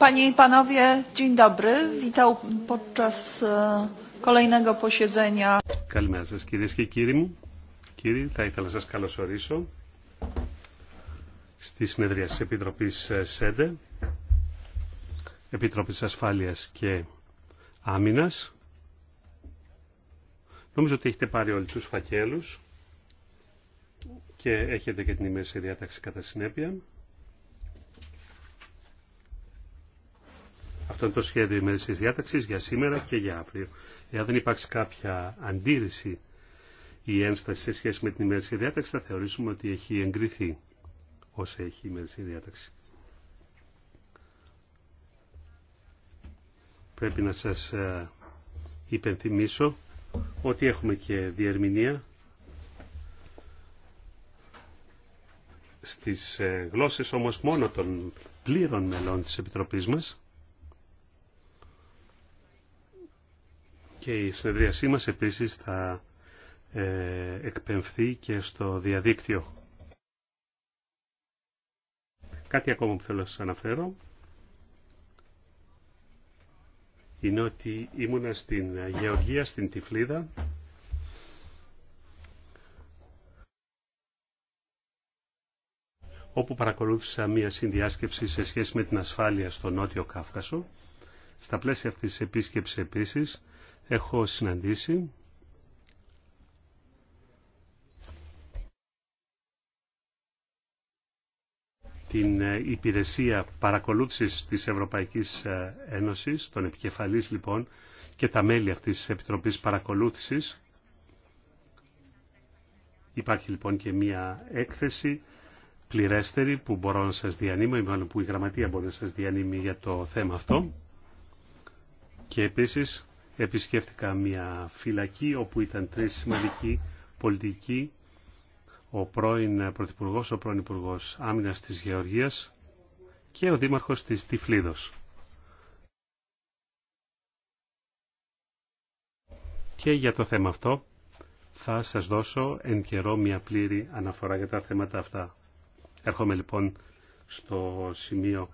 Panie i Panowie, e, Καλημέρα σας κυρίες και κύριοι μου. Κύριοι, θα ήθελα να σας καλωσορίσω στη συνεδρία της Επιτροπής ε, ΣΕΔΕ, Επιτροπής Ασφάλειας και Άμυνας. Νομίζω ότι έχετε πάρει όλοι τους φακέλους και έχετε και την ημέρα διάταξη κατά συνέπεια. Αυτό είναι το σχέδιο ημερησίας διάταξης για σήμερα και για αύριο. Εάν δεν υπάρξει κάποια αντίρρηση ή ένσταση σε σχέση με την ημερησία διάταξη, θα θεωρήσουμε ότι έχει εγκριθεί όσα έχει η ημερησία διάταξη. Πρέπει να σας ε, υπενθυμίσω ότι έχουμε και διερμηνία στις ε, γλώσσες όμως μόνο των πλήρων μελών της Επιτροπής μας. και η συνεδρίασή μας επίσης θα ε, εκπαιμφθεί και στο διαδίκτυο. Κάτι ακόμα που θέλω να σας αναφέρω είναι ότι ήμουνα στην Γεωργία, στην Τυφλίδα όπου παρακολούθησα μία συνδιάσκεψη σε σχέση με την ασφάλεια στο Νότιο Κάφκασο. Στα πλαίσια αυτής της επίσκεψης επίσης έχω συναντήσει την ε, υπηρεσία παρακολούθησης της Ευρωπαϊκής ε, Ένωσης, τον επικεφαλής λοιπόν και τα μέλη αυτής της Επιτροπής Παρακολούθησης. Υπάρχει λοιπόν και μία έκθεση πληρέστερη που μπορώ να σας διανύμω ή μάλλον που η γραμματεία μπορεί να σας διανύμει για το θέμα αυτό. Και επίσης επισκέφτηκα μια φυλακή όπου ήταν τρεις σημαντικοί πολιτικοί, ο πρώην Πρωθυπουργός, ο πρώην Υπουργός Άμυνας της Γεωργίας και ο Δήμαρχος της Τυφλίδος. Και για το θέμα αυτό θα σας δώσω εν καιρό μια πλήρη αναφορά για τα θέματα αυτά. Έρχομαι λοιπόν στο σημείο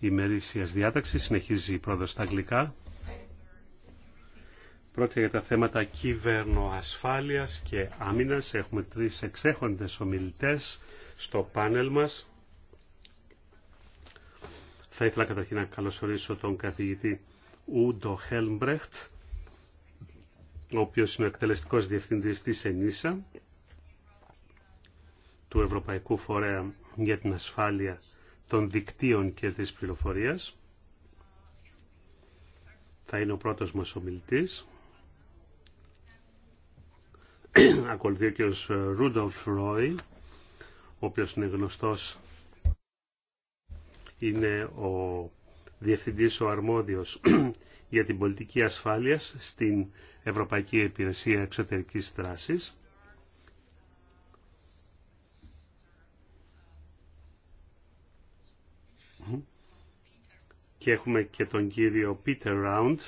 ημερήσιας διάταξης, συνεχίζει η πρόοδος στα αγγλικά. Πρόκειται για τα θέματα κυβερνοασφάλειας και άμυνας. Έχουμε τρεις εξέχοντες ομιλητές στο πάνελ μας. Θα ήθελα καταρχήν να καλωσορίσω τον καθηγητή Ούντο Χέλμπρεχτ, ο οποίος είναι ο εκτελεστικός διευθυντής της ΕΝΙΣΑ, του Ευρωπαϊκού Φορέα για την Ασφάλεια των Δικτύων και της Πληροφορίας. Θα είναι ο πρώτος μας ομιλητής. Ακολουθεί ο κ. Ρούντολφ Ρόι, ο οποίος είναι γνωστός, είναι ο διευθυντής ο αρμόδιος για την πολιτική ασφάλειας στην Ευρωπαϊκή Υπηρεσία Εξωτερικής Δράσης. Και έχουμε και τον κύριο Πίτερ Ράουντ,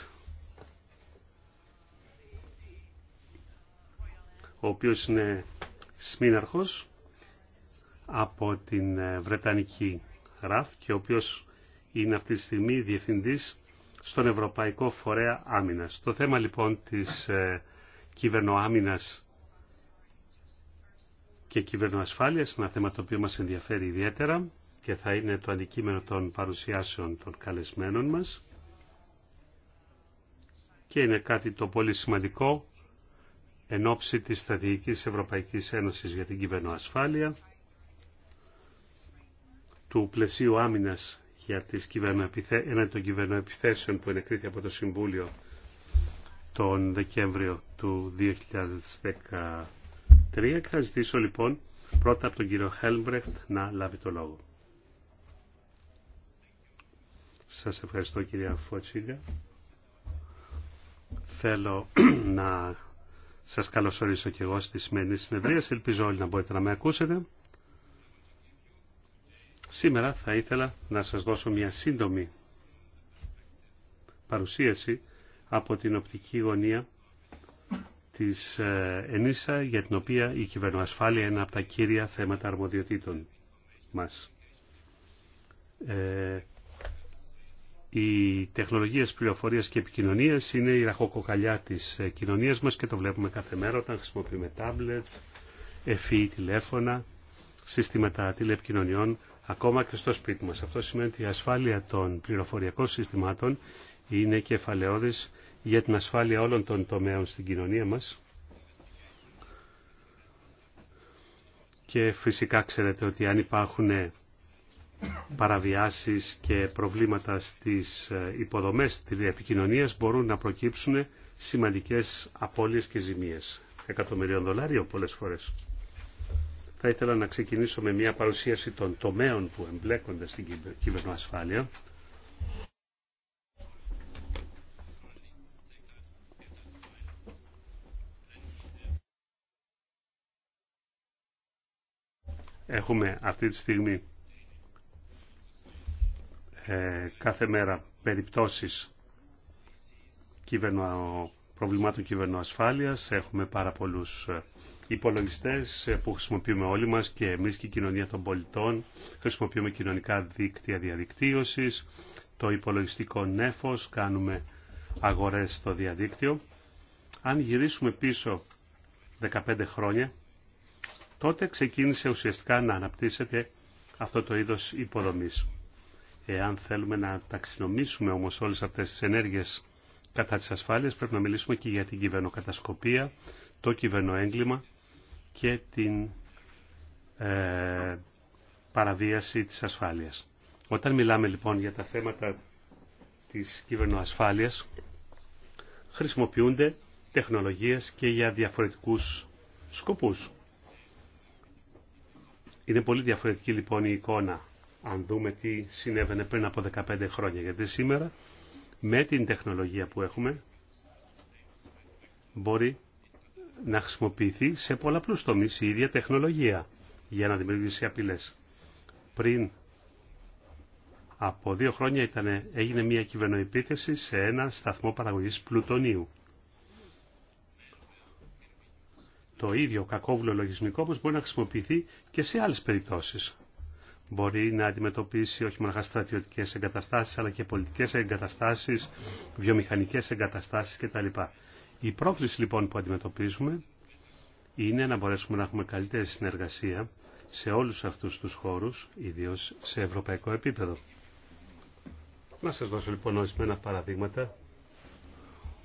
ο οποίος είναι σμήναρχος από την ε, Βρετανική Γραφ και ο οποίος είναι αυτή τη στιγμή διευθυντής στον Ευρωπαϊκό Φορέα Άμυνας. Το θέμα λοιπόν της ε, κυβερνοάμυνας και κυβερνοασφάλειας είναι ένα θέμα το οποίο μας ενδιαφέρει ιδιαίτερα και θα είναι το αντικείμενο των παρουσιάσεων των καλεσμένων μας και είναι κάτι το πολύ σημαντικό εν ώψη της Στρατηγικής Ευρωπαϊκής Ένωσης για την Κυβερνοασφάλεια, του πλαισίου άμυνας για τις των κυβερνοεπιθέσεων που ενεκρίθη από το Συμβούλιο τον Δεκέμβριο του 2013 και θα ζητήσω λοιπόν πρώτα από τον κύριο Χέλμπρεχτ να λάβει το λόγο. Σας ευχαριστώ κυρία Φωτσίγκα. Θέλω να σας καλωσορίσω και εγώ στη σημερινή συνεδρία. Ελπίζω όλοι να μπορείτε να με ακούσετε. Σήμερα θα ήθελα να σας δώσω μια σύντομη παρουσίαση από την οπτική γωνία της ε, ΕΝΙΣΑ για την οποία η κυβερνοασφάλεια είναι ένα από τα κύρια θέματα αρμοδιοτήτων μας. Ε, οι τεχνολογίες πληροφορίας και επικοινωνίας είναι η ραχοκοκαλιά της ε, κοινωνίας μας και το βλέπουμε κάθε μέρα όταν χρησιμοποιούμε τάμπλετ, εφή τηλέφωνα, συστήματα τηλεπικοινωνιών, ακόμα και στο σπίτι μας. Αυτό σημαίνει ότι η ασφάλεια των πληροφοριακών συστημάτων είναι κεφαλαιώδης για την ασφάλεια όλων των τομέων στην κοινωνία μας. Και φυσικά ξέρετε ότι αν υπάρχουν παραβιάσεις και προβλήματα στις ε, υποδομές της επικοινωνίας μπορούν να προκύψουν σημαντικές απώλειες και ζημίες. Εκατομμυρίων δολάριων πολλές φορές. Θα ήθελα να ξεκινήσω με μια παρουσίαση των τομέων που εμπλέκονται στην κυβερνοασφάλεια. Έχουμε αυτή τη στιγμή ε, κάθε μέρα περιπτώσεις κυβερνο, προβλημάτων κυβερνοασφάλειας. Έχουμε πάρα πολλούς ε, υπολογιστές ε, που χρησιμοποιούμε όλοι μας και εμείς και η κοινωνία των πολιτών. Χρησιμοποιούμε κοινωνικά δίκτυα διαδικτύωσης, το υπολογιστικό νέφος, κάνουμε αγορές στο διαδίκτυο. Αν γυρίσουμε πίσω 15 χρόνια, τότε ξεκίνησε ουσιαστικά να αναπτύσσεται αυτό το είδος υποδομής. Εάν θέλουμε να ταξινομήσουμε όμως όλες αυτές τις ενέργειες κατά της ασφάλειας, πρέπει να μιλήσουμε και για την κυβερνοκατασκοπία, το κυβερνοέγκλημα και την ε, παραβίαση της ασφάλειας. Όταν μιλάμε λοιπόν για τα θέματα της κυβερνοασφάλειας, χρησιμοποιούνται τεχνολογίες και για διαφορετικούς σκοπούς. Είναι πολύ διαφορετική λοιπόν η εικόνα αν δούμε τι συνέβαινε πριν από 15 χρόνια. Γιατί σήμερα με την τεχνολογία που έχουμε μπορεί να χρησιμοποιηθεί σε πολλαπλούς τομείς η ίδια τεχνολογία για να δημιουργήσει απειλές. Πριν από δύο χρόνια ήταν, έγινε μια κυβερνοεπίθεση σε ένα σταθμό παραγωγής πλουτονίου. Το ίδιο κακόβουλο λογισμικό όπως μπορεί να χρησιμοποιηθεί και σε άλλες περιπτώσεις μπορεί να αντιμετωπίσει όχι μόνο στρατιωτικές εγκαταστάσεις αλλά και πολιτικές εγκαταστάσεις, βιομηχανικές εγκαταστάσεις κτλ. Η πρόκληση λοιπόν που αντιμετωπίζουμε είναι να μπορέσουμε να έχουμε καλύτερη συνεργασία σε όλους αυτούς τους χώρους, ιδίως σε ευρωπαϊκό επίπεδο. Να σας δώσω λοιπόν ορισμένα παραδείγματα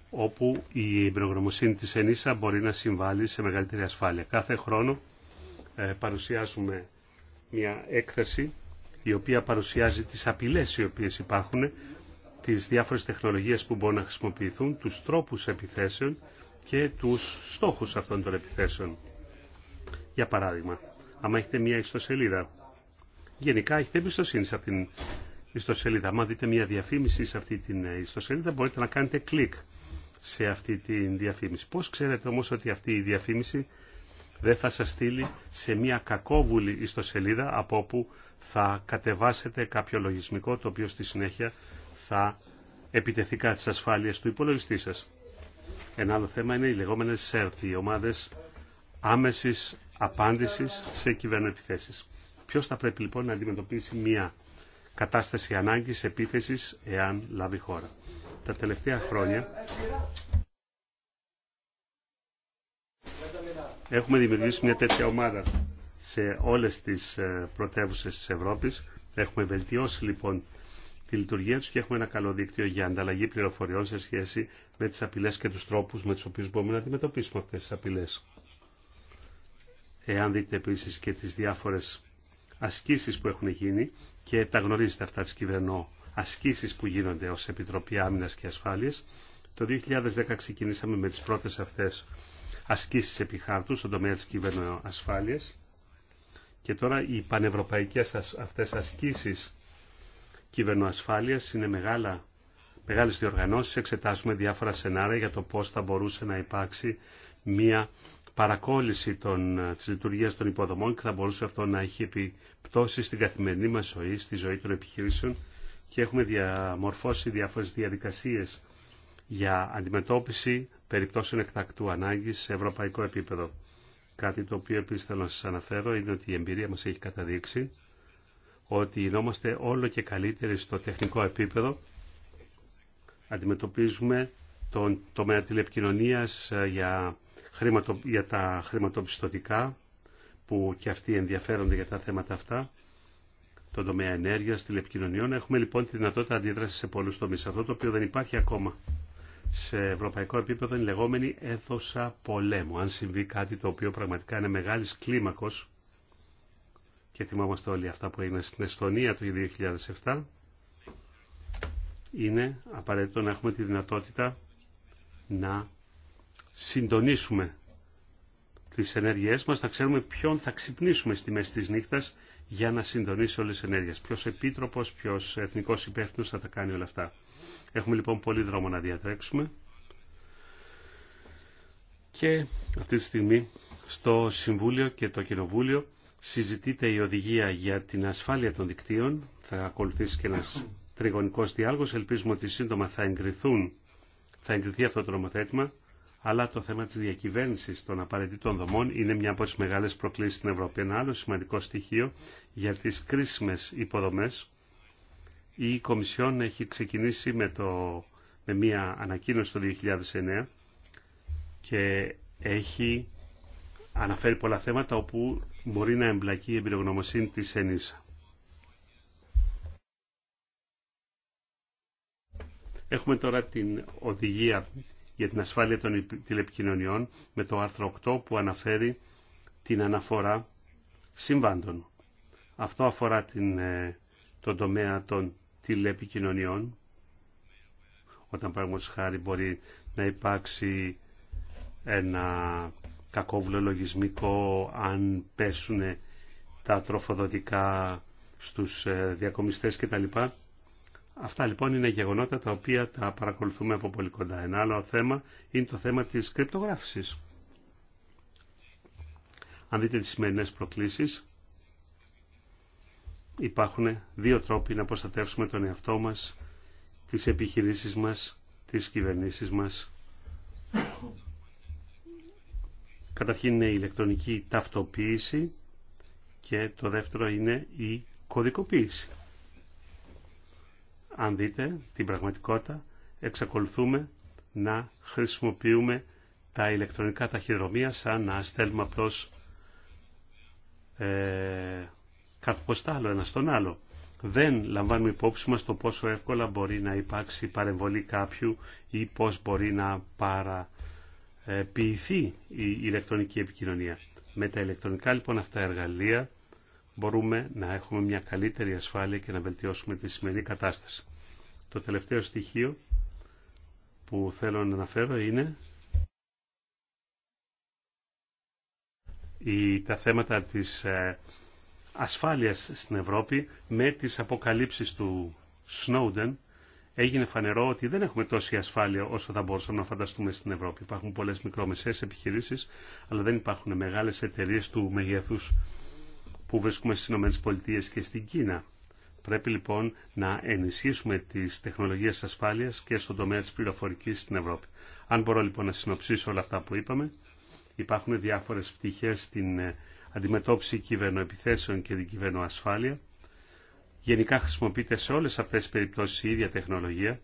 όπου η εμπειρογνωμοσύνη της ΕΝΙΣΑ μπορεί να συμβάλλει σε μεγαλύτερη ασφάλεια. Κάθε χρόνο ε, παρουσιάζουμε μια έκθεση η οποία παρουσιάζει τις απειλές οι οποίες υπάρχουν, τις διάφορες τεχνολογίες που μπορούν να χρησιμοποιηθούν, τους τρόπους επιθέσεων και τους στόχους αυτών των επιθέσεων. Για παράδειγμα, άμα έχετε μια ιστοσελίδα, γενικά έχετε εμπιστοσύνη σε αυτήν την ιστοσελίδα. Αν δείτε μια διαφήμιση σε αυτή την ε, ιστοσελίδα, μπορείτε να κάνετε κλικ σε αυτή τη διαφήμιση. Πώς ξέρετε όμως ότι αυτή η διαφήμιση δεν θα σας στείλει σε μια κακόβουλη ιστοσελίδα από όπου θα κατεβάσετε κάποιο λογισμικό το οποίο στη συνέχεια θα επιτεθεί κατά της ασφάλειες του υπολογιστή σας. Ένα άλλο θέμα είναι οι λεγόμενες SERP, οι ομάδες άμεσης απάντησης σε επιθέσεις. Ποιος θα πρέπει λοιπόν να αντιμετωπίσει μια κατάσταση ανάγκης επίθεσης εάν λάβει χώρα. Τα τελευταία χρόνια Έχουμε δημιουργήσει μια τέτοια ομάδα σε όλες τις ε, πρωτεύουσες της Ευρώπης. Έχουμε βελτιώσει λοιπόν τη λειτουργία τους και έχουμε ένα καλό δίκτυο για ανταλλαγή πληροφοριών σε σχέση με τις απειλές και τους τρόπους με τους οποίους μπορούμε να αντιμετωπίσουμε αυτές τις απειλές. Εάν δείτε επίσης και τις διάφορες ασκήσεις που έχουν γίνει και τα γνωρίζετε αυτά τις κυβερνό ασκήσεις που γίνονται ως Επιτροπή Άμυνας και Ασφάλειας. Το 2010 ξεκινήσαμε με τις πρώτες αυτές ασκήσεις επιχάρτου στον τομέα της κυβερνοασφάλειας. Και τώρα οι πανευρωπαϊκές αυτές ασκήσεις κυβερνοασφάλειας είναι μεγάλα, μεγάλες διοργανώσεις. Εξετάσουμε διάφορα σενάρια για το πώς θα μπορούσε να υπάρξει μια παρακόλληση των, της λειτουργίας των υποδομών και θα μπορούσε αυτό να έχει επιπτώσει στην καθημερινή μας ζωή, στη ζωή των επιχειρήσεων και έχουμε διαμορφώσει διάφορες διαδικασίες για αντιμετώπιση περιπτώσεων εκτακτού ανάγκης σε ευρωπαϊκό επίπεδο. Κάτι το οποίο επίσης θέλω να σας αναφέρω είναι ότι η εμπειρία μας έχει καταδείξει ότι γινόμαστε όλο και καλύτεροι στο τεχνικό επίπεδο. Αντιμετωπίζουμε τον τομέα τηλεπικοινωνίας ε, για, χρηματο, για τα χρηματοπιστωτικά που και αυτοί ενδιαφέρονται για τα θέματα αυτά το τομέα ενέργειας, τηλεπικοινωνιών. Έχουμε λοιπόν τη δυνατότητα αντίδραση σε πολλούς τομείς. Αυτό το οποίο δεν υπάρχει ακόμα σε ευρωπαϊκό επίπεδο είναι λεγόμενη έδωσα πολέμου. Αν συμβεί κάτι το οποίο πραγματικά είναι μεγάλης κλίμακος, και θυμόμαστε όλοι αυτά που έγιναν στην Εστονία το 2007, είναι απαραίτητο να έχουμε τη δυνατότητα να συντονίσουμε τις ενέργειές μας, να ξέρουμε ποιον θα ξυπνήσουμε στη μέση της νύχτας για να συντονίσει όλες τις ενέργειες. Ποιος επίτροπος, ποιος εθνικός υπεύθυνος θα τα κάνει όλα αυτά. Έχουμε λοιπόν πολύ δρόμο να διατρέξουμε και αυτή τη στιγμή στο Συμβούλιο και το Κοινοβούλιο συζητείται η οδηγία για την ασφάλεια των δικτύων. Θα ακολουθήσει και ένας τριγωνικός διάλογος. Ελπίζουμε ότι σύντομα θα, εγκριθούν, θα εγκριθεί αυτό το νομοθέτημα. Αλλά το θέμα της διακυβέρνησης των απαραίτητων δομών είναι μια από τις μεγάλες προκλήσεις στην Ευρώπη. Ένα άλλο σημαντικό στοιχείο για τις κρίσιμες υποδομές η Κομισιόν έχει ξεκινήσει με, το, με μια ανακοίνωση το 2009 και έχει αναφέρει πολλά θέματα όπου μπορεί να εμπλακεί η εμπειρογνωμοσύνη της ΕΝΙΣΑ. Έχουμε τώρα την οδηγία για την ασφάλεια των τηλεπικοινωνιών με το άρθρο 8 που αναφέρει την αναφορά συμβάντων. Αυτό αφορά την, ε, τον τομέα των τηλεπικοινωνιών, όταν παραγωγός χάρη μπορεί να υπάρξει ένα κακόβουλο λογισμικό αν πέσουν τα τροφοδοτικά στους ε, διακομιστές κτλ. Αυτά λοιπόν είναι γεγονότα τα οποία τα παρακολουθούμε από πολύ κοντά. Ένα άλλο θέμα είναι το θέμα της κρυπτογράφησης. Αν δείτε τις σημερινές προκλήσεις, υπάρχουν δύο τρόποι να προστατεύσουμε τον εαυτό μας, τις επιχειρήσεις μας, τις κυβερνήσεις μας. Καταρχήν είναι η ηλεκτρονική ταυτοποίηση και το δεύτερο είναι η κωδικοποίηση. Αν δείτε την πραγματικότητα, εξακολουθούμε να χρησιμοποιούμε τα ηλεκτρονικά ταχυδρομεία σαν να στέλνουμε προς άλλο ένα στον άλλο. Δεν λαμβάνουμε υπόψη μας το πόσο εύκολα μπορεί να υπάρξει παρεμβολή κάποιου ή πώς μπορεί να παραποιηθεί η ηλεκτρονική επικοινωνία. Με τα ηλεκτρονικά λοιπόν αυτά εργαλεία μπορούμε να έχουμε μια καλύτερη ασφάλεια και να βελτιώσουμε τη σημερινή κατάσταση. Το τελευταίο στοιχείο που θέλω να αναφέρω είναι τα θέματα της ε, ασφάλειας στην Ευρώπη με τις αποκαλύψεις του Σνόουντεν έγινε φανερό ότι δεν έχουμε τόση ασφάλεια όσο θα μπορούσαμε να φανταστούμε στην Ευρώπη. Υπάρχουν πολλές μικρομεσαίες επιχειρήσεις, αλλά δεν υπάρχουν μεγάλες εταιρείε του μεγεθούς που βρίσκουμε στις ΗΠΑ και στην Κίνα. Πρέπει λοιπόν να ενισχύσουμε τις τεχνολογίες ασφάλειας και στον τομέα της πληροφορικής στην Ευρώπη. Αν μπορώ λοιπόν να συνοψίσω όλα αυτά που είπαμε, υπάρχουν διάφορες πτυχές στην αντιμετώπιση κυβερνοεπιθέσεων και την κυβερνοασφάλεια. Γενικά χρησιμοποιείται σε όλες αυτές τις περιπτώσεις η ίδια τεχνολογία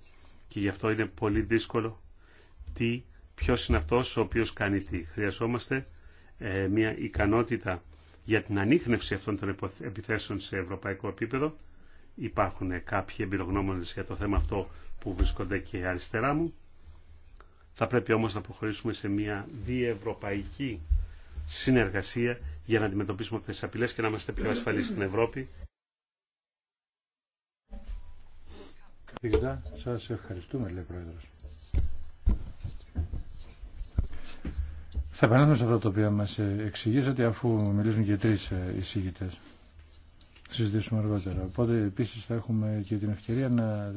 και γι' αυτό είναι πολύ δύσκολο τι, ποιος είναι αυτός ο οποίος κάνει τι. Χρειαζόμαστε ε, μια ικανότητα για την ανείχνευση αυτών των επιθέσεων σε ευρωπαϊκό επίπεδο. Υπάρχουν κάποιοι εμπειρογνώμονες για το θέμα αυτό που βρίσκονται και αριστερά μου. Θα πρέπει όμως να προχωρήσουμε σε μια διευρωπαϊκή συνεργασία για να αντιμετωπίσουμε αυτές τις απειλές και να είμαστε πιο ασφαλείς στην Ευρώπη. Καθηγητά, σας ευχαριστούμε, λέει ο Πρόεδρος. Θα επανέλθω σε αυτό το οποίο μας εξηγήσατε αφού μιλήσουν και τρεις ε, εισηγητές. Συζητήσουμε αργότερα. Οπότε επίσης θα έχουμε και την ευκαιρία να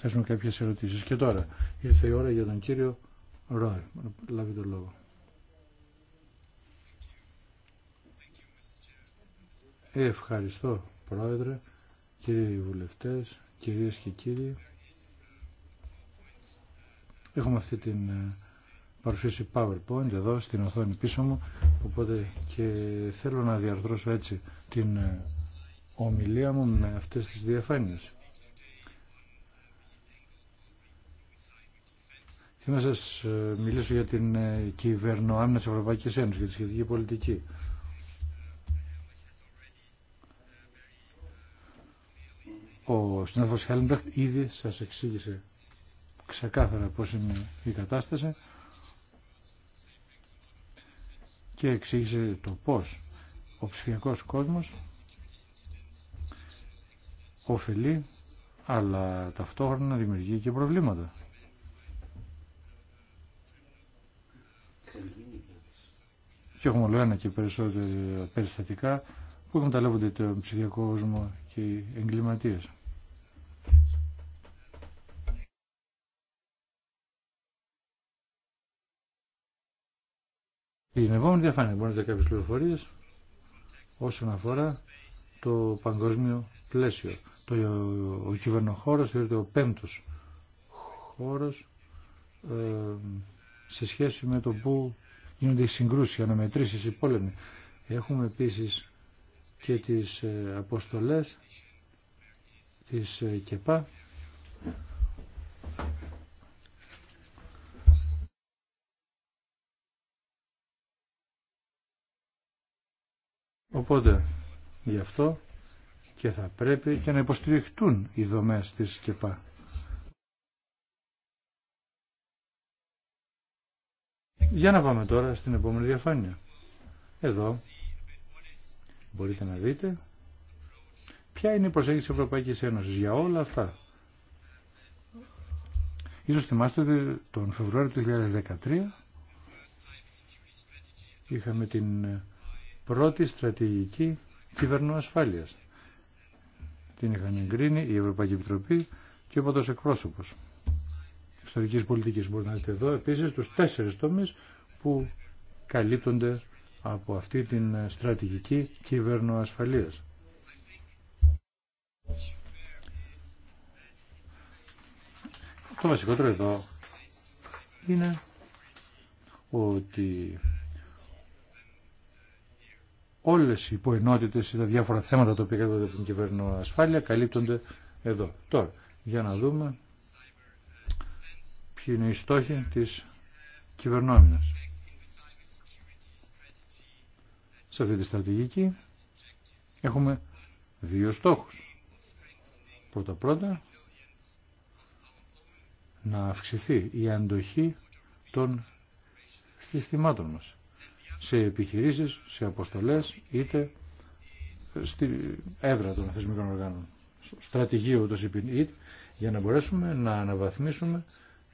θέσουμε κάποιες ερωτήσεις. Και τώρα ήρθε η ώρα για τον κύριο Ρόε. Λάβει το λόγο. Ευχαριστώ Πρόεδρε, κύριοι βουλευτές, κυρίες και κύριοι. Έχουμε αυτή την ε, παρουσίαση PowerPoint εδώ στην οθόνη πίσω μου, οπότε και θέλω να διαρθρώσω έτσι την ε, ομιλία μου με αυτές τις διαφάνειες. Θέλω να σας ε, μιλήσω για την κυβερνοάμυνα της Ευρωπαϊκής Ένωσης για τη σχετική πολιτική. Ο συνάδελφος Χέλμπερτ ήδη σας εξήγησε ξεκάθαρα πώς είναι η κατάσταση και εξήγησε το πώς ο ψηφιακός κόσμος ωφελεί αλλά ταυτόχρονα δημιουργεί και προβλήματα. Και έχουμε όλο ένα και περισσότερα περιστατικά που εκμεταλλεύονται το ψηφιακό κόσμο και οι εγκληματίες. Την επόμενη διαφάνεια μπορεί να δει κάποιες πληροφορίες όσον αφορά το παγκόσμιο πλαίσιο. Το, ο, ο κυβερνοχώρος θεωρείται ο πέμπτος χώρος ε, σε σχέση με το που γίνονται οι συγκρούσεις, οι αναμετρήσεις, οι πόλεμοι. Έχουμε επίσης και τις ε, αποστολές της ε, ΚΕΠΑ Οπότε, γι' αυτό και θα πρέπει και να υποστηριχτούν οι δομές της ΚΕΠΑ. Για να πάμε τώρα στην επόμενη διαφάνεια. Εδώ μπορείτε να δείτε ποια είναι η προσέγγιση της Ευρωπαϊκής Ένωσης για όλα αυτά. Ίσως θυμάστε ότι τον Φεβρουάριο του 2013 είχαμε την πρώτη στρατηγική κυβερνοασφάλειας. Την είχαν εγκρίνει η Ευρωπαϊκή Επιτροπή και ο πρώτος εκπρόσωπος εξωτερικής πολιτικής. μπορεί να δείτε εδώ επίσης τους τέσσερις τομείς που καλύπτονται από αυτή την στρατηγική κυβερνοασφαλείας. Το βασικότερο εδώ είναι ότι όλες οι υποενότητες τα διάφορα θέματα τα οποία καλύπτονται από την κυβερνοασφάλεια ασφάλεια καλύπτονται εδώ. Τώρα, για να δούμε ποιοι είναι οι στόχοι της κυβερνόμενας. Σε αυτή τη στρατηγική έχουμε δύο στόχους. Πρώτα-πρώτα να αυξηθεί η αντοχή των συστημάτων μας σε επιχειρήσεις, σε αποστολές, είτε στη έδρα των θεσμικών οργάνων. Στρατηγείο το για να μπορέσουμε να αναβαθμίσουμε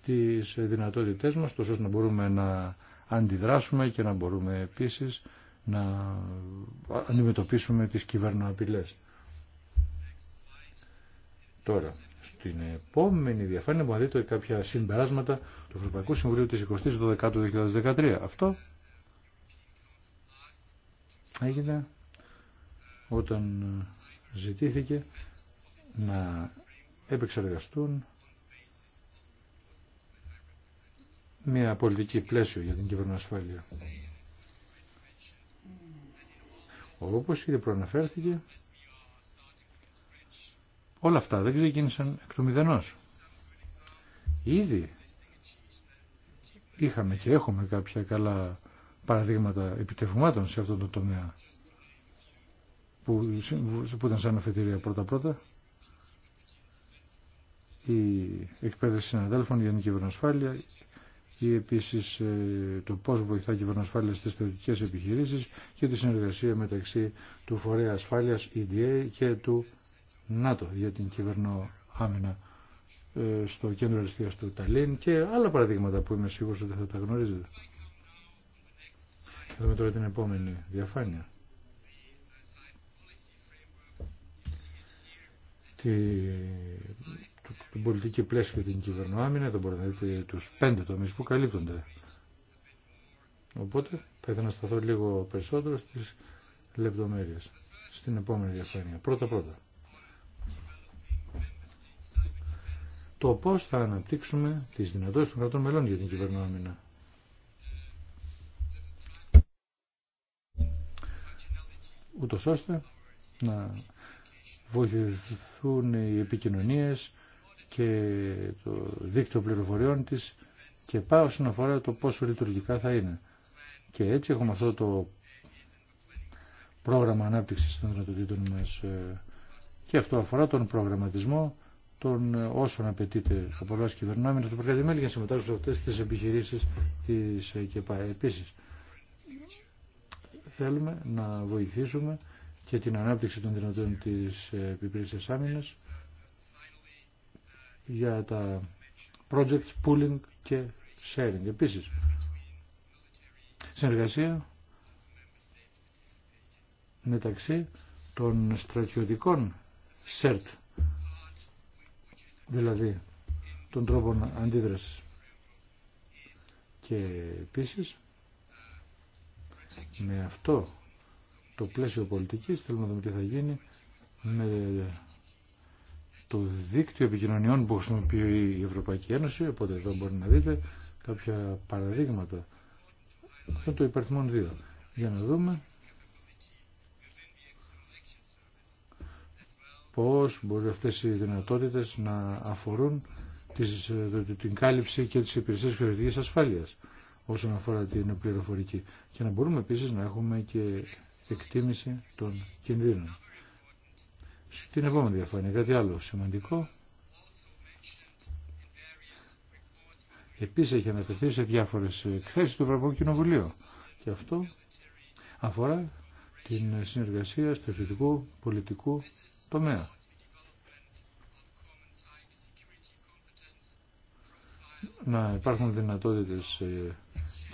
τις δυνατότητές μας τόσο να μπορούμε να αντιδράσουμε και να μπορούμε επίσης να αντιμετωπίσουμε τις κυβερνοαπειλές. Τώρα, στην επόμενη διαφάνεια μπορείτε να δείτε κάποια συμπεράσματα του Ευρωπαϊκού Συμβουλίου της 2012 2013. Αυτό έγινε όταν ε, ζητήθηκε να επεξεργαστούν μια πολιτική πλαίσιο για την κυβερνοασφάλεια. Όπως ήδη προαναφέρθηκε, όλα αυτά δεν ξεκίνησαν εκ του μηδενός. Ήδη είχαμε και έχουμε κάποια καλά παραδείγματα επιτευγμάτων σε αυτόν τον τομέα που, που ήταν σαν αφετηρία πρώτα-πρώτα η εκπαίδευση συναδέλφων για την κυβερνοασφάλεια ή επίσης ε, το πώς βοηθά η κυβερνοασφάλεια στις θεωρητικές επιχειρήσεις και τη συνεργασία μεταξύ του Φορέα Ασφάλειας EDA και του ΝΑΤΟ για την κυβερνοάμυνα ε, στο κέντρο αριστείας του Ταλίν και άλλα παραδείγματα που είμαι σίγουρος ότι θα τα γνωρίζετε. Θα δούμε τώρα την επόμενη διαφάνεια. Τη, το, την πολιτική πλαίσιο την κυβερνοάμυνα, τον μπορείτε να δείτε τους πέντε τομείς που καλύπτονται. Οπότε θα ήθελα να σταθώ λίγο περισσότερο στις λεπτομέρειες, στην επόμενη διαφάνεια. Πρώτα πρώτα. Το πώς θα αναπτύξουμε τις δυνατότητες των κρατών μελών για την κυβερνοάμυνα. ούτως ώστε να βοηθηθούν οι επικοινωνίες και το δίκτυο πληροφοριών της και πάω όσον αφορά το πόσο λειτουργικά θα είναι. Και έτσι έχουμε αυτό το πρόγραμμα ανάπτυξης των δυνατοτήτων μας ε, και αυτό αφορά τον προγραμματισμό των ε, όσων απαιτείται από πολλά κυβερνάμενος του Προκατημέλη για να συμμετάσχουν σε αυτές τις επιχειρήσεις της θέλουμε να βοηθήσουμε και την ανάπτυξη των δυνατών της ε, επιπλήσης άμυνας για τα project pooling και sharing. Επίσης, συνεργασία μεταξύ των στρατιωτικών cert δηλαδή των τρόπων αντίδρασης. Και επίσης, με αυτό το πλαίσιο πολιτικής θέλουμε να δούμε τι θα γίνει με το δίκτυο επικοινωνιών που χρησιμοποιεί η Ευρωπαϊκή Ένωση, οπότε εδώ μπορεί να δείτε κάποια παραδείγματα. Αυτό το υπαριθμόν 2. Για να δούμε πώς μπορεί αυτές οι δυνατότητες να αφορούν την κάλυψη και τις υπηρεσίες χρηματικής ασφάλειας όσον αφορά την πληροφορική. Και να μπορούμε επίσης να έχουμε και εκτίμηση των κινδύνων. Στην επόμενη διαφάνεια, κάτι άλλο σημαντικό. Επίσης έχει αναφερθεί σε διάφορες εκθέσεις του Ευρωπαϊκού Κοινοβουλίου. Και αυτό αφορά την συνεργασία στο εφητικό πολιτικού τομέα. Να υπάρχουν δυνατότητες ε,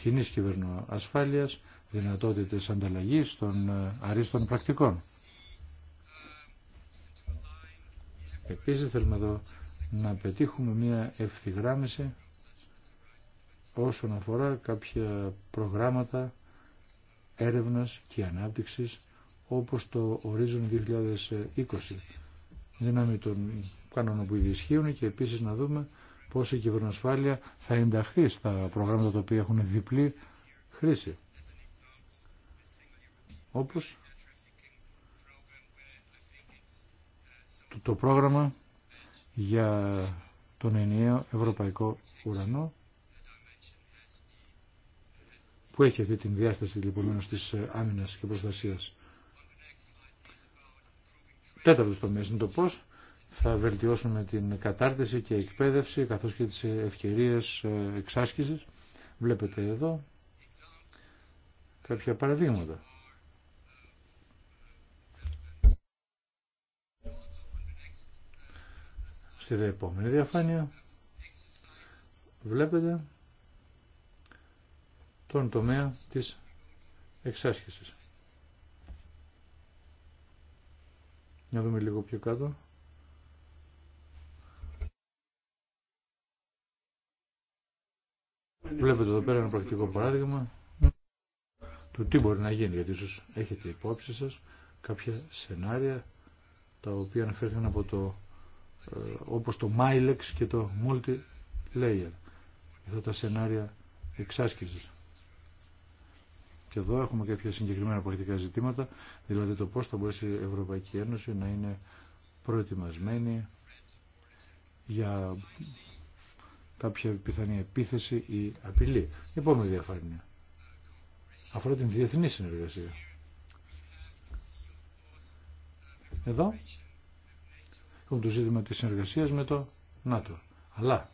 κοινής κυβερνοασφάλειας, δυνατότητες ανταλλαγής των ε, αρίστων πρακτικών. Επίσης θέλουμε εδώ να πετύχουμε μια ευθυγράμμιση όσον αφορά κάποια προγράμματα έρευνας και ανάπτυξης όπως το Horizon 2020 δύναμη των κανόνων που ισχύουν και επίσης να δούμε πώς η κυβερνοσφάλεια θα ενταχθεί στα προγράμματα τα οποία έχουν διπλή χρήση. Όπως το πρόγραμμα για τον ενιαίο ευρωπαϊκό ουρανό που έχει αυτή την διάσταση λοιπόν της ε, άμυνας και προστασίας. Τέταρτος τομέας είναι το πώς θα βελτιώσουμε την κατάρτιση και εκπαίδευση καθώς και τις ευκαιρίες ε, εξάσκησης. Βλέπετε εδώ κάποια παραδείγματα. Στη δε επόμενη διαφάνεια βλέπετε τον τομέα της εξάσκησης. Να δούμε λίγο πιο κάτω. Βλέπετε εδώ πέρα ένα πρακτικό παράδειγμα του τι μπορεί να γίνει, γιατί ίσως έχετε υπόψη σας κάποια σενάρια τα οποία αναφέρθηκαν από το ε, όπως το Milex και το Multi-Layer. Αυτά τα σενάρια εξάσκησης. Και εδώ έχουμε κάποια συγκεκριμένα πρακτικά ζητήματα, δηλαδή το πώς θα μπορέσει η Ευρωπαϊκή Ένωση να είναι προετοιμασμένη για κάποια πιθανή επίθεση ή απειλή. Η επόμενη διαφάνεια αφορά την διεθνή συνεργασία. Εδώ έχουμε το ζήτημα της συνεργασίας με το ΝΑΤΟ. Αλλά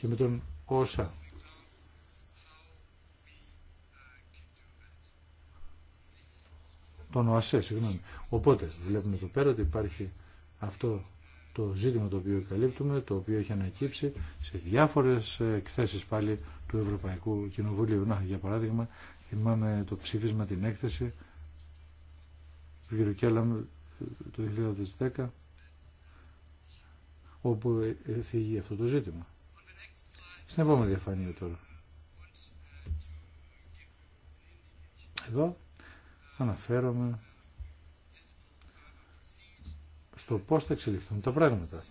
και με τον ΩΣΑ. Τον ΟΑΣΕ, συγγνώμη. Οπότε βλέπουμε εδώ πέρα ότι υπάρχει αυτό το ζήτημα το οποίο καλύπτουμε, το οποίο έχει ανακύψει σε διάφορες εκθέσεις πάλι του Ευρωπαϊκού Κοινοβουλίου. Να, για παράδειγμα, θυμάμαι το ψήφισμα, την έκθεση του κ. Κέλλαμ το 2010, όπου θίγει αυτό το ζήτημα. Στην επόμενη διαφάνεια τώρα. Εδώ αναφέρομαι στο πώς θα εξελιχθούν τα πράγματα.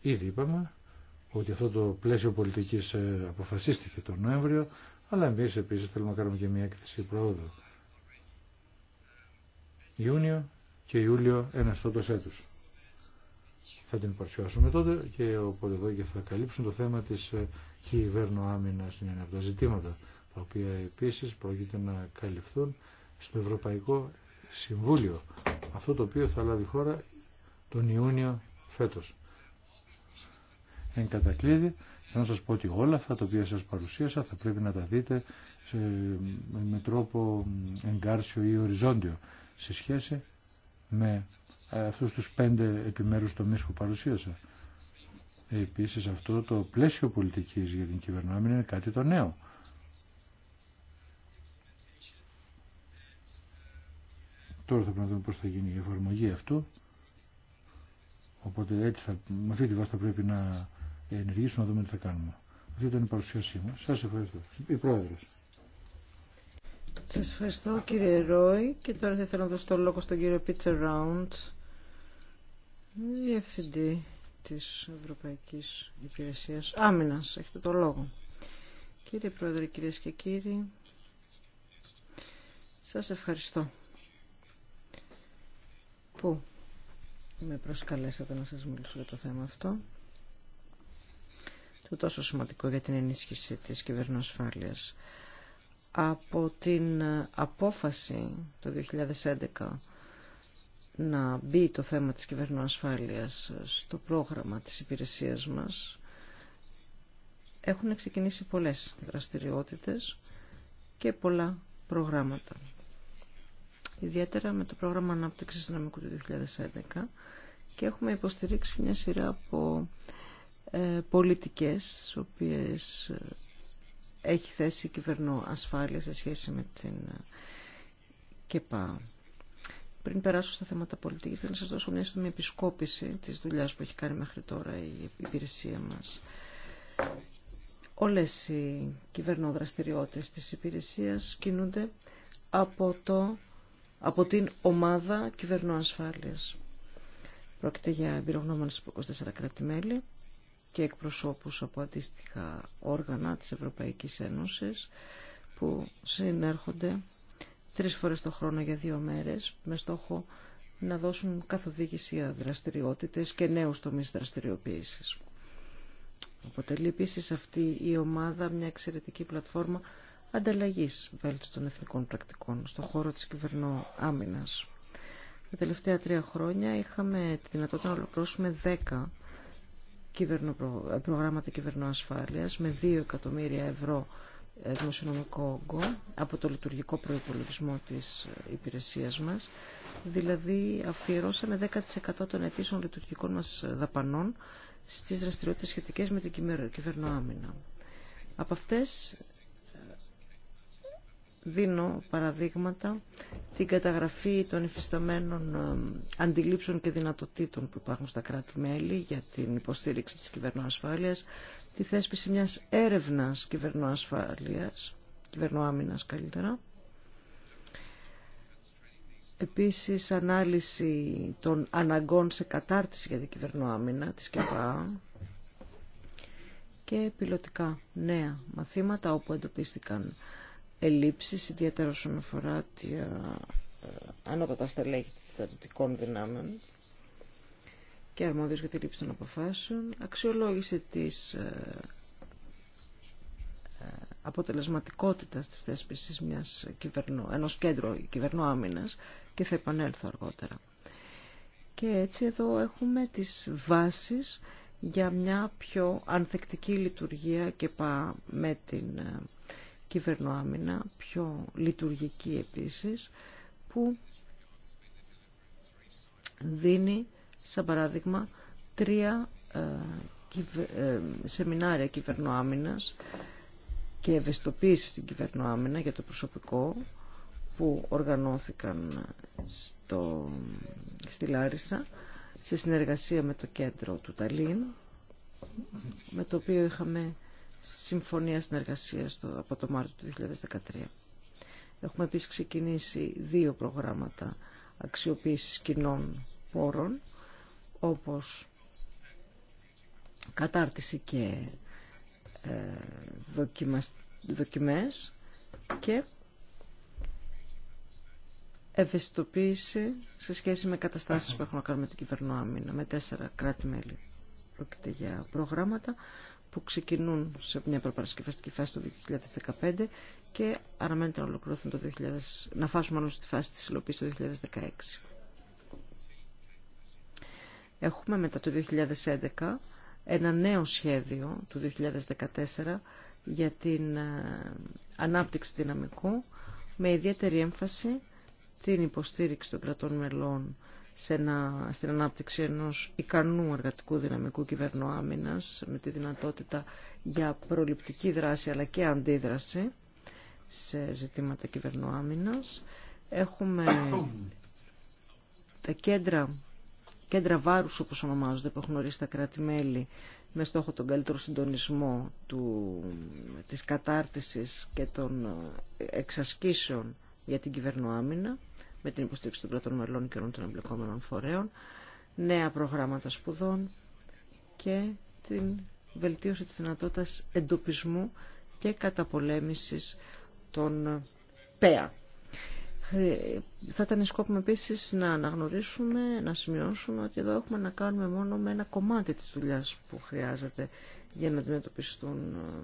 Ήδη είπαμε ότι αυτό το πλαίσιο πολιτικής ε, αποφασίστηκε τον Νοέμβριο, αλλά εμείς επίσης θέλουμε να κάνουμε και μια έκθεση πρόοδου. Ιούνιο και Ιούλιο ένα τότος έτους. Θα την παρουσιάσουμε τότε και οπότε εδώ και θα καλύψουν το θέμα της ε, κυβέρνου άμυνα στην από τα ζητήματα, τα οποία επίσης πρόκειται να καλυφθούν στο Ευρωπαϊκό Συμβούλιο αυτό το οποίο θα λάβει χώρα τον Ιούνιο φέτος. Εν κατακλείδη, θέλω να σας πω ότι όλα αυτά τα οποία σας παρουσίασα θα πρέπει να τα δείτε με τρόπο εγκάρσιο ή οριζόντιο σε σχέση με ε, αυτούς τους πέντε επιμέρους τομείς που παρουσίασα. Επίσης αυτό το πλαίσιο πολιτικής για την κυβερνάμενη είναι κάτι το νέο. Τώρα θα πρέπει να δούμε πώς θα γίνει η εφαρμογή αυτού. Οπότε έτσι θα, με αυτή τη βάση θα πρέπει να ενεργήσουμε, να δούμε τι θα κάνουμε. Αυτή ήταν η παρουσίασή μας. Σας ευχαριστώ. Η Πρόεδρος. Σας ευχαριστώ κύριε Ρόι και τώρα θα ήθελα να δώσω το λόγο στον κύριο Πίτσερ Ράουντ, διευθυντή της Ευρωπαϊκής Υπηρεσίας Άμυνας. Έχετε το λόγο. Κύριε Πρόεδρε, κυρίες και κύριοι, σας ευχαριστώ που με προσκαλέσατε να σας μιλήσω για το θέμα αυτό το τόσο σημαντικό για την ενίσχυση της κυβερνοσφάλειας. Από την απόφαση το 2011 να μπει το θέμα της κυβερνοασφάλειας στο πρόγραμμα της υπηρεσίας μας, έχουν ξεκινήσει πολλές δραστηριότητες και πολλά προγράμματα ιδιαίτερα με το πρόγραμμα ανάπτυξης δυναμικού του 2011 και έχουμε υποστηρίξει μια σειρά από ε, πολιτικές στις οποίες ε, έχει θέσει η κυβερνό ασφάλεια σε σχέση με την ε, ΚΕΠΑ. Πριν περάσω στα θέματα πολιτικής, θέλω να σας δώσω μια επισκόπηση της δουλειάς που έχει κάνει μέχρι τώρα η υπηρεσία μας. Όλες οι κυβερνόδραστηριότητες της υπηρεσίας κινούνται από το από την ομάδα κυβερνοασφάλειας. Πρόκειται για εμπειρογνώμονες από 24 κράτη-μέλη και εκπροσώπους από αντίστοιχα όργανα της Ευρωπαϊκής Ένωσης που συνέρχονται τρεις φορές το χρόνο για δύο μέρες με στόχο να δώσουν καθοδήγηση για δραστηριότητες και νέους τομείς δραστηριοποίησης. Αποτελεί επίση αυτή η ομάδα μια εξαιρετική πλατφόρμα Ανταλλαγή βέλτιστων των εθνικών πρακτικών στον χώρο της άμυνας. Τα τελευταία τρία χρόνια είχαμε τη δυνατότητα να ολοκληρώσουμε 10 προγράμματα κυβερνοασφάλειας με 2 εκατομμύρια ευρώ ε, δημοσιονομικό όγκο από το λειτουργικό προϋπολογισμό της ε, υπηρεσίας μας. Δηλαδή αφιερώσαμε 10% των ετήσων λειτουργικών μας ε, δαπανών στις δραστηριότητες σχετικές με την κυβερνοάμυνα. Από αυτές δίνω παραδείγματα την καταγραφή των υφισταμένων ε, αντιλήψεων και δυνατοτήτων που υπάρχουν στα κράτη-μέλη για την υποστήριξη της κυβερνοασφάλειας, τη θέσπιση μιας έρευνας κυβερνοασφάλειας, κυβερνοάμυνας καλύτερα, επίσης ανάλυση των αναγκών σε κατάρτιση για την κυβερνοάμυνα της ΚΕΠΑ και πιλωτικά νέα μαθήματα όπου εντοπίστηκαν ελλείψεις, ιδιαίτερα όσον αφορά τα ε, ε, ανώτατα στελέχη της στρατιωτικών δυνάμεων και αρμόδιος για τη λήψη των αποφάσεων, αξιολόγησε της ε, αποτελεσματικότητας της θέσπισης μιας κυβερνού, ενός κέντρου κυβερνού και θα επανέλθω αργότερα. Και έτσι εδώ έχουμε τις βάσεις για μια πιο ανθεκτική λειτουργία και πάμε με την κυβερνοάμυνα, πιο λειτουργική επίσης, που δίνει, σαν παράδειγμα, τρία ε, ε, σεμινάρια κυβερνοάμυνας και ευαισθητοποίηση στην κυβερνοάμυνα για το προσωπικό που οργανώθηκαν στο, στη Λάρισα σε συνεργασία με το κέντρο του Ταλίν με το οποίο είχαμε συμφωνία συνεργασίας από το Μάρτιο του 2013. Έχουμε επίσης ξεκινήσει δύο προγράμματα αξιοποίηση κοινών πόρων, όπως κατάρτιση και ε, δοκιμές και ευαισθητοποίηση σε σχέση με καταστάσεις που έχουν να κάνουν με την κυβερνοάμυνα, με τέσσερα κράτη-μέλη. Πρόκειται για προγράμματα που ξεκινούν σε μια προπαρασκευαστική φάση το 2015 και αναμένεται να το 2000, να φάσουμε μάλλον στη φάση της υλοποίησης το 2016. Έχουμε μετά το 2011 ένα νέο σχέδιο του 2014 για την ε, ανάπτυξη δυναμικού με ιδιαίτερη έμφαση την υποστήριξη των κρατών μελών σε ένα, στην ανάπτυξη ενός ικανού εργατικού δυναμικού κυβερνού με τη δυνατότητα για προληπτική δράση αλλά και αντίδραση σε ζητήματα κυβερνού Έχουμε τα κέντρα, κέντρα βάρους όπως ονομάζονται που έχουν ορίσει τα κράτη-μέλη με στόχο τον καλύτερο συντονισμό του, της κατάρτισης και των ε, εξασκήσεων για την κυβερνοάμυνα με την υποστήριξη των κρατών μελών και όλων των εμπλεκόμενων φορέων, νέα προγράμματα σπουδών και την βελτίωση της δυνατότητας εντοπισμού και καταπολέμησης των ΠΕΑ. Θα ήταν σκόπιμο επίση να αναγνωρίσουμε, να σημειώσουμε ότι εδώ έχουμε να κάνουμε μόνο με ένα κομμάτι της δουλειάς που χρειάζεται για να αντιμετωπιστούν ε,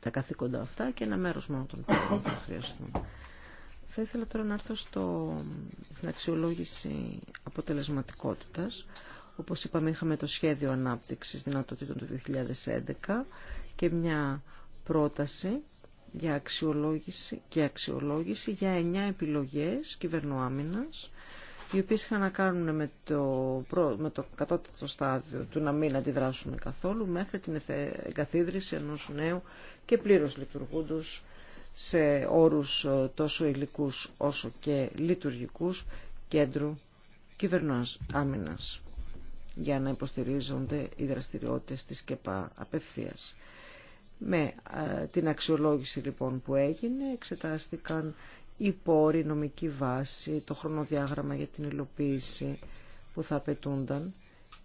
τα καθήκοντα αυτά και ένα μέρος μόνο των που χρειαστούν. Θα ήθελα τώρα να έρθω στο, στην αξιολόγηση αποτελεσματικότητας. Όπως είπαμε είχαμε το σχέδιο ανάπτυξης δυνατοτήτων του 2011 και μια πρόταση για αξιολόγηση και αξιολόγηση για εννιά επιλογές κυβερνοάμυνας οι οποίες είχαν να κάνουν με το, με το κατώτατο στάδιο του να μην αντιδράσουν καθόλου μέχρι την εγκαθίδρυση ενός νέου και πλήρως λειτουργούντος σε όρους ε, τόσο υλικούς όσο και λειτουργικούς κέντρου κυβερνάς άμυνας για να υποστηρίζονται οι δραστηριότητες της ΚΕΠΑ απευθείας. Με ε, την αξιολόγηση λοιπόν που έγινε εξετάστηκαν οι πόροι, η νομική βάση, το χρονοδιάγραμμα για την υλοποίηση που θα απαιτούνταν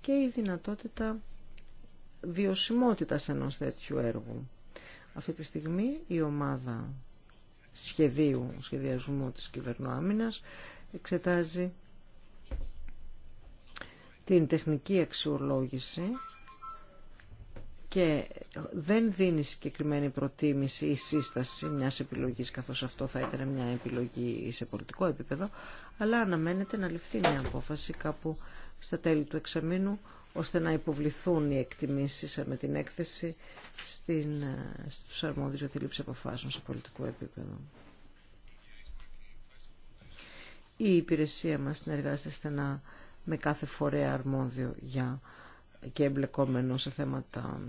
και η δυνατότητα βιωσιμότητας ενός τέτοιου έργου. Αυτή τη στιγμή η ομάδα σχεδίου, σχεδιασμού της κυβερνοάμυνας εξετάζει την τεχνική αξιολόγηση και δεν δίνει συγκεκριμένη προτίμηση ή σύσταση μιας επιλογής, καθώς αυτό θα ήταν μια επιλογή σε πολιτικό επίπεδο, αλλά αναμένεται να ληφθεί μια απόφαση κάπου στα τέλη του εξαμήνου, ώστε να υποβληθούν οι εκτιμήσεις με την έκθεση στην, ε, στους αρμόδιους για τη λήψη αποφάσεων σε πολιτικό επίπεδο. Η υπηρεσία μας συνεργάζεται στενά με κάθε φορέα αρμόδιο για και εμπλεκόμενο σε θέματα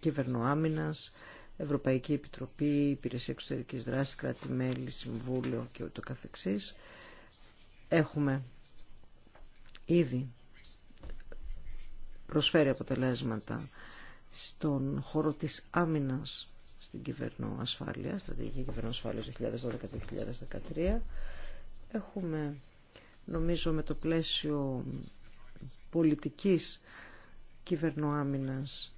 κυβερνοάμυνας, Ευρωπαϊκή Επιτροπή, Υπηρεσία Εξωτερικής Δράσης, Κράτη-Μέλη, Συμβούλιο και ούτω καθεξής. Έχουμε ήδη προσφέρει αποτελέσματα στον χώρο της άμυνας στην κυβερνό ασφάλεια, στρατηγική ασφάλεια 2012-2013. Έχουμε, νομίζω, με το πλαίσιο πολιτικής κυβερνοάμυνας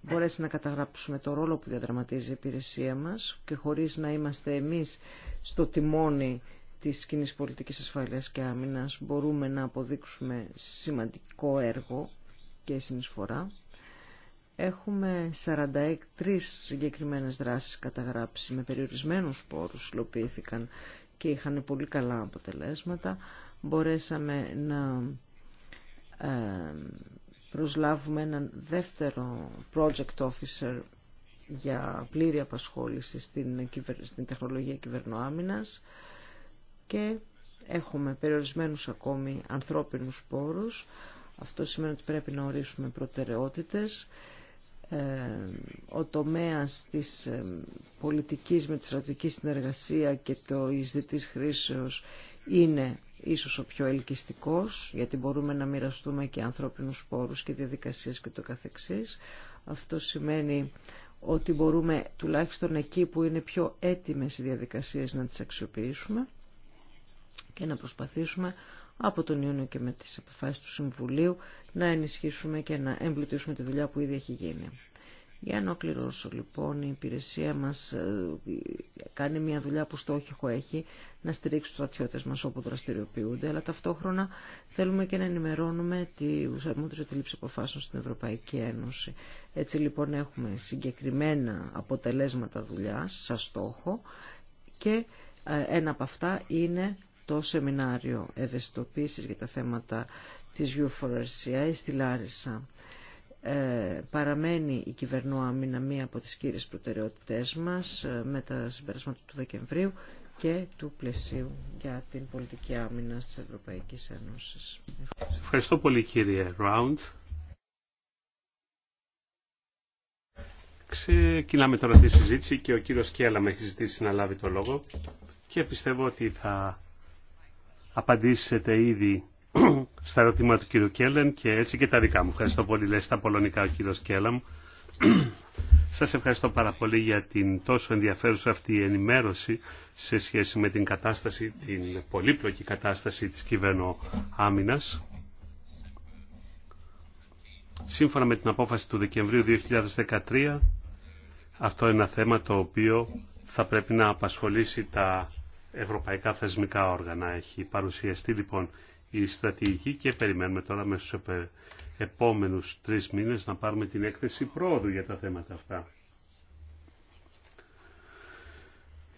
μπορέσει να καταγράψουμε το ρόλο που διαδραματίζει η υπηρεσία μας και χωρίς να είμαστε εμείς στο τιμόνι της κοινή πολιτικής ασφάλειας και άμυνας μπορούμε να αποδείξουμε σημαντικό έργο και συνεισφορά. Έχουμε 43 συγκεκριμένες δράσεις καταγράψει με περιορισμένους πόρους υλοποιήθηκαν και είχαν πολύ καλά αποτελέσματα. Μπορέσαμε να ε, προσλάβουμε έναν δεύτερο project officer για πλήρη απασχόληση στην, στην τεχνολογία κυβερνοάμυνας και έχουμε περιορισμένους ακόμη ανθρώπινους πόρους αυτό σημαίνει ότι πρέπει να ορίσουμε προτεραιότητες. Ε, ο τομέας της ε, πολιτικής με τη στρατιωτική συνεργασία και το εισδητής χρήσεως είναι ίσως ο πιο ελκυστικός, γιατί μπορούμε να μοιραστούμε και ανθρώπινους πόρους και διαδικασίες και το καθεξής. Αυτό σημαίνει ότι μπορούμε τουλάχιστον εκεί που είναι πιο έτοιμες οι διαδικασίες να τις αξιοποιήσουμε και να προσπαθήσουμε από τον Ιούνιο και με τις αποφάσεις του Συμβουλίου να ενισχύσουμε και να εμπλουτίσουμε τη δουλειά που ήδη έχει γίνει. Για να ολοκληρώσω λοιπόν, η υπηρεσία μας ε, κάνει μια δουλειά που στόχο έχει να στηρίξει τους στρατιώτες μας όπου δραστηριοποιούνται, αλλά ταυτόχρονα θέλουμε και να ενημερώνουμε τους αρμόδιους για τη λήψη αποφάσεων στην Ευρωπαϊκή Ένωση. Έτσι λοιπόν έχουμε συγκεκριμένα αποτελέσματα δουλειά σαν στόχο και ε, ένα από αυτά είναι το σεμινάριο ευαισθητοποίησης για τα θέματα της U4RCI στη Λάρισα. Ε, παραμένει η άμυνα μία από τις κύριες προτεραιότητές μας ε, με τα συμπεράσματα του Δεκεμβρίου και του πλαισίου για την πολιτική άμυνα της Ευρωπαϊκής Ένωσης. Ευχαριστώ, Ευχαριστώ πολύ κύριε Ράουντ. Ξεκινάμε τώρα τη συζήτηση και ο κύριος Κέλλα με έχει ζητήσει να λάβει το λόγο και πιστεύω ότι θα απαντήσετε ήδη στα ερωτήματα του κύριου Κέλλεν και έτσι και τα δικά μου. Ευχαριστώ πολύ, λέει στα πολωνικά ο κύριος Κέλλαμ. Σας ευχαριστώ πάρα πολύ για την τόσο ενδιαφέρουσα αυτή η ενημέρωση σε σχέση με την κατάσταση, την πολύπλοκη κατάσταση της Άμυνα. Σύμφωνα με την απόφαση του Δεκεμβρίου 2013, αυτό είναι ένα θέμα το οποίο θα πρέπει να απασχολήσει τα ευρωπαϊκά θεσμικά όργανα. Έχει παρουσιαστεί λοιπόν η στρατηγική και περιμένουμε τώρα μέσα στους επόμενους τρεις μήνες να πάρουμε την έκθεση πρόοδου για τα θέματα αυτά.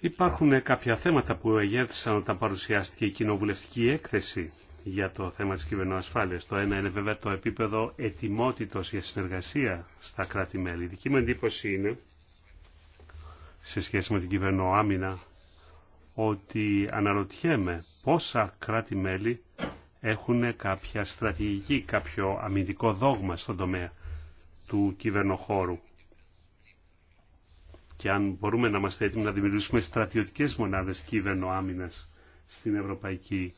Υπάρχουν κάποια θέματα που εγέρθησαν όταν παρουσιάστηκε η κοινοβουλευτική έκθεση για το θέμα της κυβερνοασφάλειας. Το ένα είναι βέβαια το επίπεδο ετοιμότητος για συνεργασία στα κράτη-μέλη. Η δική μου εντύπωση είναι, σε σχέση με την κυβερνοάμυνα ότι αναρωτιέμαι πόσα κράτη-μέλη έχουν κάποια στρατηγική, κάποιο αμυντικό δόγμα στον τομέα του κυβερνοχώρου. Και αν μπορούμε να είμαστε έτοιμοι να δημιουργήσουμε στρατιωτικές μονάδες κυβερνοάμυνας στην Ευρωπαϊκή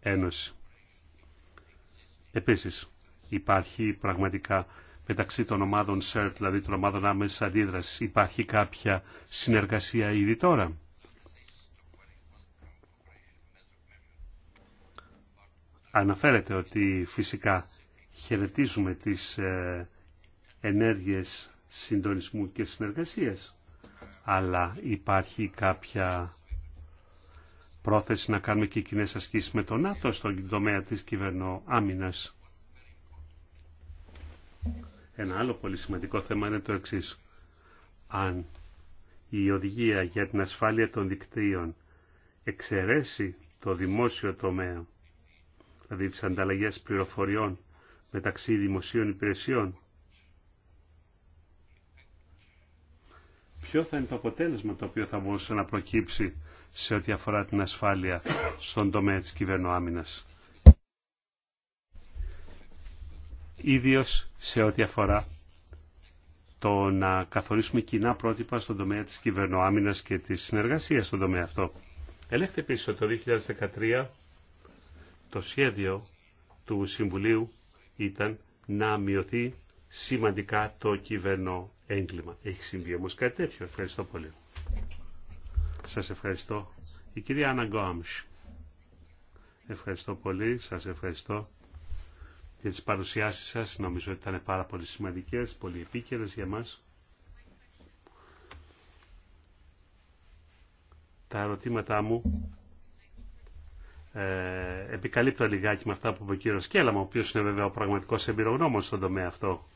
Ένωση. Επίσης, υπάρχει πραγματικά μεταξύ των ομάδων ΣΕΡΤ, δηλαδή των ομάδων άμεσης αντίδρασης, υπάρχει κάποια συνεργασία ήδη τώρα. Αναφέρεται ότι φυσικά χαιρετίζουμε τις ε, ενέργειες συντονισμού και συνεργασίας, αλλά υπάρχει κάποια πρόθεση να κάνουμε και κοινέ ασκήσεις με τον ΝΑΤΟ στον τομέα της κυβερνοάμυνας. Ένα άλλο πολύ σημαντικό θέμα είναι το εξής. Αν η οδηγία για την ασφάλεια των δικτύων εξαιρέσει το δημόσιο τομέα δηλαδή τις ανταλλαγές πληροφοριών μεταξύ δημοσίων υπηρεσιών. Ποιο θα είναι το αποτέλεσμα το οποίο θα μπορούσε να προκύψει σε ό,τι αφορά την ασφάλεια στον τομέα της κυβερνοάμυνας. Ίδιος σε ό,τι αφορά το να καθορίσουμε κοινά πρότυπα στον τομέα της κυβερνοάμυνας και της συνεργασίας στον τομέα αυτό. Ελέγχεται επίσης ότι το 2013 το σχέδιο του Συμβουλίου ήταν να μειωθεί σημαντικά το κυβερνό έγκλημα. Έχει συμβεί όμως κάτι τέτοιο. Ευχαριστώ πολύ. Σας ευχαριστώ. Η κυρία Άννα Ευχαριστώ πολύ. Σας ευχαριστώ για τις παρουσιάσεις σας. Νομίζω ότι ήταν πάρα πολύ σημαντικές, πολύ επίκαιρες για μας. Τα ερωτήματά μου ε, επικαλύπτω λιγάκι με αυτά που είπε ο κύριο Κέλαμα, ο οποίο είναι βέβαια ο πραγματικό εμπειρογνώμων στον τομέα αυτό.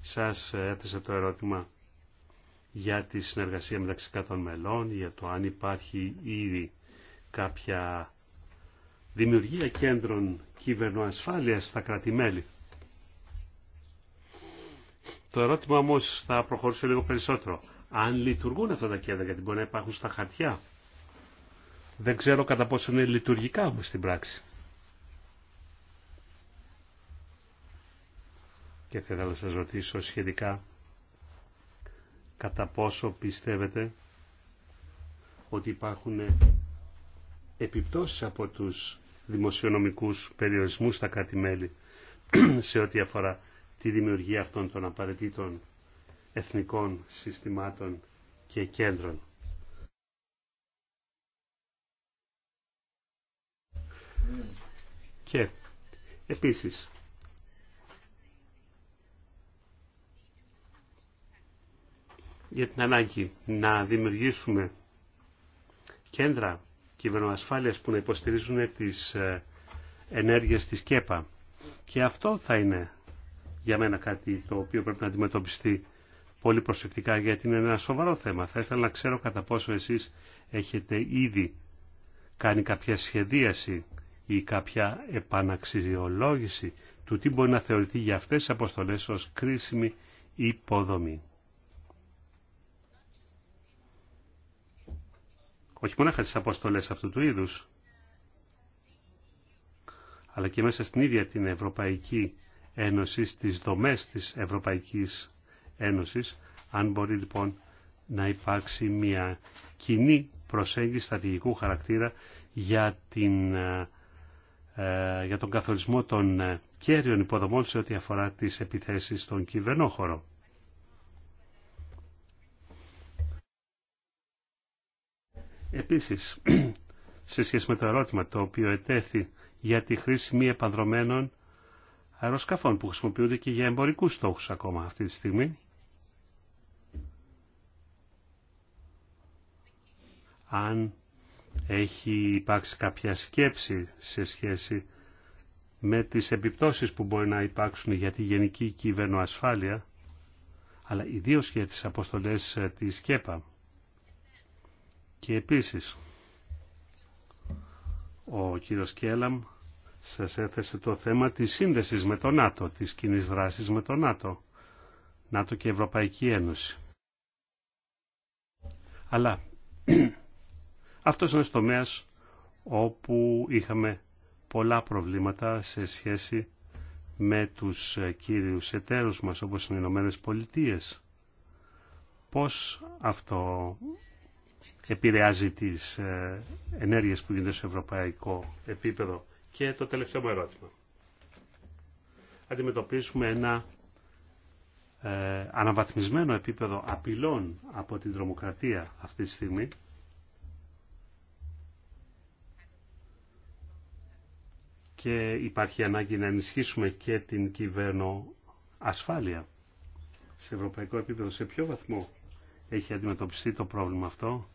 Σα έθεσα το ερώτημα για τη συνεργασία μεταξύ των μελών, για το αν υπάρχει ήδη κάποια δημιουργία κέντρων κυβερνοασφάλειας στα κρατημέλη. Το ερώτημα όμως θα προχωρήσω λίγο περισσότερο. Αν λειτουργούν αυτά τα κέντρα, γιατί μπορεί να υπάρχουν στα χαρτιά, δεν ξέρω κατά πόσο είναι λειτουργικά όμως στην πράξη. Και θα ήθελα να σας ρωτήσω σχετικά κατά πόσο πιστεύετε ότι υπάρχουν επιπτώσεις από τους δημοσιονομικούς περιορισμούς στα κάτι μελη σε ό,τι αφορά τη δημιουργία αυτών των απαραίτητων εθνικών συστημάτων και κέντρων. Και επίσης, για την ανάγκη να δημιουργήσουμε κέντρα κυβερνοασφάλειας που να υποστηρίζουν τις ε, ενέργειες της ΚΕΠΑ. Και αυτό θα είναι για μένα κάτι το οποίο πρέπει να αντιμετωπιστεί πολύ προσεκτικά γιατί είναι ένα σοβαρό θέμα. Θα ήθελα να ξέρω κατά πόσο εσείς έχετε ήδη κάνει κάποια σχεδίαση ή κάποια επαναξιολόγηση του τι μπορεί να θεωρηθεί για αυτές τις αποστολές ως κρίσιμη υποδομή. Όχι μόνο στις αποστολές αυτού του είδους, αλλά και μέσα στην ίδια την Ευρωπαϊκή Ένωση, στις δομές της Ευρωπαϊκής Ένωσης, αν μπορεί λοιπόν να υπάρξει μια κοινή προσέγγιση στρατηγικού χαρακτήρα για την ε, ε, για τον καθορισμό των ε, κέριων υποδομών σε ό,τι αφορά τις επιθέσεις στον κυβερνόχωρο. Επίσης, σε σχέση με το ερώτημα το οποίο ετέθη για τη χρήση μη επανδρομένων αεροσκαφών που χρησιμοποιούνται και για εμπορικούς στόχους ακόμα αυτή τη στιγμή. Αν έχει υπάρξει κάποια σκέψη σε σχέση με τις επιπτώσεις που μπορεί να υπάρξουν για τη γενική κυβερνοασφάλεια, αλλά ιδίως για τις αποστολές ε, της σκέπα. Και επίσης, ο κύριος Κέλαμ σας έθεσε το θέμα της σύνδεσης με το ΝΑΤΟ, της κοινή δράσης με το ΝΑΤΟ, ΝΑΤΟ και Ευρωπαϊκή Ένωση. Αλλά αυτός είναι ο τομέας όπου είχαμε πολλά προβλήματα σε σχέση με τους κύριους εταίρους μας όπως είναι οι Ηνωμένε Πολιτείες. Πώς αυτό επηρεάζει τις ε, ενέργειες που γίνονται σε ευρωπαϊκό επίπεδο. Και το τελευταίο μου ερώτημα. Αντιμετωπίσουμε ένα ε, αναβαθμισμένο επίπεδο απειλών από την τρομοκρατία αυτή τη στιγμή και υπάρχει ανάγκη να ενισχύσουμε και την κυβέρνο ασφάλεια σε ευρωπαϊκό επίπεδο. Σε ποιο βαθμό έχει αντιμετωπιστεί το πρόβλημα αυτό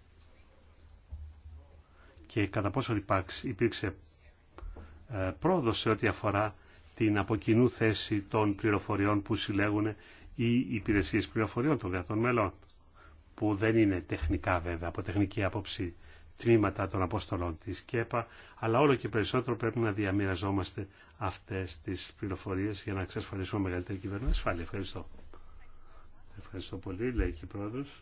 και κατά πόσο υπάρξη υπήρξε ε, σε ό,τι αφορά την αποκοινού θέση των πληροφοριών που συλλέγουν οι υπηρεσίες πληροφοριών των κρατών μελών που δεν είναι τεχνικά βέβαια από τεχνική άποψη τμήματα των αποστολών της ΚΕΠΑ, αλλά όλο και περισσότερο πρέπει να διαμοιραζόμαστε αυτές τις πληροφορίες για να εξασφαλίσουμε μεγαλύτερη κυβέρνηση ασφάλεια. Ευχαριστώ. Ευχαριστώ πολύ, λέει και η πρόεδρος.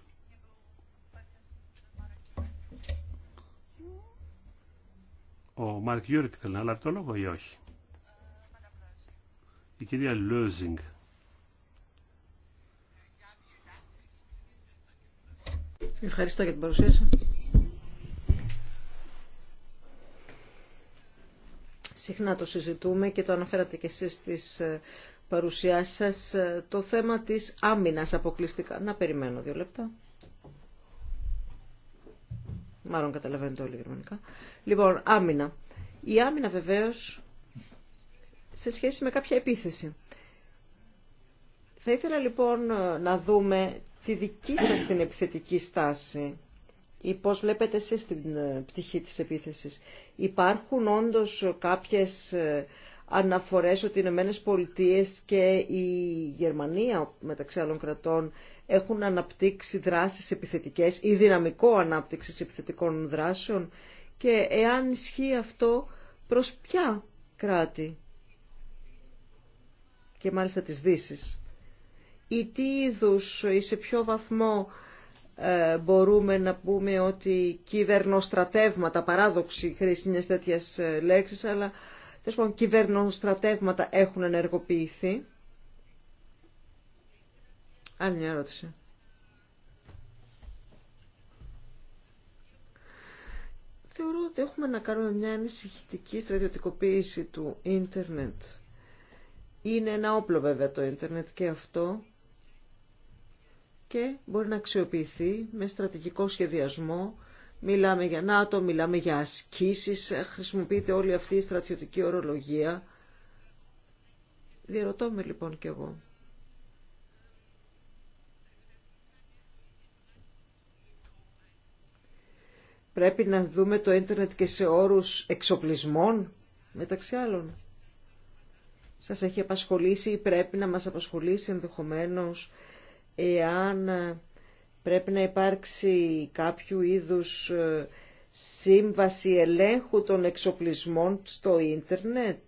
Ο Μαρκ Γιούρικ θέλει να λάβει το λόγο ή όχι. Η κυρία κυρια λουζινγκ Ευχαριστώ για την παρουσία σας. συχνά το συζητούμε και το αναφέρατε και εσείς στις ε, παρουσιάσεις σας, ε, το θέμα της άμυνας αποκλειστικά. Να περιμένω δύο λεπτά. Μάλλον καταλαβαίνετε όλοι γερμανικά. Λοιπόν, άμυνα. Η άμυνα βεβαίως σε σχέση με κάποια επίθεση. Θα ήθελα λοιπόν ε, να δούμε τη δική σας την επιθετική στάση ή πώς βλέπετε εσείς την ε, πτυχή της επίθεσης. Υπάρχουν όντως κάποιες ε, αναφορές ότι οι Ηνωμένε Πολιτείες και η Γερμανία μεταξύ άλλων κρατών έχουν αναπτύξει δράσεις επιθετικές ή δυναμικό ανάπτυξης επιθετικών δράσεων και εάν ισχύει αυτό προς ποια κράτη και μάλιστα τις δύσεις ή τι είδους ή σε ποιο βαθμό ε, μπορούμε να πούμε ότι κυβερνοστρατεύματα, παράδοξη χρήση μιας τέτοιας ε, λέξης, αλλά κυβερνοστρατεύματα έχουν ενεργοποιηθεί. Άλλη μια ερώτηση. Θεωρώ ότι έχουμε να κάνουμε μια ανησυχητική στρατιωτικοποίηση του ίντερνετ. Είναι ένα όπλο βέβαια το ίντερνετ και αυτό και μπορεί να αξιοποιηθεί με στρατηγικό σχεδιασμό. Μιλάμε για ΝΑΤΟ, μιλάμε για ασκήσεις, ε, χρησιμοποιείται όλη αυτή η στρατιωτική ορολογία. Διερωτώ με λοιπόν κι εγώ. Πρέπει να δούμε το ίντερνετ και σε όρους εξοπλισμών, μεταξύ άλλων. Σας έχει απασχολήσει ή πρέπει να μας απασχολήσει ενδεχομένως εάν ε, πρέπει να υπάρξει κάποιο είδους ε, σύμβαση ελέγχου των εξοπλισμών στο ίντερνετ.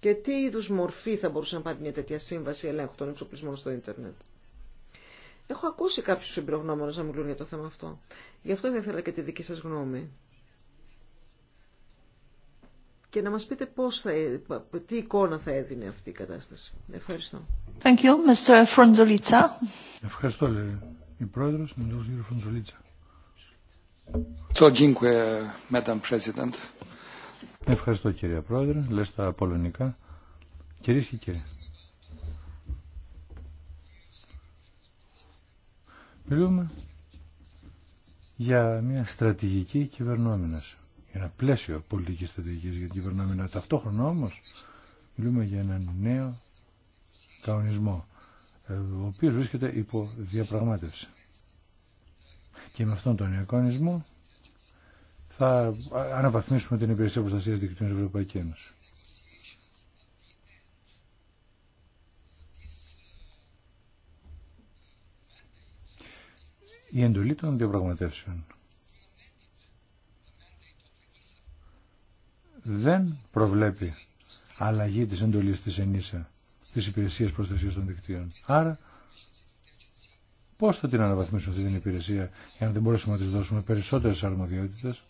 Και τι είδους μορφή θα μπορούσε να πάρει μια τέτοια σύμβαση ελέγχου των εξοπλισμών στο ίντερνετ. Έχω ακούσει κάποιους συμπρογνώμενους να μιλούν για το θέμα αυτό. Γι' αυτό δεν ήθελα και τη δική σας γνώμη και να μας πείτε πώς θα, τι εικόνα θα έδινε αυτή η κατάσταση. Ευχαριστώ. Thank you, Mr. Fronzolica. Ευχαριστώ, λέει η πρόεδρος, με τον κύριο President. Ευχαριστώ, κύριε πρόεδρε. Λες τα πολωνικά. Κυρίες και κύριοι. Μιλούμε για μια στρατηγική κυβερνόμενας ένα πλαίσιο πολιτικής στρατηγικής για την κυβερνάμινα. Ταυτόχρονα όμως μιλούμε για έναν νέο κανονισμό, ε, ο οποίος βρίσκεται υπό διαπραγμάτευση. Και με αυτόν τον νέο κανονισμό θα αναβαθμίσουμε την υπηρεσία προστασία δικτύων της Ευρωπαϊκής Ένωση. Η εντολή των διαπραγματεύσεων δεν προβλέπει αλλαγή της εντολής της ενίσα της υπηρεσίας προστασίας των δικτύων. Άρα, πώς θα την αναβαθμίσουμε αυτή την υπηρεσία να δεν μπορέσουμε να της δώσουμε περισσότερες αρμοδιότητες,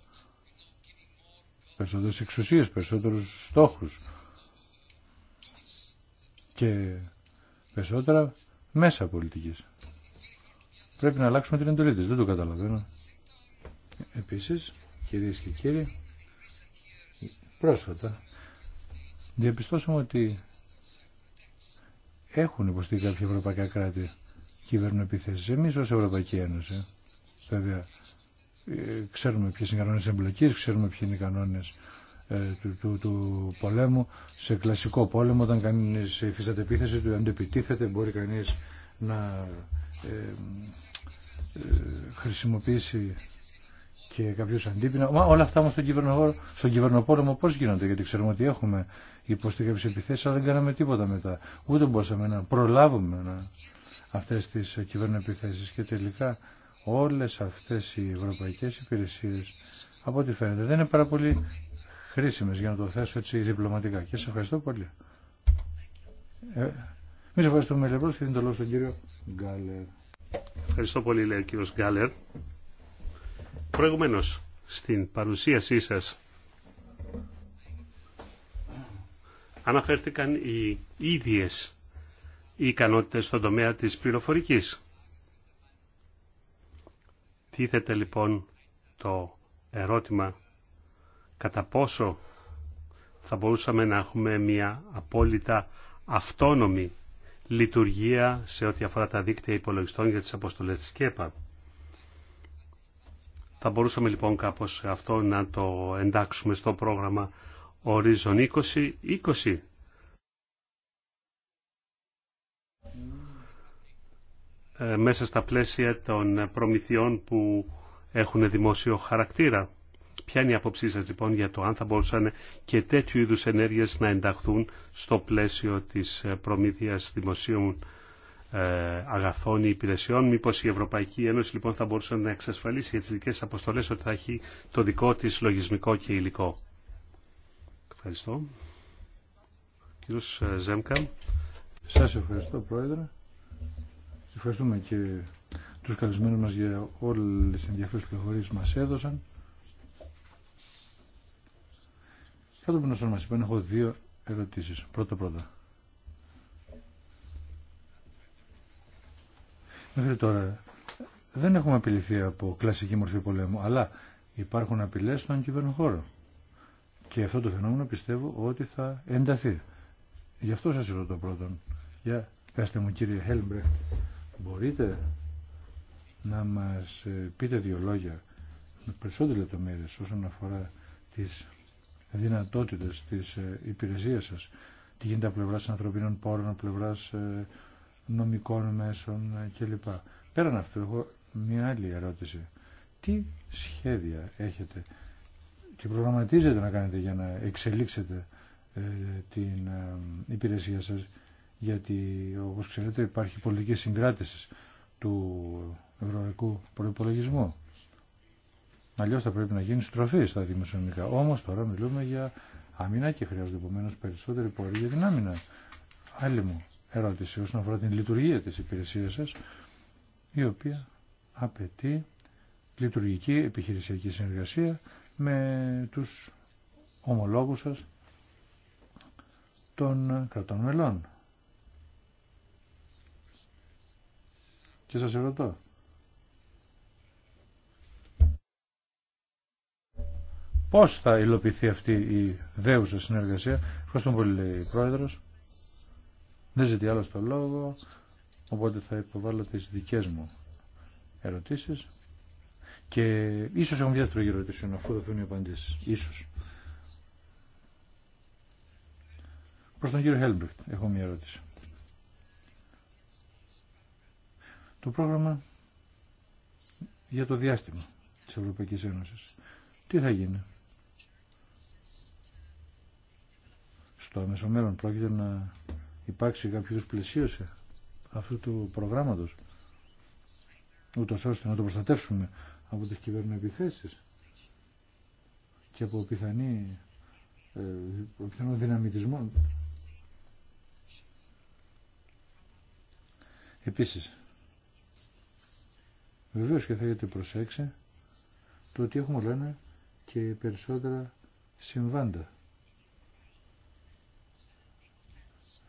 περισσότερες εξουσίες, περισσότερους στόχους και περισσότερα μέσα πολιτικής. Πρέπει να αλλάξουμε την εντολή της, δεν το καταλαβαίνω. Επίσης, κυρίες και κύριοι, πρόσφατα διαπιστώσαμε ότι έχουν υποστεί κάποια ευρωπαϊκά κράτη επιθέσει. Εμεί ω Ευρωπαϊκή Ένωση, βέβαια, ε, ξέρουμε ποιε είναι οι κανόνε εμπλοκή, ξέρουμε ποιοι είναι οι κανόνες ε, του, του, του, πολέμου. Σε κλασικό πόλεμο, όταν κανείς υφίσταται επίθεση, του αντεπιτίθεται, μπορεί κανεί να ε, ε χρησιμοποιήσει και κάποιο αντίπεινα. όλα αυτά όμως στον, κυβερνο, στον κυβερνοπόλεμο πώ γίνονται, γιατί ξέρουμε ότι έχουμε υποστεί επιθέσεις επιθέσει, αλλά δεν κάναμε τίποτα μετά. Ούτε μπορούσαμε να προλάβουμε να, αυτές τις κυβερνοεπιθέσεις και τελικά όλες αυτές οι ευρωπαϊκές υπηρεσίες από ό,τι φαίνεται δεν είναι πάρα πολύ χρήσιμες για να το θέσω έτσι διπλωματικά και σε ευχαριστώ πολύ. Ε, Εμεί ευχαριστούμε λοιπόν και δίνω το λόγο στον κύριο Γκάλερ. Ευχαριστώ πολύ λέει ο Γκάλερ. Προηγουμένως, στην παρουσίασή σας, αναφέρθηκαν οι ίδιες οι ικανότητες στον τομέα της πληροφορικής. Τίθεται λοιπόν το ερώτημα κατά πόσο θα μπορούσαμε να έχουμε μια απόλυτα αυτόνομη λειτουργία σε ό,τι αφορά τα δίκτυα υπολογιστών για τις αποστολές της ΚΕΠΑ. Θα μπορούσαμε λοιπόν κάπως αυτό να το εντάξουμε στο πρόγραμμα Horizon 2020. Ε, μέσα στα πλαίσια των προμηθειών που έχουν δημόσιο χαρακτήρα. Ποια είναι η άποψή σας λοιπόν για το αν θα μπορούσαν και τέτοιου είδους ενέργειες να ενταχθούν στο πλαίσιο της προμήθειας δημοσίων ε, αγαθών ή υπηρεσιών. Μήπως η Ευρωπαϊκή Ένωση λοιπόν θα μπορούσε να εξασφαλίσει για τις δικές αποστολές ότι θα έχει το δικό της λογισμικό και υλικό. Ευχαριστώ. Κύριος ε, Ζέμκα. Σας ευχαριστώ Πρόεδρε. Ευχαριστούμε και τους καλεσμένους μας για όλες τις ενδιαφέρουσες πληροφορίες που μας έδωσαν. Κάτω να έχω δύο ερωτήσεις. Πρώτα πρώτα. Μέχρι τώρα δεν έχουμε απειληθεί από κλασική μορφή πολέμου, αλλά υπάρχουν απειλές στον χώρο Και αυτό το φαινόμενο πιστεύω ότι θα ενταθεί. Γι' αυτό σα ρωτώ πρώτον. Για πέστε μου κύριε Χέλμπρεχτ, μπορείτε να μας ε, πείτε δύο λόγια με περισσότερε λεπτομέρειε όσον αφορά τι δυνατότητε, της ε, υπηρεσία σα, Τι γίνεται από πλευρά ανθρωπίνων πόρων, από πλευρά. Ε, νομικών μέσων κλπ. Πέραν αυτού έχω μια άλλη ερώτηση. Τι σχέδια έχετε και προγραμματίζετε να κάνετε για να εξελίξετε ε, την ε, υπηρεσία σας γιατί όπως ξέρετε υπάρχει πολιτική συγκράτηση του ευρωπαϊκού προϋπολογισμού. Αλλιώ θα πρέπει να γίνει στροφή στα δημοσιονομικά. Όμω τώρα μιλούμε για άμυνα και χρειάζονται επομένω περισσότερη πορεία για την άμυνα. Άλλη μου ερώτηση όσον αφορά την λειτουργία της υπηρεσίας σας, η οποία απαιτεί λειτουργική επιχειρησιακή συνεργασία με τους ομολόγους σας των κρατών μελών. Και σας ερωτώ. Πώς θα υλοποιηθεί αυτή η δέουσα συνεργασία. Ευχαριστώ πολύ, λέει η Πρόεδρος. Δεν ζητεί άλλο το λόγο, οπότε θα υποβάλω τις δικές μου ερωτήσεις και ίσως έχω μια γύρο ερωτήσεων αφού δοθούν οι απαντήσεις. Ίσως. Προς τον κύριο Χέλμπριχτ έχω μια ερώτηση. Το πρόγραμμα για το διάστημα της Ευρωπαϊκής Ένωσης. Τι θα γίνει. Στο αμεσομέρον πρόκειται να υπάρξει κάποιο πλαισίωση αυτού του προγράμματο ούτως ώστε να το προστατεύσουμε από τις επιθέσει και από πιθανή, ε, πιθανό δυναμητισμό. Επίσης, βεβαίως και θα έχετε προσέξει το ότι έχουμε λένε και περισσότερα συμβάντα.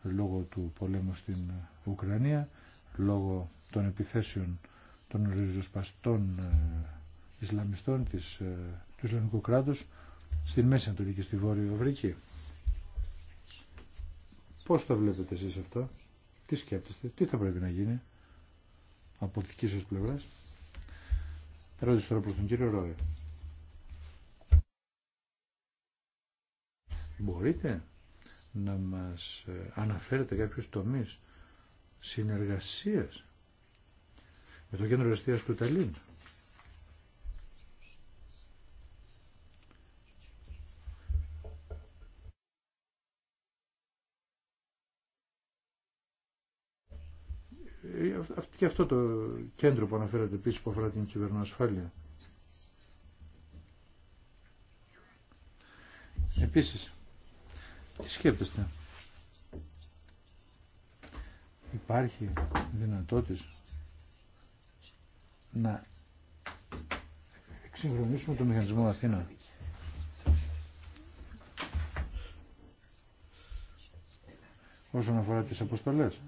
λόγω του πολέμου στην Ουκρανία, λόγω των επιθέσεων των ριζοσπαστών ε, Ισλαμιστών της, ε, του Ισλαμικού κράτους στην Μέση Ανατολή και στη Βόρεια Αφρική. Πώς το βλέπετε εσείς αυτό, τι σκέπτεστε, τι θα πρέπει να γίνει από τη δική σας πλευρά. τώρα προς τον κύριο Ρόε. Μπορείτε να μας ε, αναφέρετε κάποιους τομείς συνεργασίας με το κέντρο εργασίας του Ιταλίνου. Ε, και αυτό το κέντρο που αναφέρατε επίση που αφορά την κυβερνοασφάλεια. Επίσης, τι σκέφτεστε. Υπάρχει δυνατότητα να εξυγχρονίσουμε το μηχανισμό Αθήνα. όσον αφορά τις αποστολές.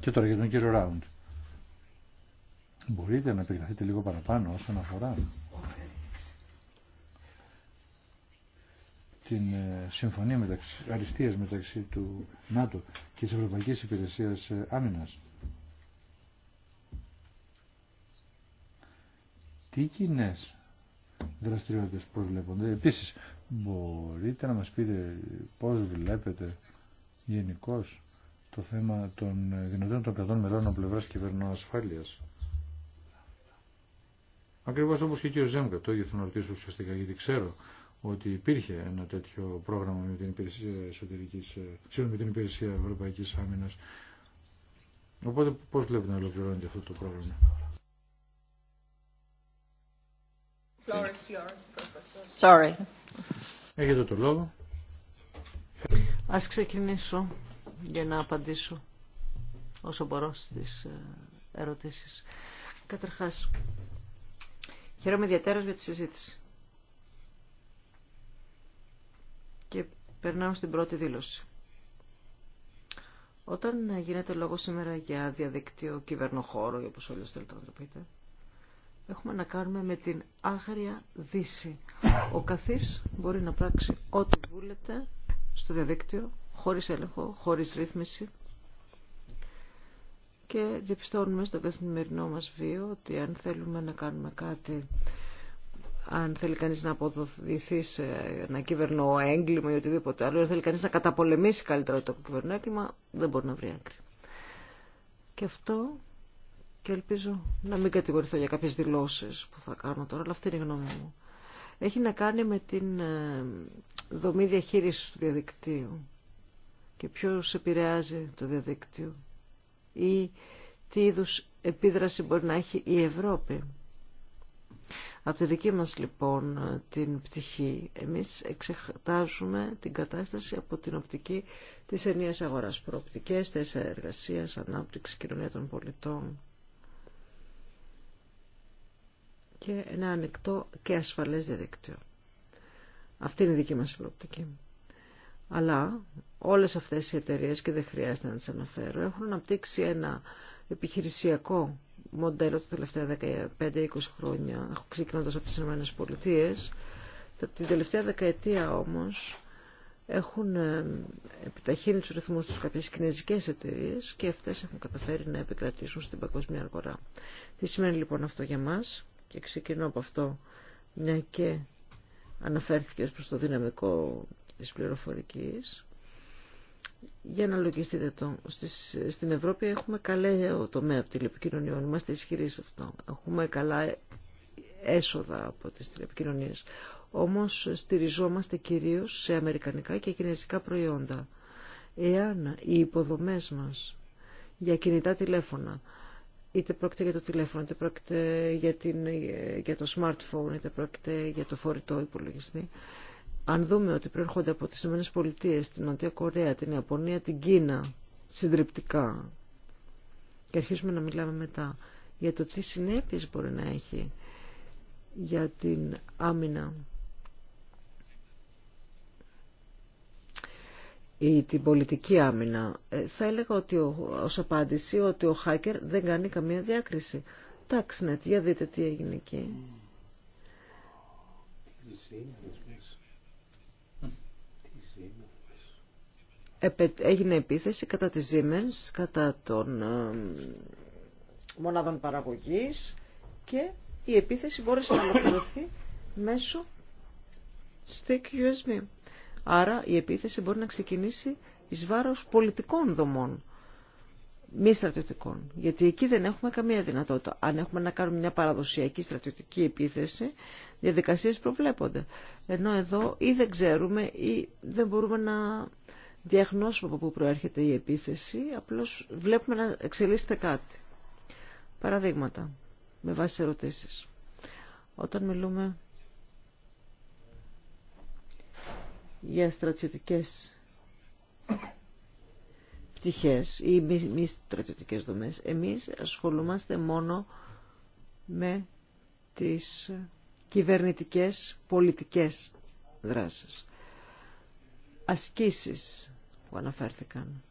Και τώρα για τον κύριο Ράουντ. Μπορείτε να επεκταθείτε λίγο παραπάνω όσον αφορά την ε, συμφωνία μεταξύ, αριστείας μεταξύ του ΝΑΤΟ και της Ευρωπαϊκής Υπηρεσίας ε, Άμυνας. Τι κοινέ δραστηριότητες προβλέπονται. Επίσης, μπορείτε να μας πείτε πώς βλέπετε γενικώ το θέμα των δυνατών των κρατών μελών από πλευράς κυβερνών ασφάλειας. Ακριβώς όπως και ο κ. Ζέμκα, το ίδιο θα ρωτήσω ουσιαστικά, γιατί ξέρω ότι υπήρχε ένα τέτοιο πρόγραμμα με την υπηρεσία, εσωτερικής, ε, με την υπηρεσία Ευρωπαϊκής Άμυνας. Οπότε πώς βλέπετε να ολοκληρώνεται αυτό το πρόγραμμα. Sorry. Έχετε το λόγο. Ας ξεκινήσω για να απαντήσω όσο μπορώ στις ε, ερωτήσεις. Καταρχάς, χαίρομαι ιδιαίτερα για τη συζήτηση. Περνάμε στην πρώτη δήλωση. Όταν γίνεται λόγο σήμερα για διαδικτύο κυβερνοχώρο, όπω όπως όλοι θέλετε να το πείτε, έχουμε να κάνουμε με την άγρια δύση. Ο καθής μπορεί να πράξει ό,τι βούλεται στο διαδίκτυο, χωρίς έλεγχο, χωρίς ρύθμιση. Και διαπιστώνουμε στο καθημερινό μας βίο ότι αν θέλουμε να κάνουμε κάτι αν θέλει κανείς να αποδοθεί σε ένα κυβερνό έγκλημα ή οτιδήποτε άλλο, αν θέλει κανείς να καταπολεμήσει καλύτερα το κυβερνό έγκλημα, δεν μπορεί να βρει άκρη. Και αυτό και ελπίζω να μην κατηγορηθώ για κάποιες δηλώσεις που θα κάνω τώρα, αλλά αυτή είναι η γνώμη μου. Έχει να κάνει με την ε, δομή διαχείρισης του διαδικτύου και ποιος επηρεάζει το διαδικτύο ή τι είδους επίδραση μπορεί να έχει η Ευρώπη από τη δική μας λοιπόν την πτυχή, εμείς εξετάζουμε την κατάσταση από την οπτική της ενίας αγοράς. Προοπτικές, τέσσερα εργασίας, ανάπτυξη κοινωνία των πολιτών και ένα ανοιχτό και ασφαλές διαδίκτυο. Αυτή είναι η δική μας προοπτική. Αλλά όλες αυτές οι εταιρείες, και δεν χρειάζεται να τις αναφέρω, έχουν αναπτύξει ένα επιχειρησιακό μοντέλο τα τελευταία 15-20 χρόνια, έχω ξεκινώντας από τις Ηνωμένες Πολιτείες, την τελευταία δεκαετία όμως έχουν ε, επιταχύνει τους ρυθμούς τους κάποιες κινέζικες εταιρείε και αυτές έχουν καταφέρει να επικρατήσουν στην παγκοσμία αγορά. Τι σημαίνει λοιπόν αυτό για μας και ξεκινώ από αυτό μια και αναφέρθηκε προς το δυναμικό της πληροφορικής για να λογιστείτε το. στην Ευρώπη έχουμε καλέ τομέα τηλεπικοινωνιών. Είμαστε ισχυροί σε αυτό. Έχουμε καλά έσοδα από τις τηλεπικοινωνίες. Όμως στηριζόμαστε κυρίως σε αμερικανικά και κινέζικα προϊόντα. Εάν οι υποδομές μας για κινητά τηλέφωνα, είτε πρόκειται για το τηλέφωνο, είτε πρόκειται για, την, για το smartphone, είτε πρόκειται για το φορητό υπολογιστή, αν δούμε ότι προέρχονται από τις ΗΠΑ, την Νότια Κορέα, την Ιαπωνία, την Κίνα, συντριπτικά, και αρχίσουμε να μιλάμε μετά για το τι συνέπειες μπορεί να έχει για την άμυνα ή την πολιτική άμυνα, ε, θα έλεγα ότι ο, ως απάντηση ότι ο hacker δεν κάνει καμία διάκριση. ναι για δείτε τι έγινε εκεί. έγινε επίθεση κατά τη Siemens, κατά των μονάδων παραγωγής και η επίθεση μπόρεσε να ολοκληρωθεί μέσω stick USB. Άρα η επίθεση μπορεί να ξεκινήσει εις βάρος πολιτικών δομών, μη στρατιωτικών. Γιατί εκεί δεν έχουμε καμία δυνατότητα. Αν έχουμε να κάνουμε μια παραδοσιακή στρατιωτική επίθεση, διαδικασίες προβλέπονται. Ενώ εδώ ή δεν ξέρουμε ή δεν μπορούμε να διαγνώσουμε από πού προέρχεται η επίθεση, απλώς βλέπουμε να εξελίσσεται κάτι. Παραδείγματα, με βάση ερωτήσεις. Όταν μιλούμε για στρατιωτικές πτυχές ή μη, μη στρατιωτικές δομές, εμείς ασχολούμαστε μόνο με τις κυβερνητικές πολιτικές δράσεις ασκήσεις που αναφέρθηκαν.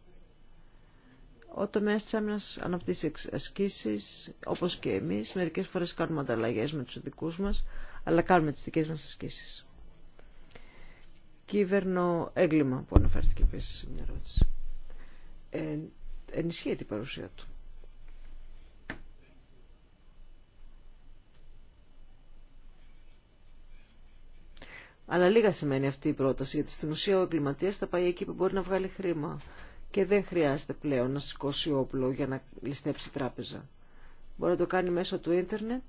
Ο τομέας της άμυνα αναπτύσσει ασκήσει, όπω και εμείς, μερικές φορές κάνουμε ανταλλαγέ με τους δικού μας, αλλά κάνουμε τις δικές μας ασκήσεις. Κύβερνο έγκλημα που αναφέρθηκε επίση σε μια ερώτηση. Ε, ενισχύεται η παρουσία του. Αλλά λίγα σημαίνει αυτή η πρόταση, γιατί στην ουσία ο εγκληματίας θα πάει εκεί που μπορεί να βγάλει χρήμα. Και δεν χρειάζεται πλέον να σηκώσει όπλο για να ληστέψει τράπεζα. Μπορεί να το κάνει μέσω του ίντερνετ,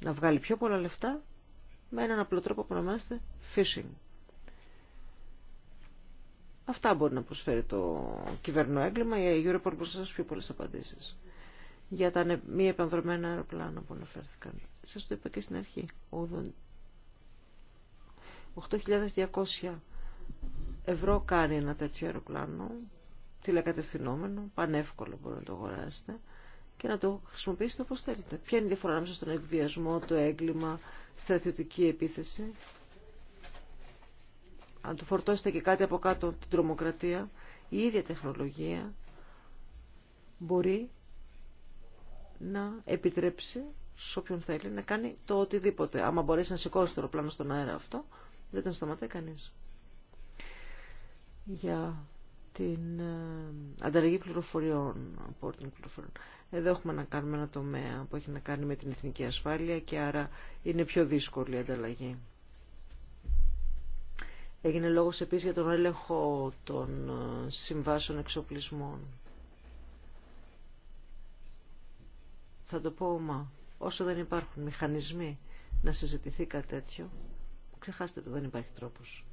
να βγάλει πιο πολλά λεφτά, με έναν απλό τρόπο που ονομάζεται phishing. Αυτά μπορεί να προσφέρει το κυβερνό έγκλημα. Η Europol μπορεί να σας πιο πολλές απαντήσεις. Για τα μη επανδρομένα αεροπλάνα που αναφέρθηκαν. Σας το είπα και στην αρχή. 8.200 ευρώ κάνει ένα τέτοιο αεροπλάνο, τηλεκατευθυνόμενο, πανεύκολο μπορεί να το αγοράσετε και να το χρησιμοποιήσετε όπως θέλετε. Ποια είναι η διαφορά μέσα στον εκβιασμό, το έγκλημα, στρατιωτική επίθεση. Αν το φορτώσετε και κάτι από κάτω την τρομοκρατία, η ίδια τεχνολογία μπορεί να επιτρέψει σε όποιον θέλει να κάνει το οτιδήποτε. Άμα μπορέσει να σηκώσει το αεροπλάνο στον αέρα αυτό, δεν τον σταματάει κανείς. Για την ε, ανταλλαγή πληροφοριών, Εδώ έχουμε να κάνουμε ένα τομέα που έχει να κάνει με την εθνική ασφάλεια και άρα είναι πιο δύσκολη η ανταλλαγή. Έγινε λόγος επίσης για τον έλεγχο των ε, συμβάσεων εξοπλισμών. Θα το πω, όσο δεν υπάρχουν μηχανισμοί να συζητηθεί κάτι τέτοιο, Ξεχάστε το, δεν υπάρχει τρόπος.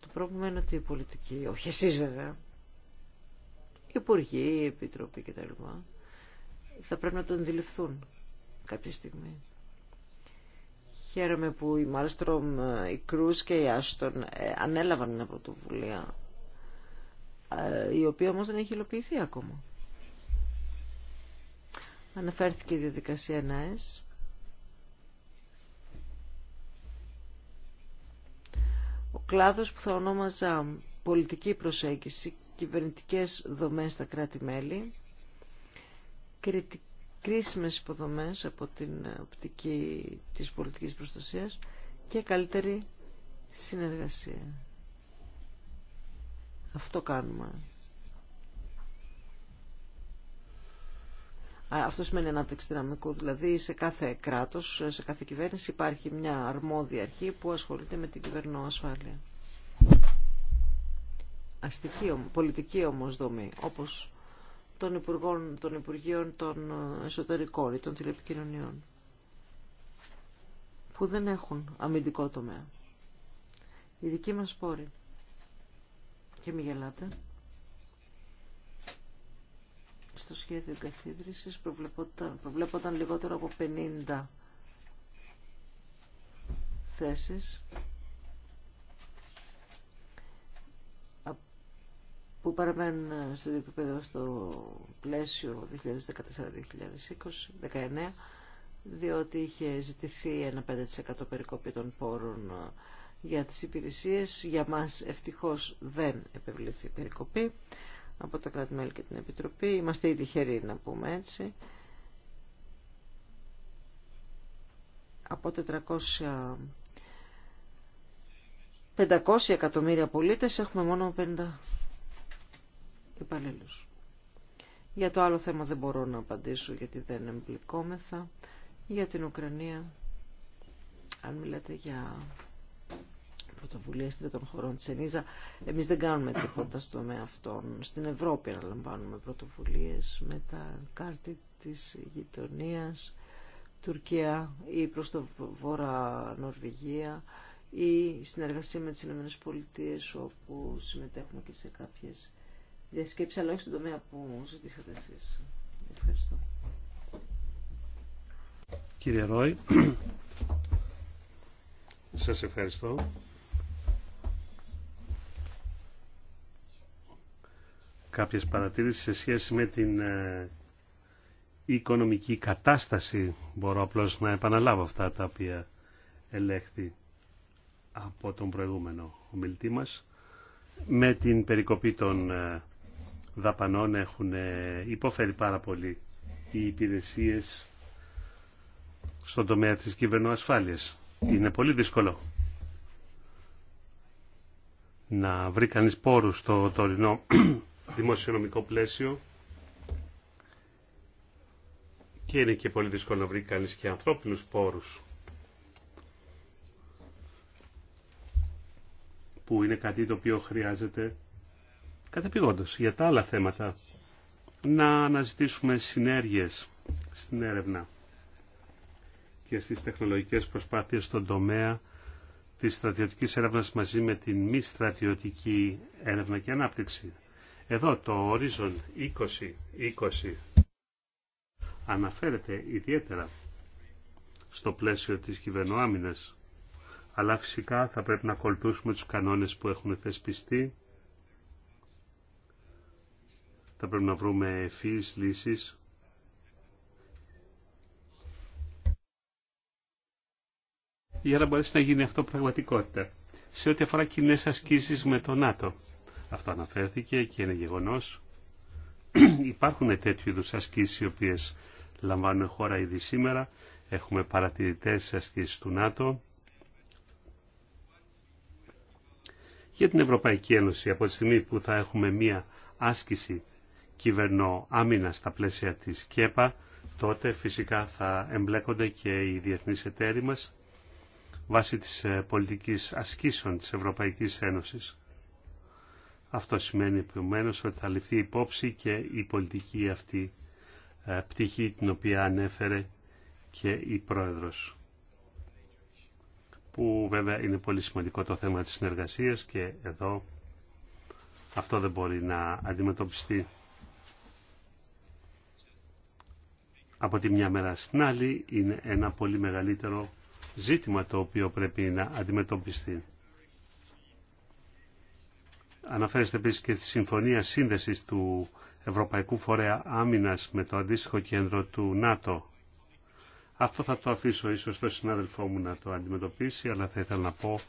Το πρόβλημα είναι ότι οι πολιτικοί όχι εσείς βέβαια, οι υπουργοί, οι επιτροποί κτλ. θα πρέπει να τον αντιληφθούν κάποια στιγμή. Χαίρομαι που η Μάλστρομ, ε, η Κρούς και η Άστον ε, ανέλαβαν μια πρωτοβουλία ε, η οποία όμως δεν έχει υλοποιηθεί ακόμα. Αναφέρθηκε η διαδικασία ΝΑΕΣ Ο κλάδος που θα ονόμαζα πολιτική προσέγγιση, κυβερνητικές δομές στα κράτη-μέλη, κρίσιμες υποδομές από την οπτική της πολιτικής προστασίας και καλύτερη συνεργασία. Αυτό κάνουμε. Αυτό σημαίνει ανάπτυξη δυναμικού, δηλαδή σε κάθε κράτος, σε κάθε κυβέρνηση υπάρχει μια αρμόδια αρχή που ασχολείται με την κυβερνοασφάλεια. Αστική, πολιτική όμω δομή, όπως των, υπουργών, των Υπουργείων των Εσωτερικών ή των Τηλεπικοινωνιών, που δεν έχουν αμυντικό τομέα. Η δική μας πόρη. Και μη γελάτε στο σχέδιο καθίδρυσης προβλεπόταν, προβλεπόταν λιγότερο από 50 θέσεις που παραμένουν στο επίπεδο στο πλαίσιο 2014-2019 διότι είχε ζητηθεί ένα 5% περικόπη των πόρων για τις υπηρεσίες. Για μας ευτυχώς δεν επευλήθη περικοπή από τα κρατη και την Επιτροπή. Είμαστε ήδη χεροί να πούμε έτσι. Από 400... 500 εκατομμύρια πολίτες έχουμε μόνο 50 υπαλλήλους. Για το άλλο θέμα δεν μπορώ να απαντήσω γιατί δεν εμπληκόμεθα. Για την Ουκρανία, αν μιλάτε για πρωτοβουλίες των χωρών της ΕΝΙΖΑ. Εμείς δεν κάνουμε τίποτα στο με αυτόν. Στην Ευρώπη αναλαμβάνουμε πρωτοβουλίες με τα κάρτη της γειτονίας, Τουρκία ή προς το βόρα Νορβηγία ή συνεργασία με τις Ηνωμένες Πολιτείες όπου συμμετέχουμε και σε κάποιες διασκέψεις, αλλά όχι στον τομέα που ζητήσατε εσείς. Ευχαριστώ. Κύριε Ρόη, σας ευχαριστώ. κάποιες παρατηρήσεις σε σχέση με την ε, οικονομική κατάσταση. Μπορώ απλώς να επαναλάβω αυτά τα οποία ελέγχθη από τον προηγούμενο ομιλητή μας. Με την περικοπή των ε, δαπανών έχουν ε, υποφέρει πάρα πολύ οι υπηρεσίες στον τομέα της κυβερνοασφάλειας. Είναι πολύ δύσκολο να βρει κανείς πόρους στο τωρινό δημοσιονομικό πλαίσιο και είναι και πολύ δύσκολο να βρει κανείς και ανθρώπινους πόρους που είναι κάτι το οποίο χρειάζεται κατεπηγόντως για τα άλλα θέματα να αναζητήσουμε συνέργειες στην έρευνα και στις τεχνολογικές προσπάθειες στον τομέα της στρατιωτικής έρευνας μαζί με την μη στρατιωτική έρευνα και ανάπτυξη. Εδώ το ορίζον 2020 αναφέρεται ιδιαίτερα στο πλαίσιο της κυβερνοάμυνας, αλλά φυσικά θα πρέπει να ακολουθήσουμε τους κανόνες που έχουμε θεσπιστεί. Θα πρέπει να βρούμε ευφύης λύσεις. για να μπορέσει να γίνει αυτό πραγματικότητα. Σε ό,τι αφορά κοινέ ασκήσεις με το ΝΑΤΟ. Αυτό αναφέρθηκε και είναι γεγονός. Υπάρχουν τέτοιου είδους ασκήσεις οι οποίες λαμβάνουν χώρα ήδη σήμερα. Έχουμε παρατηρητές ασκήσεις του ΝΑΤΟ. Για την Ευρωπαϊκή Ένωση, από τη στιγμή που θα έχουμε μία άσκηση κυβερνό άμυνα στα πλαίσια της ΚΕΠΑ, τότε φυσικά θα εμπλέκονται και οι διεθνείς εταίροι μας βάσει της ε, πολιτικής ασκήσεων της Ευρωπαϊκής Ένωσης. Αυτό σημαίνει επομένω ότι θα ληφθεί υπόψη και η πολιτική αυτή ε, πτυχή την οποία ανέφερε και η Πρόεδρος που βέβαια είναι πολύ σημαντικό το θέμα της συνεργασίας και εδώ αυτό δεν μπορεί να αντιμετωπιστεί από τη μια μέρα στην άλλη είναι ένα πολύ μεγαλύτερο ζήτημα το οποίο πρέπει να αντιμετωπιστεί. Αναφέρεστε επίσης και στη Συμφωνία Σύνδεσης του Ευρωπαϊκού Φορέα Άμυνας με το αντίστοιχο κέντρο του ΝΑΤΟ. Αυτό θα το αφήσω ίσως στο συνάδελφό μου να το αντιμετωπίσει, αλλά θα ήθελα να πω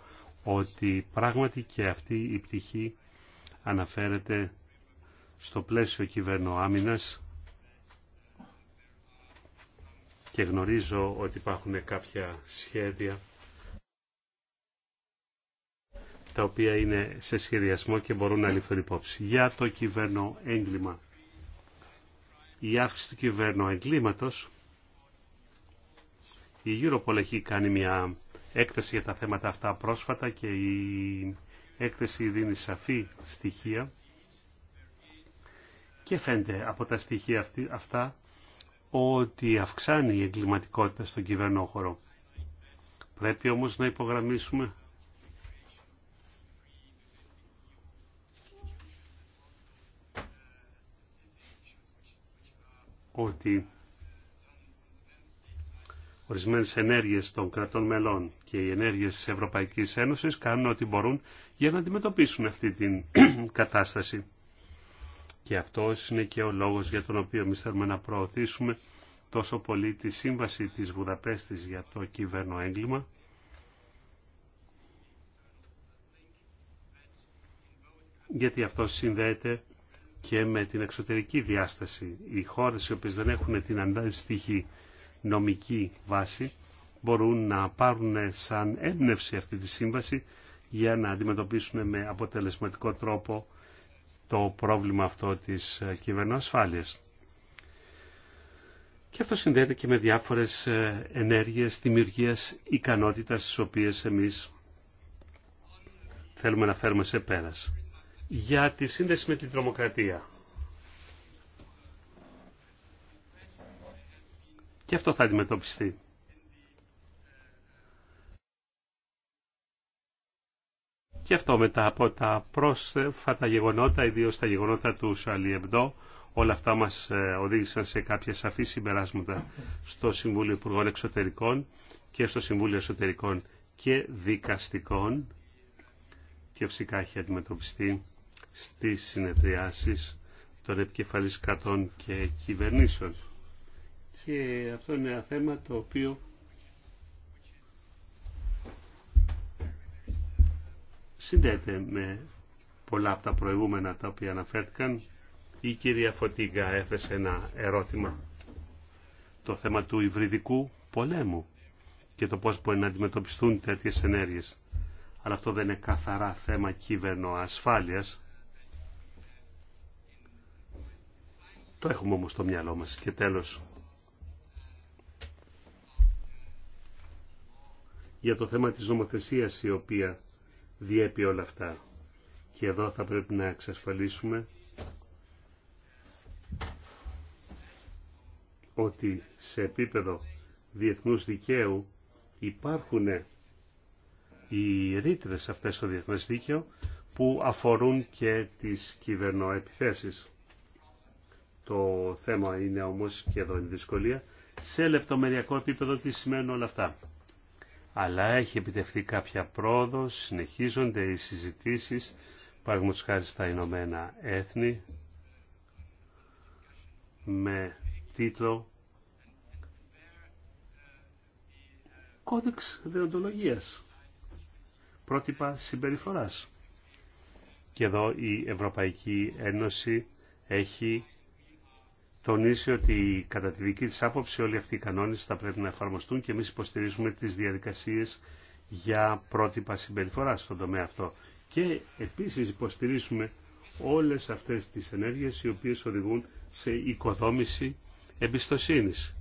ότι πράγματι και αυτή η πτυχή αναφέρεται στο πλαίσιο κυβέρνο άμυνας και γνωρίζω ότι υπάρχουν κάποια σχέδια τα οποία είναι σε σχεδιασμό και μπορούν να ληφθούν υπόψη. Για το κυβέρνο έγκλημα. Η αύξηση του κυβέρνου εγκλήματος. Η Europol έχει κάνει μια έκθεση για τα θέματα αυτά πρόσφατα και η έκθεση δίνει σαφή στοιχεία και φαίνεται από τα στοιχεία αυτά ότι αυξάνει η εγκληματικότητα στον χώρο. Πρέπει όμως να υπογραμμίσουμε ότι ορισμένες ενέργειες των κρατών μελών και οι ενέργειες της Ευρωπαϊκής Ένωσης κάνουν ό,τι μπορούν για να αντιμετωπίσουν αυτή την κατάσταση. Και αυτό είναι και ο λόγος για τον οποίο εμεί θέλουμε να προωθήσουμε τόσο πολύ τη σύμβαση της Βουδαπέστης για το κυβέρνο έγκλημα. Γιατί αυτό συνδέεται και με την εξωτερική διάσταση. Οι χώρες οι οποίες δεν έχουν την αντίστοιχη νομική βάση μπορούν να πάρουν σαν έμπνευση αυτή τη σύμβαση για να αντιμετωπίσουν με αποτελεσματικό τρόπο το πρόβλημα αυτό της κυβερνοασφάλειας. Και αυτό συνδέεται και με διάφορες ε, ενέργειες δημιουργίας ικανότητας τις οποίες εμείς θέλουμε να φέρουμε σε πέρας για τη σύνδεση με την τρομοκρατία. Και αυτό θα αντιμετωπιστεί. Και αυτό μετά από τα πρόσφατα γεγονότα, ιδίως τα γεγονότα του Σαλιεμπτό, όλα αυτά μας ε, οδήγησαν σε κάποια σαφή συμπεράσματα στο Συμβούλιο Υπουργών Εξωτερικών και στο Συμβούλιο Εσωτερικών και Δικαστικών και φυσικά έχει αντιμετωπιστεί στις συνεδριάσεις των επικεφαλής κρατών και κυβερνήσεων. Και αυτό είναι ένα θέμα το οποίο συνδέεται με πολλά από τα προηγούμενα τα οποία αναφέρθηκαν. Η κυρία Φωτίγκα έθεσε ένα ερώτημα. Το θέμα του υβριδικού πολέμου και το πώς μπορεί να αντιμετωπιστούν τέτοιες ενέργειες. Αλλά αυτό δεν είναι καθαρά θέμα ασφάλειας, Το έχουμε όμως στο μυαλό μας. Και τέλος, για το θέμα της νομοθεσίας η οποία διέπει όλα αυτά. Και εδώ θα πρέπει να εξασφαλίσουμε ότι σε επίπεδο διεθνούς δικαίου υπάρχουν οι ρήτρες αυτές στο διεθνές δίκαιο που αφορούν και τις κυβερνοεπιθέσεις. Το θέμα είναι όμως, και εδώ είναι δυσκολία, σε λεπτομεριακό επίπεδο τι σημαίνουν όλα αυτά. Αλλά έχει επιτευχθεί κάποια πρόοδο, συνεχίζονται οι συζητήσεις, παραδείγματος χάρη στα Ηνωμένα Έθνη, με τίτλο «Κώδεξ Δεοντολογίας» πρότυπα συμπεριφοράς. Και εδώ η Ευρωπαϊκή Ένωση έχει τονίσει ότι κατά τη δική της άποψη όλοι αυτοί οι κανόνες θα πρέπει να εφαρμοστούν και εμείς υποστηρίζουμε τις διαδικασίες για πρότυπα συμπεριφορά στον τομέα αυτό. Και επίσης υποστηρίζουμε όλες αυτές τις ενέργειες οι οποίες οδηγούν σε οικοδόμηση εμπιστοσύνης.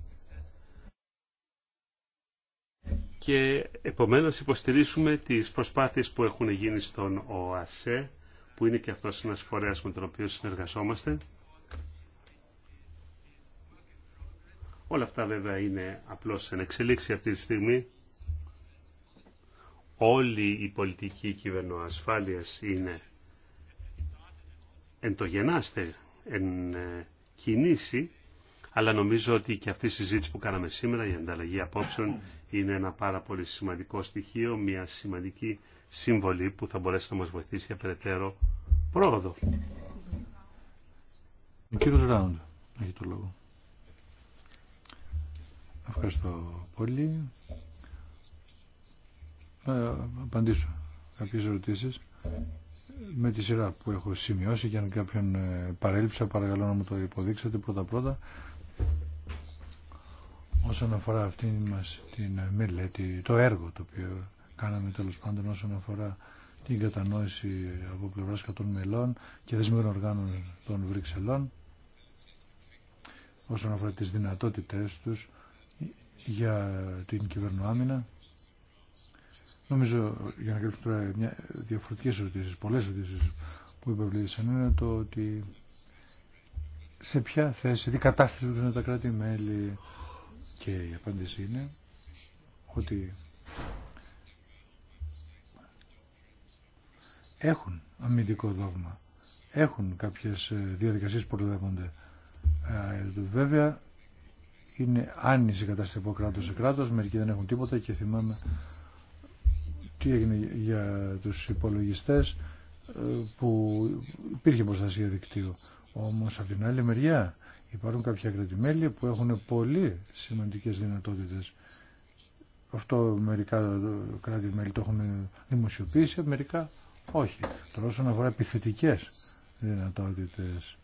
Και επομένως υποστηρίζουμε τις προσπάθειες που έχουν γίνει στον ΟΑΣΕ, που είναι και αυτός ένας φορέας με τον οποίο συνεργαζόμαστε, Όλα αυτά βέβαια είναι απλώς εν εξελίξη αυτή τη στιγμή. Όλη η πολιτική κυβερνοασφάλειας είναι εν το γενάστε, εν κινήσει, αλλά νομίζω ότι και αυτή η συζήτηση που κάναμε σήμερα, η ανταλλαγή απόψεων, είναι ένα πάρα πολύ σημαντικό στοιχείο, μια σημαντική συμβολή που θα μπορέσει να μας βοηθήσει για περαιτέρω πρόοδο. Ευχαριστώ πολύ. απαντήσω κάποιες ερωτήσεις με τη σειρά που έχω σημειώσει και αν κάποιον ε, παρέλειψα παρακαλώ να μου το υποδείξετε πρώτα πρώτα όσον αφορά αυτήν μας την μελέτη, το έργο το οποίο κάναμε τέλο πάντων όσον αφορά την κατανόηση από πλευράς κατών μελών και δεσμεύων οργάνων των Βρυξελών όσον αφορά τις δυνατότητές τους για την κυβερνοάμυνα. Νομίζω, για να κρύψω τώρα μια, διαφορετικές ερωτήσεις, πολλές ερωτήσεις που υπευλήθησαν, είναι το ότι σε ποια θέση, τι κατάσταση βρίσκονται τα κράτη-μέλη και η απάντηση είναι ότι έχουν αμυντικό δόγμα, έχουν κάποιες ε, διαδικασίες που προλαβαίνονται. Ε, βέβαια, είναι άνηση κατάσταση από κράτο σε κράτο, μερικοί δεν έχουν τίποτα και θυμάμαι τι έγινε για τους υπολογιστέ ε, που υπήρχε προστασία δικτύου. Όμως από την άλλη μεριά υπάρχουν κάποια κρατημέλη που έχουν πολύ σημαντικές δυνατότητες. Αυτό μερικά κράτη-μέλη το έχουν δημοσιοποιήσει, μερικά όχι. Τώρα όσον αφορά επιθετικέ δυνατότητες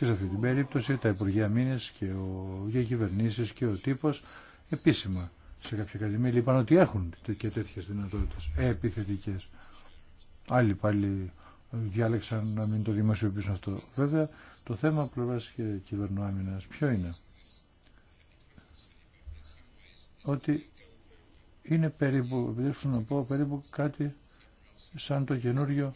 και σε αυτή την περίπτωση τα Υπουργεία μήνε και, ο, διακυβερνήσει οι και ο τύπος επίσημα σε κάποια ακαδημία είπαν ότι έχουν και τέτοιες δυνατότητε επιθετικές. Άλλοι πάλι διάλεξαν να μην το δημοσιοποιήσουν αυτό. Βέβαια το θέμα πλευρά και κυβερνοάμυνα ποιο είναι. Ότι είναι περίπου, να πω, περίπου κάτι σαν το καινούριο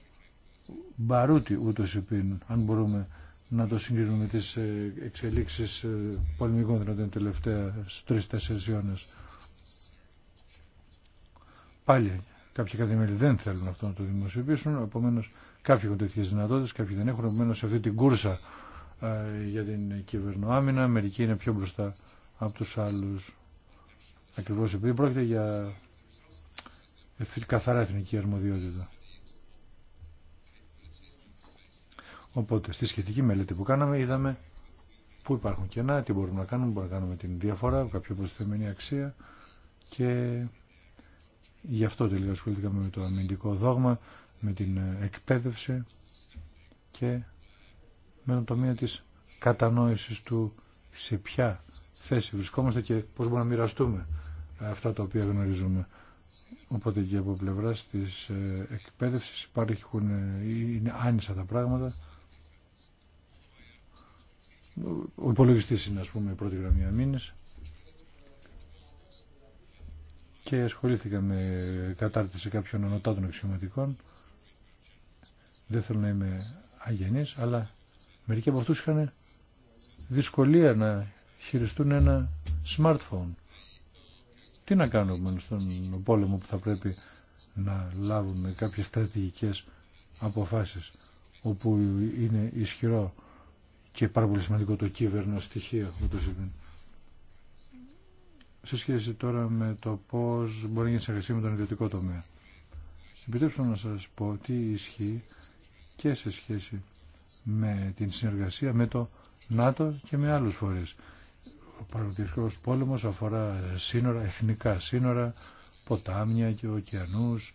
μπαρούτι ούτως υπήν, αν μπορούμε να το συγκρίνουμε με τις ε, εξελίξεις ε, πολεμικών δυνατών τελευταία τρεις-τέσσερις αιώνες. Πάλι κάποιοι καθημερινοί δεν θέλουν αυτό να το δημοσιοποιήσουν, επομένω κάποιοι έχουν τέτοιε δυνατότητε, κάποιοι δεν έχουν, επομένω σε αυτή την κούρσα ε, για την κυβερνοάμυνα, μερικοί είναι πιο μπροστά από τους άλλους. Ακριβώς επειδή πρόκειται για καθαρά εθνική αρμοδιότητα. Οπότε στη σχετική μελέτη που κάναμε είδαμε πού υπάρχουν κενά, τι μπορούμε να κάνουμε, μπορούμε να κάνουμε την διαφορά, κάποια προσθεμένη αξία και γι' αυτό τελικά ασχοληθήκαμε με το αμυντικό δόγμα, με την εκπαίδευση και με τον τομέα της κατανόησης του σε ποια θέση βρισκόμαστε και πώς μπορούμε να μοιραστούμε αυτά τα οποία γνωρίζουμε. Οπότε και από πλευρά τη ε, εκπαίδευση υπάρχουν, ε, είναι άνισα τα πράγματα ο υπολογιστή, είναι ας πούμε η πρώτη γραμμή αμήνη. και ασχολήθηκα με κατάρτιση κάποιων ανωτάτων αξιωματικών. Δεν θέλω να είμαι αγενής, αλλά μερικοί από αυτού είχαν δυσκολία να χειριστούν ένα smartphone. Τι να κάνουμε στον πόλεμο που θα πρέπει να λάβουμε κάποιες στρατηγικές αποφάσεις όπου είναι ισχυρό και πάρα πολύ σημαντικό το κύβερνο στοιχείο. Σε σχέση τώρα με το πώς μπορεί να γίνει με τον ιδιωτικό τομέα. Επιτρέψτε να σας πω τι ισχύει και σε σχέση με την συνεργασία με το ΝΑΤΟ και με άλλους φορείς. Ο παραδοτικός πόλεμος αφορά σύνορα, εθνικά σύνορα, ποτάμια και ωκεανούς,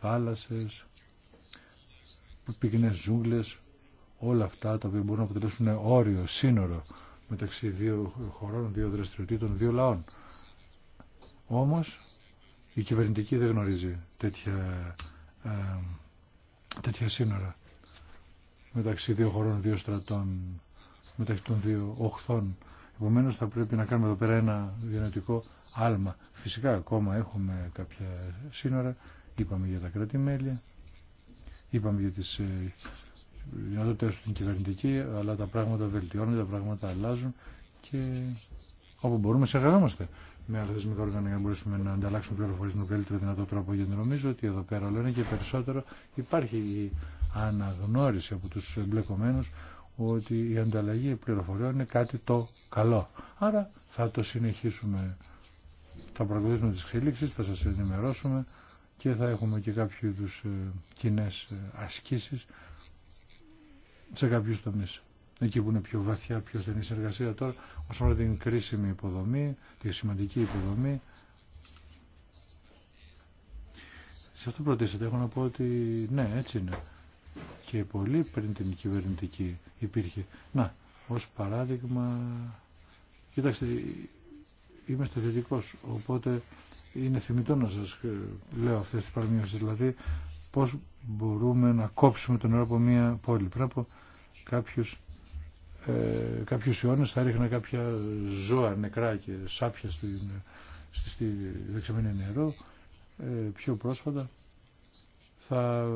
θάλασσες, πυκνές ζούγκλες, όλα αυτά τα οποία μπορούν να αποτελέσουν όριο, σύνορο μεταξύ δύο χωρών, δύο δραστηριοτήτων, δύο λαών. Όμως η κυβερνητική δεν γνωρίζει τέτοια, ε, τέτοια σύνορα μεταξύ δύο χωρών, δύο στρατών, μεταξύ των δύο οχθών. Επομένω θα πρέπει να κάνουμε εδώ πέρα ένα γενετικό άλμα. Φυσικά ακόμα έχουμε κάποια σύνορα, είπαμε για τα κρατη είπαμε για τις ε, δυνατότητες στην κυβερνητική, αλλά τα πράγματα βελτιώνουν, τα πράγματα αλλάζουν και όπου μπορούμε συνεργαζόμαστε. με άλλα θεσμικά όργανα για να μπορέσουμε να ανταλλάξουμε πληροφορίε με τον καλύτερο δυνατό τρόπο. Γιατί νομίζω ότι εδώ πέρα όλο και περισσότερο υπάρχει η αναγνώριση από του εμπλεκομένου ότι η ανταλλαγή πληροφοριών είναι κάτι το καλό. Άρα θα το συνεχίσουμε. Θα παρακολουθήσουμε τι εξελίξει, θα σα ενημερώσουμε και θα έχουμε και κάποιου είδου ε, κοινέ ε, ασκήσει σε κάποιου τομείς. Εκεί που είναι πιο βαθιά, πιο στενή συνεργασία τώρα, όσον αφορά την κρίσιμη υποδομή, τη σημαντική υποδομή. Σε αυτό που έχω να πω ότι ναι, έτσι είναι. Και πολύ πριν την κυβερνητική υπήρχε. Να, ως παράδειγμα, κοιτάξτε, είμαι στεθετικό, οπότε είναι θυμητό να σας ε, λέω αυτές τις παραμείωσεις, δηλαδή πώς μπορούμε να κόψουμε το νερό από μια πόλη. Πρέπει κάποιους, ε, κάποιους αιώνες θα ρίχνα κάποια ζώα νεκρά και σάπια στη, στη, στη δεξαμενή νερό ε, πιο πρόσφατα θα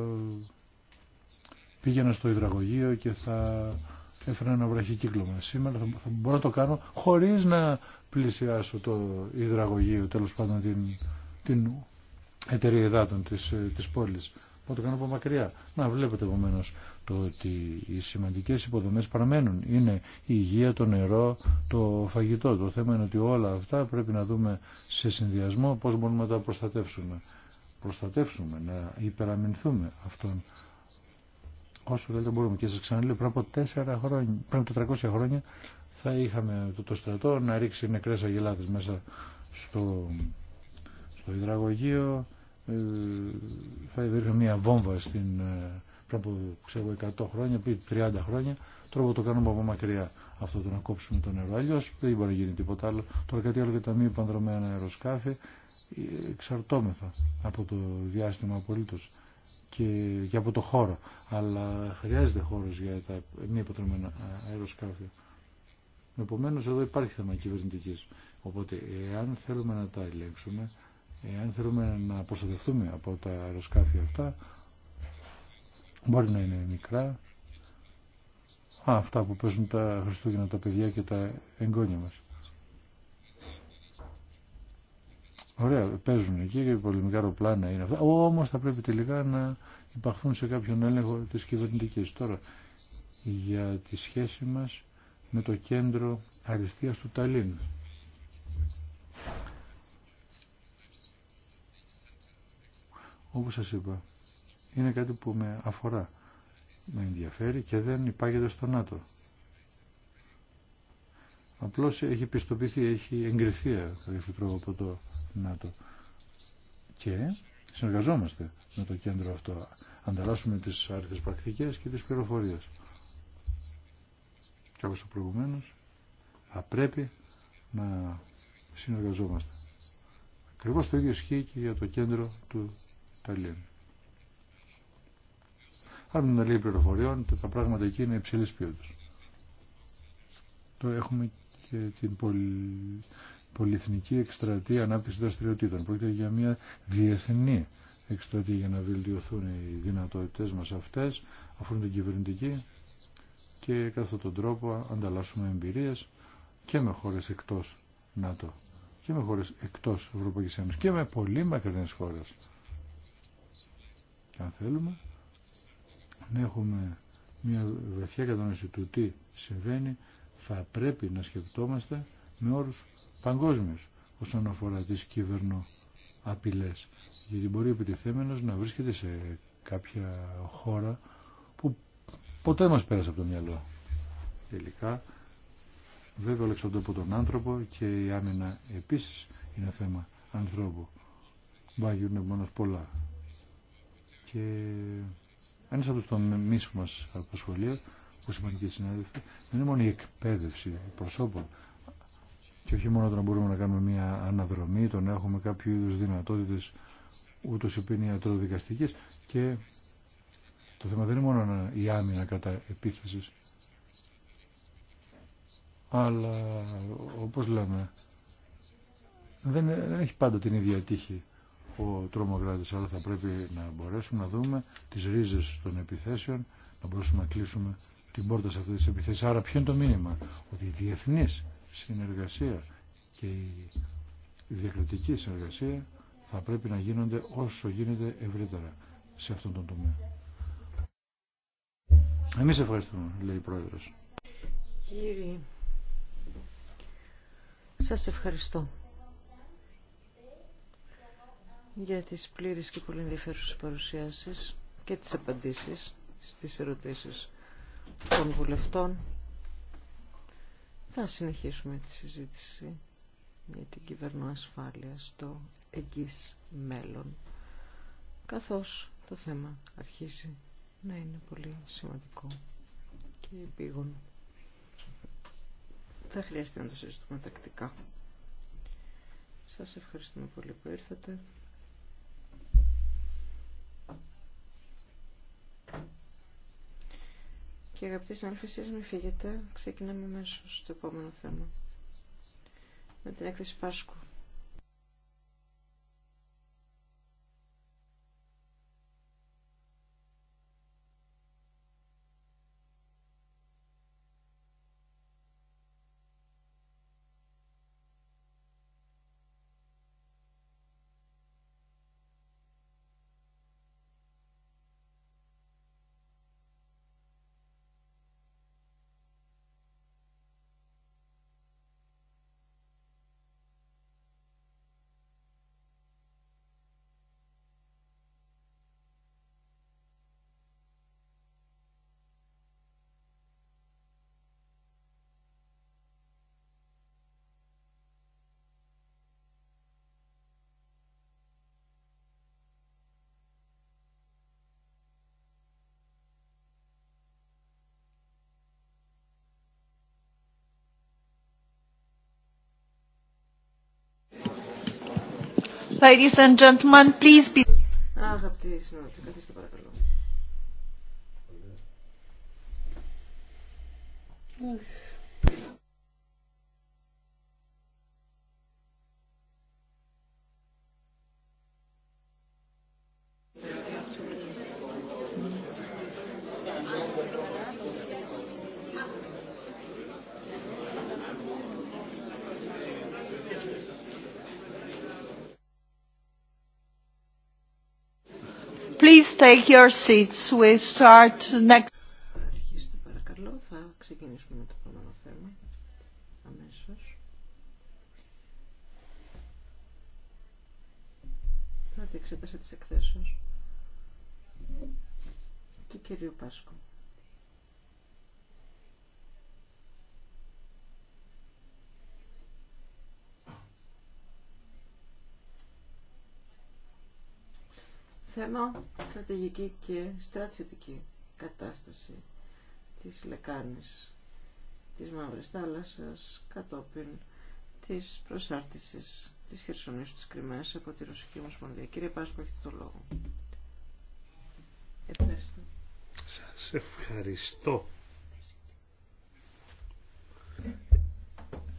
πήγαινα στο υδραγωγείο και θα έφερα ένα βραχικύκλωμα. Σήμερα θα, μπορώ να το κάνω χωρίς να πλησιάσω το υδραγωγείο, τέλος πάντων την, την εταιρεία υδάτων της, ε, της πόλης. Μπορώ να το κάνω από μακριά. Να βλέπετε επομένως το ότι οι σημαντικές υποδομές παραμένουν. Είναι η υγεία, το νερό, το φαγητό. Το θέμα είναι ότι όλα αυτά πρέπει να δούμε σε συνδυασμό πώς μπορούμε να τα προστατεύσουμε. Προστατεύσουμε, να υπεραμεινθούμε αυτόν. Όσο καλύτερα μπορούμε. Και σας ξαναλέω, πριν από 4 χρόνια, πριν από 400 χρόνια θα είχαμε το, το στρατό να ρίξει νεκρές αγελάδες μέσα στο, στο υδραγωγείο. Ε, θα υπήρχε μια βόμβα στην ε, πριν από ξέρω, 100 χρόνια, πριν 30 χρόνια, τώρα το κάνουμε από μακριά αυτό το να κόψουμε το νερό. Αλλιώ δεν μπορεί να γίνει τίποτα άλλο. Τώρα κάτι άλλο για τα μη επανδρομένα αεροσκάφη, ε, εξαρτώμεθα από το διάστημα απολύτω και, και από το χώρο. Αλλά χρειάζεται χώρο για τα μη επανδρομένα αεροσκάφη. Επομένω εδώ υπάρχει θέμα κυβερνητική. Οπότε εάν θέλουμε να τα ελέγξουμε, εάν θέλουμε να προστατευτούμε από τα αεροσκάφη αυτά, Μπορεί να είναι μικρά. αυτά που παίζουν τα Χριστούγεννα τα παιδιά και τα εγγόνια μας. Ωραία, παίζουν εκεί και πολεμικά πλάνα είναι αυτά. Όμως θα πρέπει τελικά να υπαχθούν σε κάποιον έλεγχο της κυβερνητικής. Τώρα, για τη σχέση μας με το κέντρο αριστείας του Ταλίν. Όπως σας είπα, είναι κάτι που με αφορά, με ενδιαφέρει και δεν υπάγεται στο ΝΑΤΟ. Απλώς έχει πιστοποιηθεί, έχει εγκριθεί κάποιο τρόπο από το ΝΑΤΟ. Και συνεργαζόμαστε με το κέντρο αυτό. Ανταλλάσσουμε τις άρθρες πρακτικές και τις πληροφορίες. Και όπως προηγουμένως, θα πρέπει να συνεργαζόμαστε. Ακριβώς το ίδιο ισχύει και για το κέντρο του Ταλίνου αν είναι λίγη πληροφοριών, τα πράγματα εκεί είναι υψηλής ποιότητας. Το έχουμε και την πολυ... πολυεθνική εκστρατεία ανάπτυξη δραστηριοτήτων. Πρόκειται για μια διεθνή εκστρατεία για να βελτιωθούν οι δυνατότητες μας αυτές, αφορούν την κυβερνητική και κατά αυτόν τον τρόπο ανταλλάσσουμε εμπειρίες και με χώρες εκτός ΝΑΤΟ και με χώρες εκτός Ευρωπαϊκής Ένωσης και με πολύ μακρινές χώρες. Και αν θέλουμε αν έχουμε μια βαθιά κατανόηση του τι συμβαίνει, θα πρέπει να σκεφτόμαστε με όρους παγκόσμιους όσον αφορά τις κυβερνό απειλές. Γιατί μπορεί επιτιθέμενος να βρίσκεται σε κάποια χώρα που ποτέ μας πέρασε από το μυαλό. Τελικά, βέβαια όλα από τον άνθρωπο και η άμυνα επίσης είναι θέμα ανθρώπου. Μπαγιούν μόνος πολλά. Και ένα από τους τομείς που μας απασχολεί, που σημαντικοί συνάδελφοι, δεν είναι μόνο η εκπαίδευση προσώπων, και όχι μόνο το να μπορούμε να κάνουμε μια αναδρομή, το να έχουμε κάποιο είδου δυνατότητες ούτως ιατροδικαστικέ. και το θέμα δεν είναι μόνο η άμυνα κατά επίθεση. αλλά όπως λέμε δεν, δεν έχει πάντα την ίδια τύχη ο τρομοκράτης. αλλά θα πρέπει να μπορέσουμε να δούμε τις ρίζες των επιθέσεων, να μπορέσουμε να κλείσουμε την πόρτα σε αυτές τις επιθέσεις. Άρα ποιο είναι το μήνυμα, ότι η διεθνής συνεργασία και η διακριτική συνεργασία θα πρέπει να γίνονται όσο γίνεται ευρύτερα σε αυτόν τον τομέα. Εμείς ευχαριστούμε, λέει η Πρόεδρος. Κύριε, σας ευχαριστώ για τις πλήρες και πολύ ενδιαφέρουσες παρουσιάσεις και τις απαντήσεις στις ερωτήσεις των βουλευτών. Θα συνεχίσουμε τη συζήτηση για την κυβερνοασφάλεια στο εγγύς μέλλον, καθώς το θέμα αρχίζει να είναι πολύ σημαντικό και επίγον. Θα χρειαστεί να το συζητούμε τακτικά. Σας ευχαριστούμε πολύ που ήρθατε. Και αγαπητοί συνάδελφοι, μην φύγετε. Ξεκινάμε μέσω στο επόμενο θέμα. Με την έκθεση Πάσκου. Ladies and gentlemen, please be... Αγαπητοί συνάδελφοι, καθίστε παρακαλώ. Mm. Please take your seats. We start next. Είστε παρακαλώ, θα ξεκινήσουμε με το επόμενο θέμα αμέσως. Πρώτη εξέταση της εκθέσεως του κυρίου Πάσκου. θέμα στρατηγική και στρατιωτική κατάσταση της λεκάνης της Μαύρης Θάλασσας κατόπιν της προσάρτησης της Χερσονήσου της Κρυμαίας από τη Ρωσική Ομοσπονδία. Κύριε Πάσκο, έχετε το λόγο. Ευχαριστώ. Σας ευχαριστώ.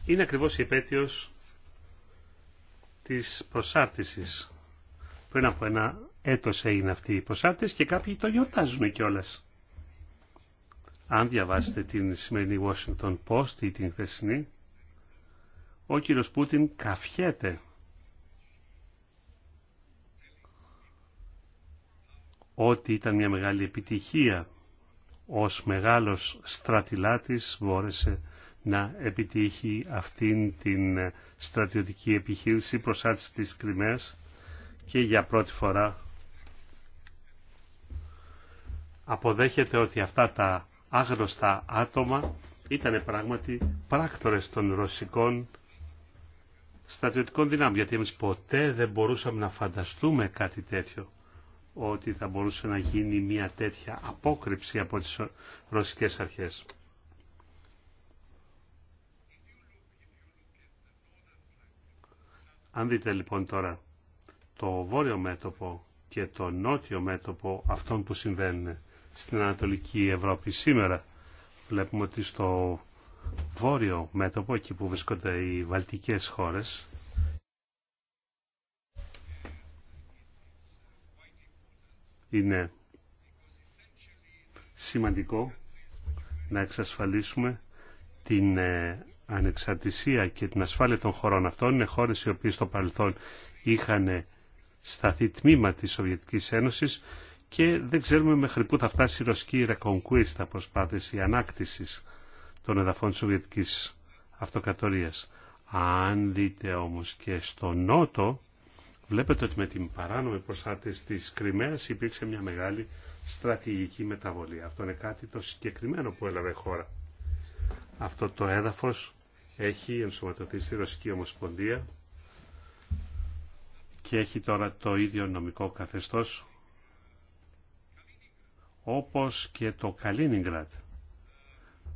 Είναι ακριβώς η επέτειος της προσάρτησης πριν από ένα έτος έγινε αυτοί οι προσάρτες και κάποιοι το γιορτάζουν κιόλα. Αν διαβάσετε την σημερινή Washington Post ή την χθεσινή, ο κύριος Πούτιν καφιέται ότι ήταν μια μεγάλη επιτυχία ως μεγάλος στρατιλάτης μπόρεσε να επιτύχει αυτήν την στρατιωτική επιχείρηση προσάρτηση της Κρυμαίας και για πρώτη φορά αποδέχεται ότι αυτά τα άγνωστα άτομα ήταν πράγματι πράκτορες των ρωσικών στρατιωτικών δυνάμεων, γιατί εμείς ποτέ δεν μπορούσαμε να φανταστούμε κάτι τέτοιο, ότι θα μπορούσε να γίνει μια τέτοια απόκρυψη από τις ρωσικές αρχές. Αν δείτε λοιπόν τώρα το βόρειο μέτωπο και το νότιο μέτωπο αυτών που συμβαίνουν στην Ανατολική Ευρώπη σήμερα. Βλέπουμε ότι στο βόρειο μέτωπο, εκεί που βρίσκονται οι βαλτικές χώρες, είναι σημαντικό να εξασφαλίσουμε την ε, ανεξαρτησία και την ασφάλεια των χωρών αυτών. Είναι χώρες οι οποίες στο παρελθόν είχαν σταθεί τμήμα της Σοβιετικής Ένωσης και δεν ξέρουμε μέχρι πού θα φτάσει η ρωσική ρεκονκουίστα προσπάθηση ανάκτηση των εδαφών της Σοβιετικής Αυτοκρατορίας. Αν δείτε όμως και στο Νότο, βλέπετε ότι με την παράνομη προσάρτηση της Κρυμαίας υπήρξε μια μεγάλη στρατηγική μεταβολή. Αυτό είναι κάτι το συγκεκριμένο που έλαβε χώρα. Αυτό το έδαφος έχει ενσωματωθεί στη Ρωσική Ομοσπονδία και έχει τώρα το ίδιο νομικό καθεστώς όπως και το Καλίνιγκρατ,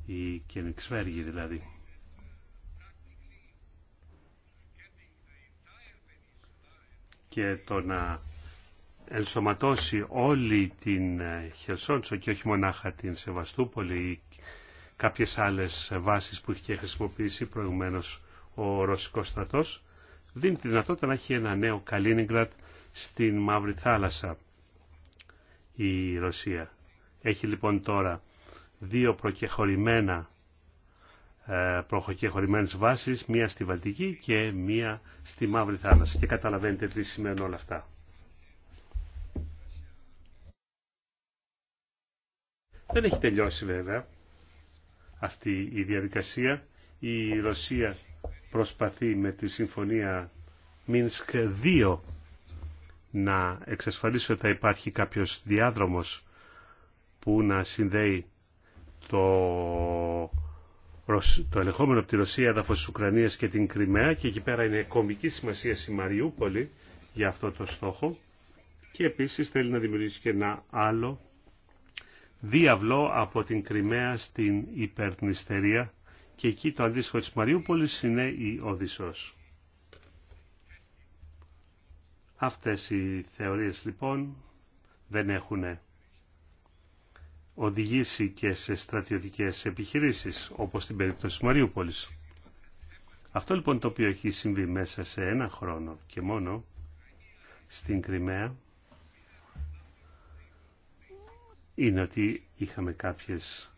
η Κενιξφέργη δηλαδή. Και το να ενσωματώσει όλη την ε, Χερσόνησο και όχι μονάχα την Σεβαστούπολη ή κάποιες άλλες βάσεις που είχε χρησιμοποιήσει προηγουμένως ο Ρωσικός στρατός, δίνει τη δυνατότητα να έχει ένα νέο Καλίνιγκρατ στην Μαύρη Θάλασσα η Ρωσία. Έχει λοιπόν τώρα δύο προκεχωρημένα ε, προχωρημένες βάσεις, μία στη Βαλτική και μία στη Μαύρη Θάλασσα. Και καταλαβαίνετε τι σημαίνουν όλα αυτά. Δεν έχει τελειώσει βέβαια αυτή η διαδικασία. Η Ρωσία προσπαθεί με τη συμφωνία Μίνσκ 2 να εξασφαλίσει ότι θα υπάρχει κάποιος διάδρομος που να συνδέει το, το ελεγχόμενο από τη Ρωσία έδαφος της Ουκρανίας και την Κρυμαία και εκεί πέρα είναι κομική σημασία η Μαριούπολη για αυτό το στόχο και επίσης θέλει να δημιουργήσει και ένα άλλο διαβλό από την Κρυμαία στην υπερνηστερία και εκεί το αντίστοιχο της Μαριούπολης είναι η Οδυσσός. Αυτές οι θεωρίες λοιπόν δεν έχουν οδηγήσει και σε στρατιωτικές επιχειρήσεις, όπως στην περίπτωση Μαριούπολης. Αυτό λοιπόν το οποίο έχει συμβεί μέσα σε ένα χρόνο και μόνο στην Κρυμαία είναι ότι είχαμε κάποιες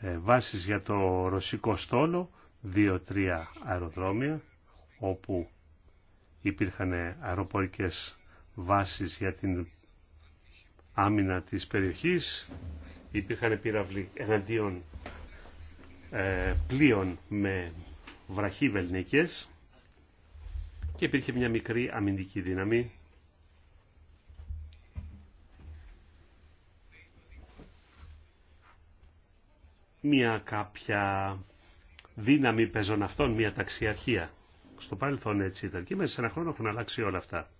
ε, βάσεις για το ρωσικό στόλο, δύο-τρία αεροδρόμια όπου υπήρχαν αεροπορικές βάσεις για την άμυνα της περιοχής υπήρχαν πύραυλοι εναντίον ε, πλοίων με βραχίβελνικες και υπήρχε μια μικρή αμυντική δύναμη μια κάποια δύναμη πεζοναυτών, μια ταξιαρχία. Στο παρελθόν έτσι ήταν και μέσα σε ένα χρόνο έχουν αλλάξει όλα αυτά.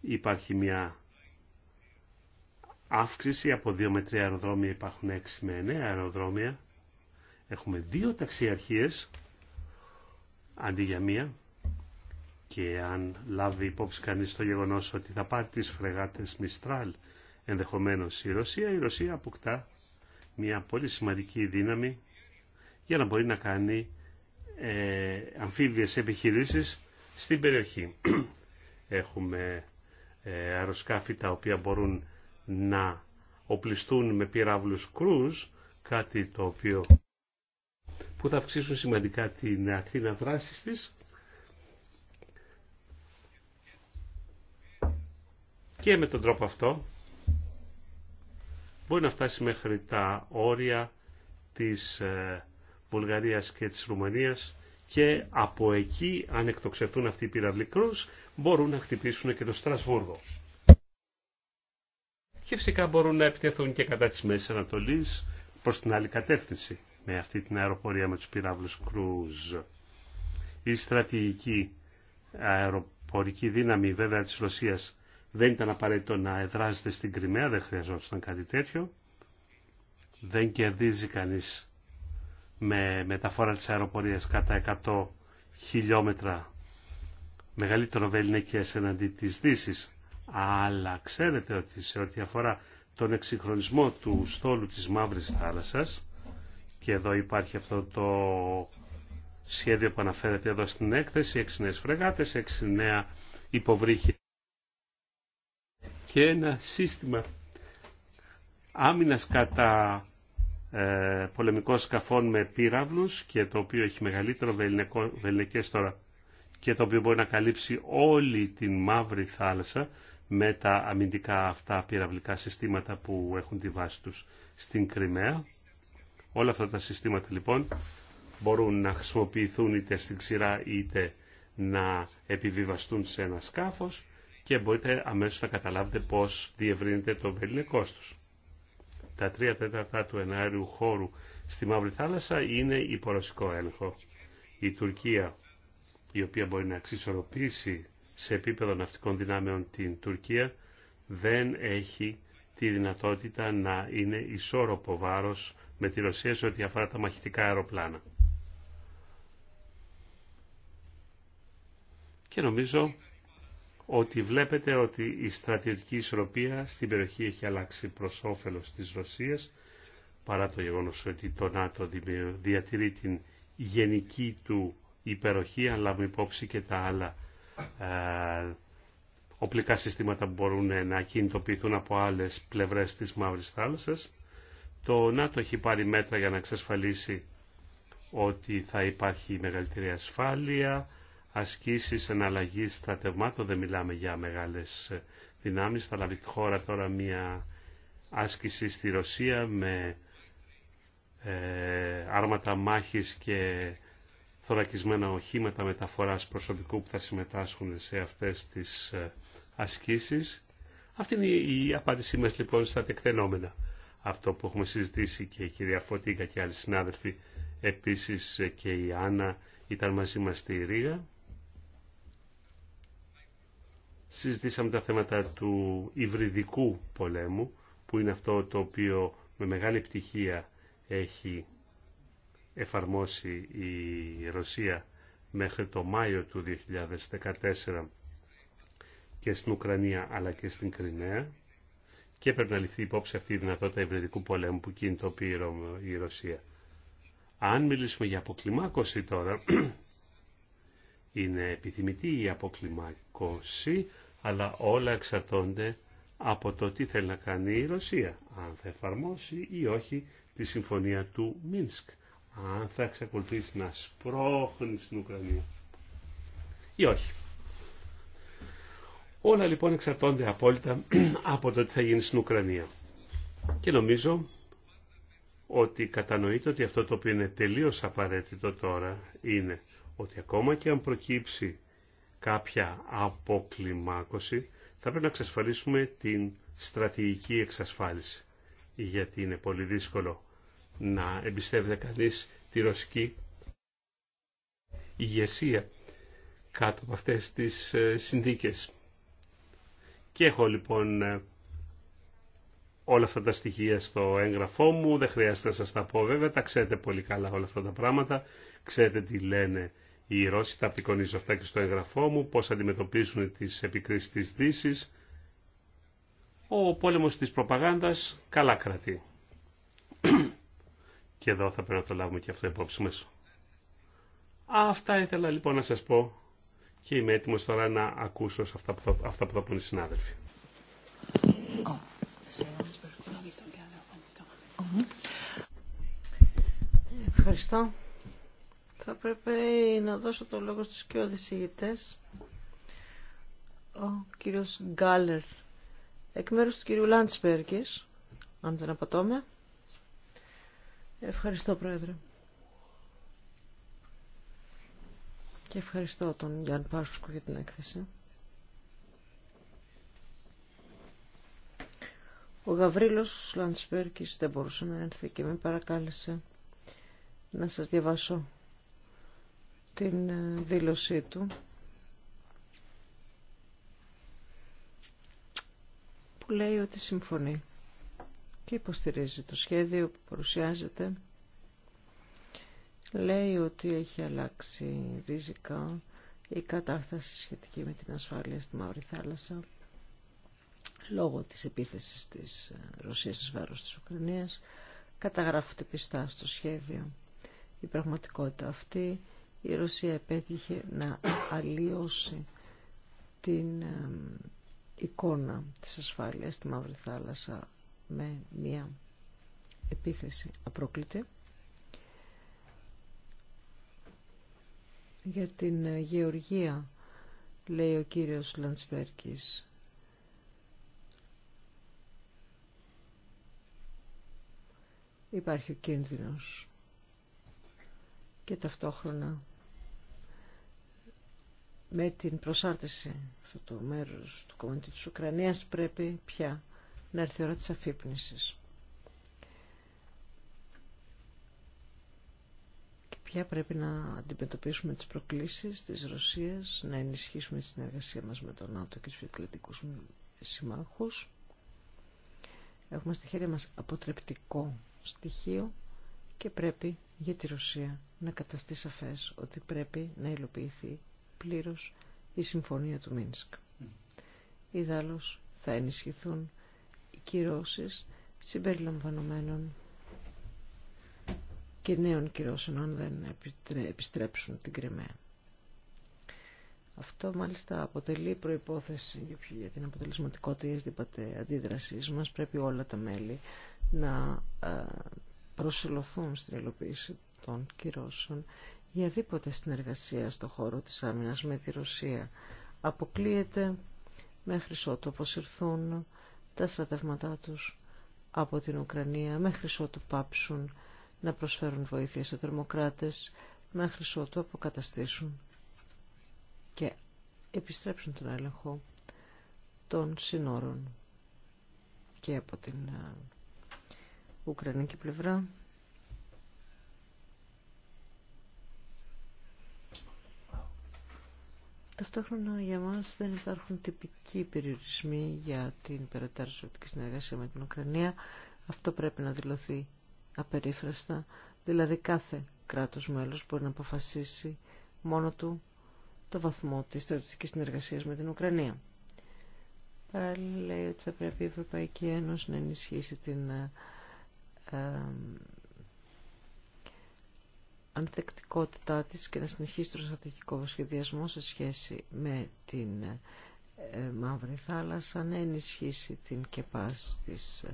υπάρχει μια αύξηση από 2 με 3 αεροδρόμια υπάρχουν 6 με 9 αεροδρόμια έχουμε δύο ταξιαρχίες αντί για μία και αν λάβει υπόψη κανείς το γεγονός ότι θα πάρει τις φρεγάτες Μιστράλ ενδεχομένως η Ρωσία, η Ρωσία αποκτά μια πολύ σημαντική δύναμη για να μπορεί να κάνει ε, αμφίβιες επιχειρήσεις στην περιοχή. Έχουμε ε, αεροσκάφη τα οποία μπορούν να οπλιστούν με πυράβλους κρούζ, κάτι το οποίο που θα αυξήσουν σημαντικά την ακτίνα δράσης της και με τον τρόπο αυτό μπορεί να φτάσει μέχρι τα όρια της ε, Βουλγαρίας και της Ρουμανίας και από εκεί, αν εκτοξευθούν αυτοί οι πυραυλοί μπορούν να χτυπήσουν και το Στρασβούργο. Και φυσικά μπορούν να επιτεθούν και κατά της Μέσης Ανατολής προς την άλλη κατεύθυνση με αυτή την αεροπορία με τους πυραύλους κρούζ. Η στρατηγική αεροπορική δύναμη βέβαια της Ρωσίας δεν ήταν απαραίτητο να εδράζεται στην Κρυμαία, δεν χρειαζόταν κάτι τέτοιο. Δεν κερδίζει κανείς με μεταφορά της αεροπορίας κατά 100 χιλιόμετρα μεγαλύτερο βεληνικές εναντί της Δύσης. Αλλά ξέρετε ότι σε ό,τι αφορά τον εξυγχρονισμό του στόλου της Μαύρης Θάλασσας και εδώ υπάρχει αυτό το σχέδιο που αναφέρεται εδώ στην έκθεση, 6 νέες φρεγάτες, 6 νέα υποβρύχια και ένα σύστημα άμυνας κατά ε, πολεμικών σκαφών με πύραυλους και το οποίο έχει μεγαλύτερο βεληνικές τώρα και το οποίο μπορεί να καλύψει όλη την μαύρη θάλασσα με τα αμυντικά αυτά πυραυλικά συστήματα που έχουν τη βάση τους στην Κρυμαία. Όλα αυτά τα συστήματα λοιπόν μπορούν να χρησιμοποιηθούν είτε στην ξηρά είτε να επιβιβαστούν σε ένα σκάφος και μπορείτε αμέσως να καταλάβετε πώς διευρύνεται το βελληνικό τους τα τρία τέταρτα του εναέριου χώρου στη Μαύρη Θάλασσα είναι υπορωσικό έλεγχο. Η Τουρκία, η οποία μπορεί να αξισορροπήσει σε επίπεδο ναυτικών δυνάμεων την Τουρκία, δεν έχει τη δυνατότητα να είναι ισόρροπο βάρος με τη Ρωσία σε ό,τι αφορά τα μαχητικά αεροπλάνα. Και νομίζω ότι βλέπετε ότι η στρατιωτική ισορροπία στην περιοχή έχει αλλάξει προς όφελος της Ρωσίας, παρά το γεγονός ότι το ΝΑΤΟ διατηρεί την γενική του υπεροχή, αλλά με υπόψη και τα άλλα ε, οπλικά συστήματα που μπορούν να κινητοποιηθούν από άλλες πλευρές της Μαύρης Θάλασσας. Το ΝΑΤΟ έχει πάρει μέτρα για να εξασφαλίσει ότι θα υπάρχει μεγαλύτερη ασφάλεια, ασκήσεις εναλλαγής στρατευμάτων, δεν μιλάμε για μεγάλες ε, δυνάμεις. Θα λάβει χώρα τώρα μια άσκηση στη Ρωσία με ε, άρματα μάχης και θωρακισμένα οχήματα μεταφοράς προσωπικού που θα συμμετάσχουν σε αυτές τις ε, ασκήσεις. Αυτή είναι η απάντησή μας λοιπόν στα τεκτενόμενα. Αυτό που έχουμε συζητήσει και η κυρία Φωτίκα και άλλοι συνάδελφοι, επίσης και η Άννα ήταν μαζί μας στη Ρήγα συζητήσαμε τα θέματα του υβριδικού πολέμου, που είναι αυτό το οποίο με μεγάλη πτυχία έχει εφαρμόσει η Ρωσία μέχρι το Μάιο του 2014 και στην Ουκρανία αλλά και στην Κρυμαία και πρέπει να ληφθεί υπόψη αυτή η δυνατότητα υβριδικού πολέμου που κινητοποιεί η Ρωσία. Αν μιλήσουμε για αποκλιμάκωση τώρα, Είναι επιθυμητή η αποκλιμακώση, αλλά όλα εξαρτώνται από το τι θέλει να κάνει η Ρωσία, αν θα εφαρμόσει ή όχι τη συμφωνία του Μίνσκ, αν θα εξακολουθήσει να σπρώχνει στην Ουκρανία ή όχι. Όλα λοιπόν εξαρτώνται απόλυτα από το τι θα γίνει στην Ουκρανία. Και νομίζω ότι κατανοείται ότι αυτό το οποίο είναι τελείως απαραίτητο τώρα είναι ότι ακόμα και αν προκύψει κάποια αποκλιμάκωση, θα πρέπει να εξασφαλίσουμε την στρατηγική εξασφάλιση. Γιατί είναι πολύ δύσκολο να εμπιστεύεται κανείς τη ρωσική ηγεσία κάτω από αυτές τις ε, συνθήκες. Και έχω λοιπόν ε, όλα αυτά τα στοιχεία στο έγγραφό μου, δεν χρειάζεται να σας τα πω βέβαια, τα ξέρετε πολύ καλά όλα αυτά τα πράγματα, ξέρετε τι λένε οι Ρώσοι, τα απεικονίζω αυτά και στο έγγραφό μου, πώς αντιμετωπίζουν τις επικρίσεις της Δύσης. Ο πόλεμος της προπαγάνδας καλά κρατεί. και εδώ θα πρέπει να το λάβουμε και αυτό υπόψη μας. Αυτά ήθελα λοιπόν να σας πω και είμαι έτοιμος τώρα να ακούσω αυτά που αυτά που θα πούν οι συνάδελφοι. Ευχαριστώ. Θα πρέπει να δώσω το λόγο στους και οδησηγητές. Ο κύριος Γκάλερ, εκ μέρους του κύριου Λάντσπεργκης, αν δεν απατώμε. Ευχαριστώ, Πρόεδρε. Και ευχαριστώ τον Γιάννη Πάσκου για την έκθεση. Ο Γαβρίλος Λαντσπέρκης δεν μπορούσε να έρθει και με παρακάλεσε να σας διαβάσω την ε, δήλωσή του. που λέει ότι συμφωνεί και υποστηρίζει το σχέδιο που παρουσιάζεται. Λέει ότι έχει αλλάξει ριζικά η κατάσταση σχετική με την ασφάλεια στη Μαύρη Θάλασσα λόγω της επίθεσης της ε, Ρωσίας στις βάρος της Ουκρανίας καταγράφεται πιστά στο σχέδιο. Η πραγματικότητα αυτή η Ρωσία επέτυχε να αλλοιώσει την ε, εικόνα της ασφάλειας στη Μαύρη Θάλασσα με μια επίθεση απρόκλητη. Για την ε, γεωργία λέει ο κύριος Λαντσβέρκης, υπάρχει ο κίνδυνος και ταυτόχρονα με την προσάρτηση αυτού του μέρους του κομμάτι της Ουκρανίας πρέπει πια να έρθει η ώρα της αφύπνισης. Και πια πρέπει να αντιμετωπίσουμε τις προκλήσεις της Ρωσίας, να ενισχύσουμε τη συνεργασία μας με τον ΝΑΤΟ και τους ιδιωτικούς συμμάχους. Έχουμε στη χέρια μας αποτρεπτικό στοιχείο και πρέπει για τη Ρωσία να καταστεί σαφές ότι πρέπει να υλοποιηθεί πλήρως η συμφωνία του Μίνσκ. Mm. Ιδάλλως θα ενισχυθούν οι κυρώσεις συμπεριλαμβανομένων και νέων κυρώσεων αν δεν επιστρέψουν την Κρυμαία. Αυτό μάλιστα αποτελεί προϋπόθεση για την αποτελεσματικότητα της αντίδρασής μας. Πρέπει όλα τα μέλη να ε, προσυλλοθούν στην υλοποίηση των κυρώσεων για δίποτε συνεργασία στο χώρο της άμυνας με τη Ρωσία. Αποκλείεται μέχρι ότου αποσυρθούν τα στρατεύματά τους από την Ουκρανία, μέχρι ότου πάψουν να προσφέρουν βοήθεια σε τρομοκράτες, μέχρι ότου αποκαταστήσουν επιστρέψουν τον έλεγχο των συνόρων και από την ε, Ουκρανική πλευρά. Ταυτόχρονα για μας δεν υπάρχουν τυπικοί περιορισμοί για την περαιτέρω σωτική συνεργασία με την Ουκρανία. Αυτό πρέπει να δηλωθεί απερίφραστα. Δηλαδή κάθε κράτος μέλος μπορεί να αποφασίσει μόνο του το βαθμό της στρατιωτικής συνεργασίας με την Ουκρανία. Παράλληλα λέει ότι θα πρέπει η Ευρωπαϊκή Ένωση να ενισχύσει την ε, ε, ανθεκτικότητά της και να συνεχίσει το στρατηγικό σχεδιασμό σε σχέση με την ε, Μαύρη Θάλασσα, να ενισχύσει την ΚΕΠΑΣ της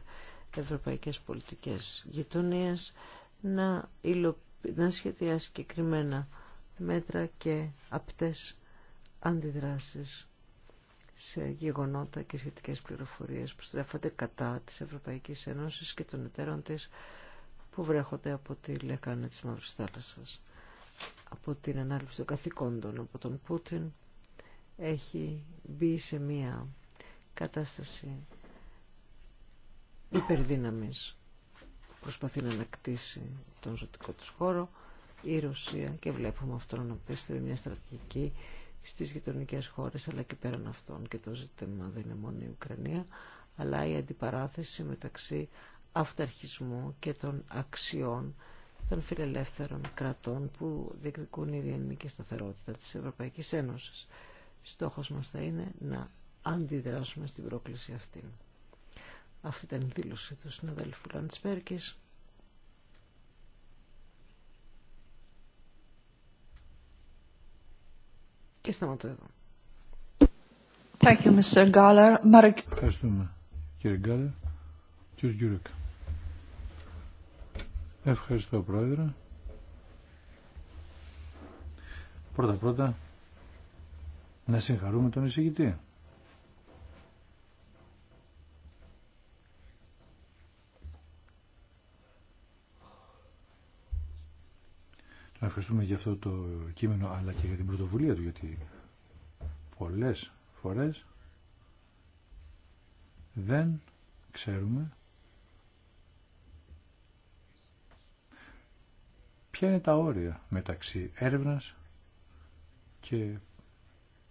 ευρωπαϊκές πολιτικές γειτονίες, να, να σχεδιάσει συγκεκριμένα μέτρα και απτές αντιδράσεις σε γεγονότα και σχετικές πληροφορίες που στρέφονται κατά της Ευρωπαϊκής Ένωσης και των εταίρων της που βρέχονται από τη λεκάνη της Μαύρης Θάλασσας. Από την ανάληψη των καθηκόντων από τον Πούτιν έχει μπει σε μία κατάσταση υπερδύναμης. Προσπαθεί να ανακτήσει τον ζωτικό του χώρο η Ρωσία και βλέπουμε αυτό να με μια στρατηγική στις γειτονικέ χώρες αλλά και πέραν αυτών και το ζήτημα δεν είναι μόνο η Ουκρανία αλλά η αντιπαράθεση μεταξύ αυταρχισμού και των αξιών των φιλελεύθερων κρατών που διεκδικούν η ειρηνική σταθερότητα της Ευρωπαϊκής Ένωσης. Στόχος μας θα είναι να αντιδράσουμε στην πρόκληση αυτή. Αυτή ήταν η δήλωση του συναδέλφου Λαντσπέρκης. Και σταματώ εδώ. Ευχαριστούμε, κύριε Γκάλερ. Κύριος Γιούρικ. Ευχαριστώ, Πρόεδρε. Πρώτα-πρώτα, να συγχαρούμε τον εισηγητή. Να ευχαριστούμε για αυτό το κείμενο αλλά και για την πρωτοβουλία του γιατί πολλές φορές δεν ξέρουμε ποια είναι τα όρια μεταξύ έρευνας και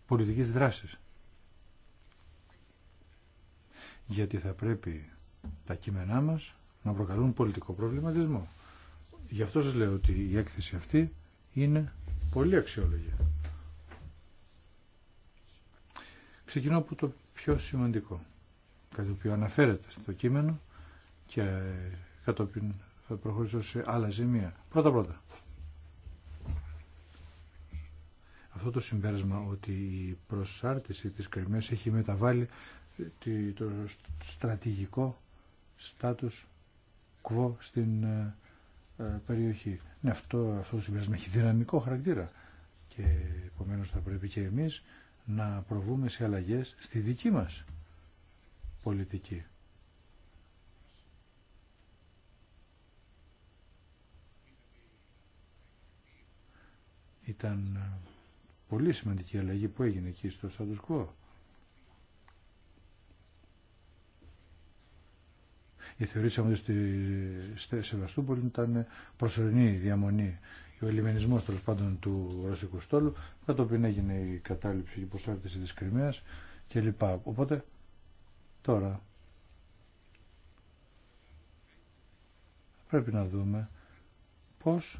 πολιτικής δράσης. Γιατί θα πρέπει τα κείμενά μας να προκαλούν πολιτικό προβληματισμό. Γι' αυτό σας λέω ότι η έκθεση αυτή είναι πολύ αξιόλογη. Ξεκινώ από το πιο σημαντικό, κάτι το οποίο αναφέρεται στο κείμενο και κατόπιν θα προχωρήσω σε άλλα ζημία. Πρώτα πρώτα. Αυτό το συμπέρασμα ότι η προσάρτηση της Κρυμαίας έχει μεταβάλει ε, το στρατηγικό στάτους quo στην ε, ε, περιοχή. Ναι, αυτό, αυτό το συμπέρασμα έχει δυναμικό χαρακτήρα και επομένω θα πρέπει και εμείς να προβούμε σε αλλαγές στη δική μας πολιτική. Ήταν ε, πολύ σημαντική αλλαγή που έγινε εκεί στο Status Η θεωρήσαμε ότι στη Σεβαστούπολη ήταν προσωρινή διαμονή ο ελιμενισμός τέλο πάντων του Ρωσικού στόλου, κατόπιν έγινε η κατάληψη και η προσάρτηση της Κρυμαίας κλπ. Οπότε τώρα πρέπει να δούμε πώς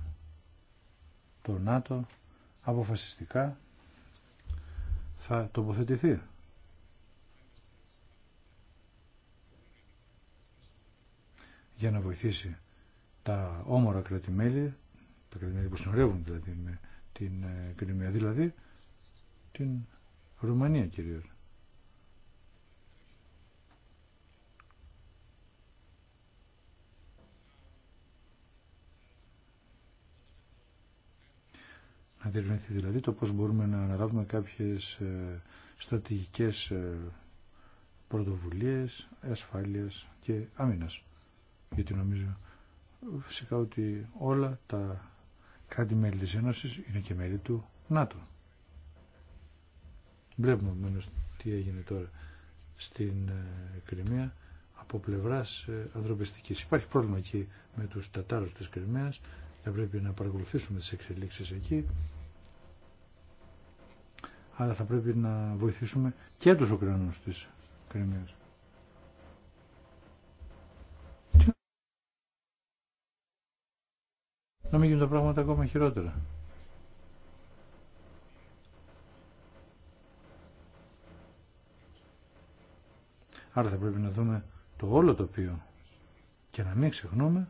το ΝΑΤΟ αποφασιστικά θα τοποθετηθεί. για να βοηθήσει τα όμορα κρατημέλη, τα κρατημέλη που συνορεύουν δηλαδή με την ε, Κρυμαία, δηλαδή την Ρουμανία κυρίω. Να διευρυνθεί δηλαδή το πώς μπορούμε να αναλάβουμε κάποιες ε, στρατηγικές ε, πρωτοβουλίες ασφάλειας και άμυνας γιατί νομίζω φυσικά ότι όλα τα κάτι μέλη της Ένωσης είναι και μέλη του ΝΑΤΟ. Βλέπουμε μόνος τι έγινε τώρα στην ε, Κρυμαία από πλευράς ε, ανθρωπιστικής. Υπάρχει πρόβλημα εκεί με τους Τατάρους της Κρυμαίας, θα πρέπει να παρακολουθήσουμε τις εξελίξεις εκεί, αλλά θα πρέπει να βοηθήσουμε και τους Ουκρανούς της Κρυμαίας. να μην γίνουν τα πράγματα ακόμα χειρότερα. Άρα θα πρέπει να δούμε το όλο το οποίο και να μην ξεχνούμε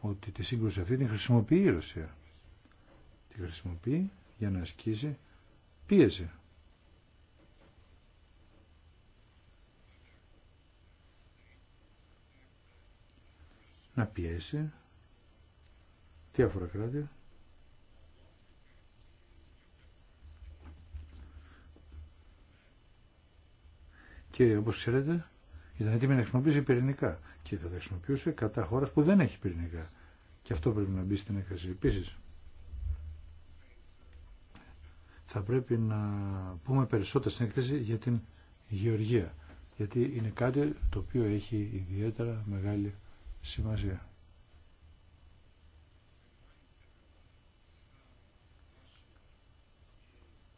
ότι τη σύγκρουση αυτή την χρησιμοποιεί η Ρωσία. Τη χρησιμοποιεί για να ασκήσει πίεση. Να πιέσει διάφορα κράτη. Και όπως ξέρετε ήταν έτοιμη να χρησιμοποιήσει πυρηνικά και θα τα χρησιμοποιούσε κατά χώρα που δεν έχει πυρηνικά. Και αυτό πρέπει να μπει στην έκθεση. Επίση, θα πρέπει να πούμε περισσότερα στην έκθεση για την γεωργία. Γιατί είναι κάτι το οποίο έχει ιδιαίτερα μεγάλη σημασία.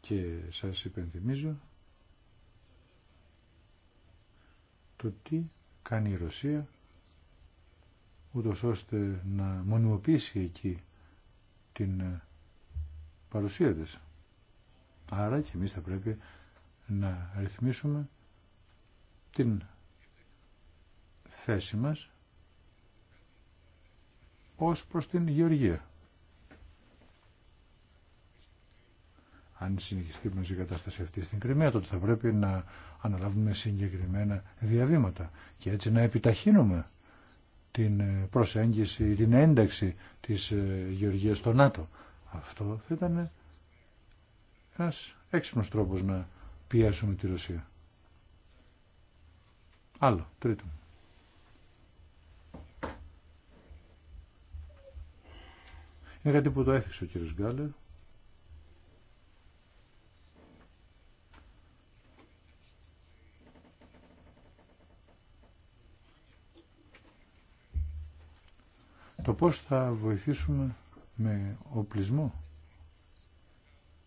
Και σας υπενθυμίζω το τι κάνει η Ρωσία ούτως ώστε να μονιμοποιήσει εκεί την ε, παρουσία της. Άρα και εμείς θα πρέπει να ρυθμίσουμε την θέση μας ως προς την γεωργία. αν συνεχιστεί η κατάσταση αυτή στην Κρυμαία, τότε θα πρέπει να αναλάβουμε συγκεκριμένα διαβήματα και έτσι να επιταχύνουμε την ε, προσέγγιση, την ένταξη της ε, Γεωργίας στο ΝΑΤΟ. Αυτό θα ήταν ένας έξυπνος τρόπος να πιέσουμε τη Ρωσία. Άλλο, τρίτο. Είναι κάτι που το έθιξε ο κύριος Γκάλερ. το πώς θα βοηθήσουμε με οπλισμό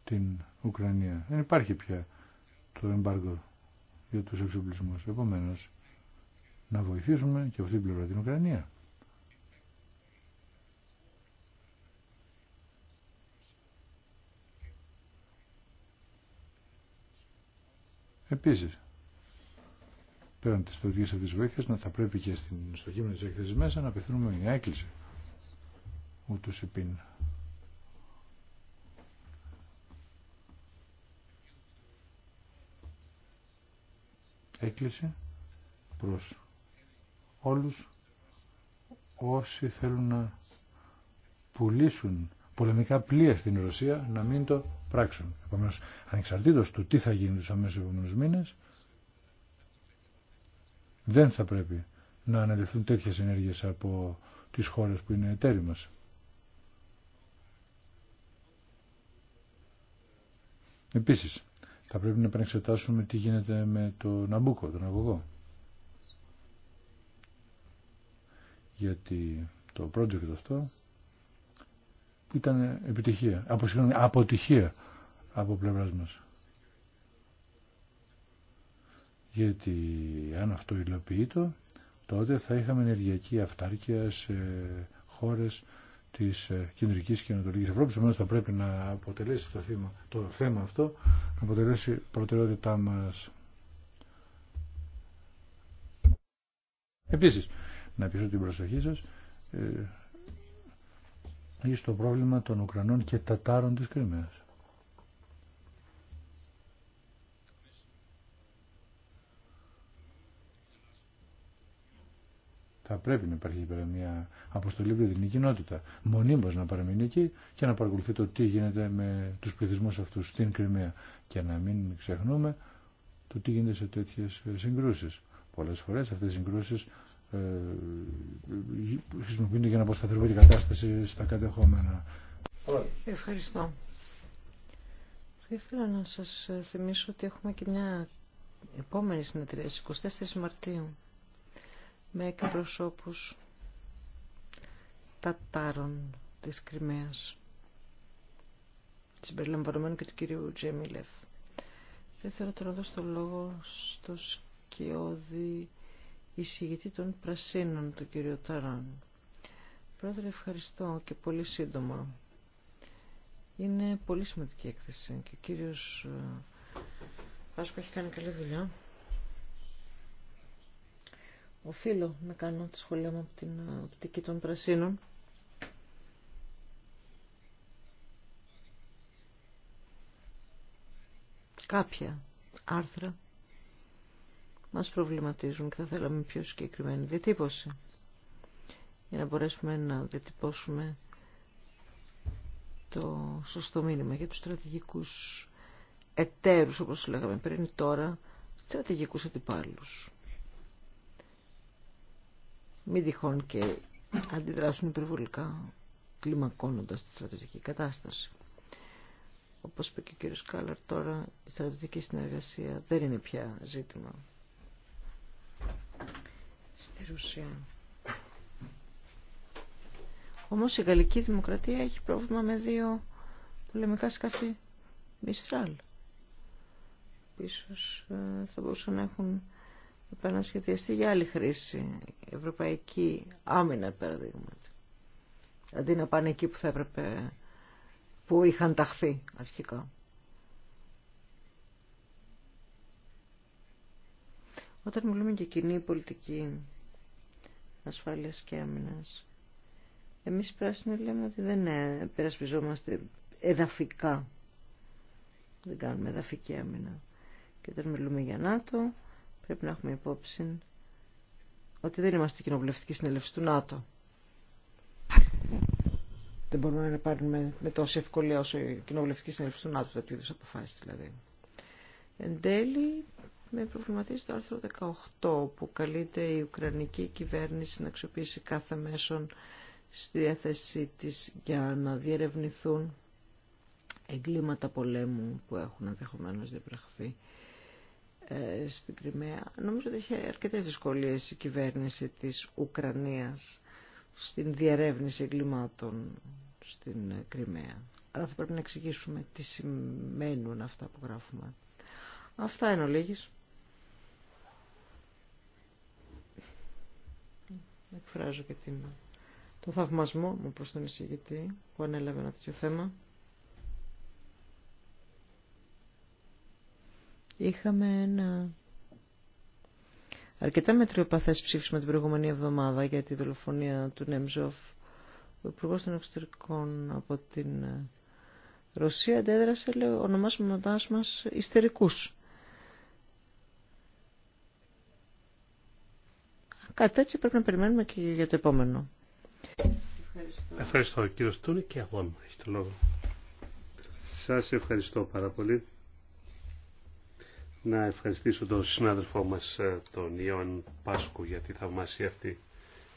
την Ουκρανία. Δεν υπάρχει πια το εμπάργκο για τους εξοπλισμούς. Επομένως, να βοηθήσουμε και αυτή την πλευρά την Ουκρανία. Επίσης, πέραν της στρατηγικής αυτής της βοήθειας, να θα πρέπει και στην, στο κείμενο της έκθεσης μέσα να απευθύνουμε μια έκκληση ούτως υπήν. Έκλεισε προς όλους όσοι θέλουν να πουλήσουν πολεμικά πλοία στην Ρωσία να μην το πράξουν. Επομένως, ανεξαρτήτως του τι θα γίνει τους αμέσως επόμενους μήνες, δεν θα πρέπει να αναλυθούν τέτοιες ενέργειες από τις χώρες που είναι εταίροι μας. Επίσης, θα πρέπει να επανεξετάσουμε τι γίνεται με το Ναμπούκο, τον αγωγό. Γιατί το project αυτό ήταν επιτυχία, από, αποτυχία από πλευράς μας. Γιατί αν αυτό υλοποιείται, τότε θα είχαμε ενεργειακή αυτάρκεια σε χώρες τη ε, κεντρική και ανατολική Ευρώπη. Επομένω, θα πρέπει να αποτελέσει το, το θέμα αυτό, να αποτελέσει προτεραιότητά μα. Επίση, να πείσω την προσοχή σα ε, στο πρόβλημα των Ουκρανών και Τατάρων τη Κρυμαία. Θα πρέπει να υπάρχει πέρα μια αποστολή από την κοινότητα. Μονίμως να παραμείνει εκεί και να παρακολουθεί το τι γίνεται με του πληθυσμού αυτού στην Κρυμαία. Και να μην ξεχνούμε το τι γίνεται σε τέτοιε συγκρούσει. Πολλέ φορέ αυτέ οι συγκρούσει ε, χρησιμοποιούνται για να αποσταθεροποιεί την κατάσταση στα κατεχόμενα. Ευχαριστώ. Θα ήθελα να σας θυμίσω ότι έχουμε και μια επόμενη συνεδρία 24 Μαρτίου με εκπροσώπους τατάρων της Κρυμαίας συμπεριλαμβανομένου και του κυρίου Τζέμιλεφ. Θα ήθελα τώρα να δώσω το λόγο στο σκιώδη εισηγητή των Πρασίνων, του κύριο Ταράν. Πρόεδρε, ευχαριστώ και πολύ σύντομα. Είναι πολύ σημαντική έκθεση και ο κύριος ε, Πάσκο έχει κάνει καλή δουλειά. Οφείλω να κάνω τη σχολεία μου από την οπτική των πρασίνων. Κάποια άρθρα μας προβληματίζουν και θα θέλαμε πιο συγκεκριμένη διατύπωση για να μπορέσουμε να διατυπώσουμε το σωστό μήνυμα για τους στρατηγικούς εταίρους όπως λέγαμε πριν τώρα στρατηγικούς αντιπάλους. Μη τυχόν και αντιδράσουν υπερβολικά κλιμακώνοντας τη στρατιωτική κατάσταση. Όπως είπε και ο κύριος Κάλλαρ τώρα, η στρατιωτική συνεργασία δεν είναι πια ζήτημα. Στη Ρουσία. Όμως η Γαλλική Δημοκρατία έχει πρόβλημα με δύο πολεμικά σκάφη Μιστράλ. Ίσως ε, θα μπορούσαν να έχουν επανασχεδιαστεί για άλλη χρήση. Ευρωπαϊκή άμυνα, παραδείγματι. Αντί να πάνε εκεί που θα έπρεπε, που είχαν ταχθεί αρχικά. Όταν μιλούμε για κοινή πολιτική ασφάλειας και άμυνας, εμείς πράσινοι λέμε ότι δεν ε, περασπιζόμαστε εδαφικά. Δεν κάνουμε εδαφική άμυνα. Και όταν μιλούμε για ΝΑΤΟ, πρέπει να έχουμε υπόψη ότι δεν είμαστε κοινοβουλευτική συνελεύση του ΝΑΤΟ. Δεν μπορούμε να πάρουμε με τόση ευκολία όσο η κοινοβουλευτική συνελεύση του ΝΑΤΟ τέτοιου είδου αποφάσει δηλαδή. Εν τέλει, με προβληματίζει το άρθρο 18 που καλείται η Ουκρανική κυβέρνηση να αξιοποιήσει κάθε μέσον στη διάθεσή της για να διερευνηθούν εγκλήματα πολέμου που έχουν ενδεχομένω διαπραχθεί ε, στην Κρυμαία. Νομίζω ότι είχε αρκετές δυσκολίες η κυβέρνηση της Ουκρανίας στην διερεύνηση εγκλημάτων στην ε, Κρυμαία. Αλλά θα πρέπει να εξηγήσουμε τι σημαίνουν αυτά που γράφουμε. Αυτά είναι ολίγης. Εκφράζω και την... το θαυμασμό μου προς τον εισηγητή που ανέλαβε ένα τέτοιο θέμα. Είχαμε ένα αρκετά μετριοπαθές ψήφισμα την προηγούμενη εβδομάδα για τη δολοφονία του Νέμζοφ. Ο Υπουργός των Εξωτερικών από την ε, Ρωσία αντέδρασε, ονομάσουμε ονομάζοντας μας ιστερικούς. Κάτι τέτοιο πρέπει να περιμένουμε και για το επόμενο. Ευχαριστώ. Ευχαριστώ κύριο Στούνη και εγώ έχει το λόγο. Σας ευχαριστώ πάρα πολύ να ευχαριστήσω τον συνάδελφό μας ε, τον Ιώαν Πάσκου για τη θαυμάσια αυτή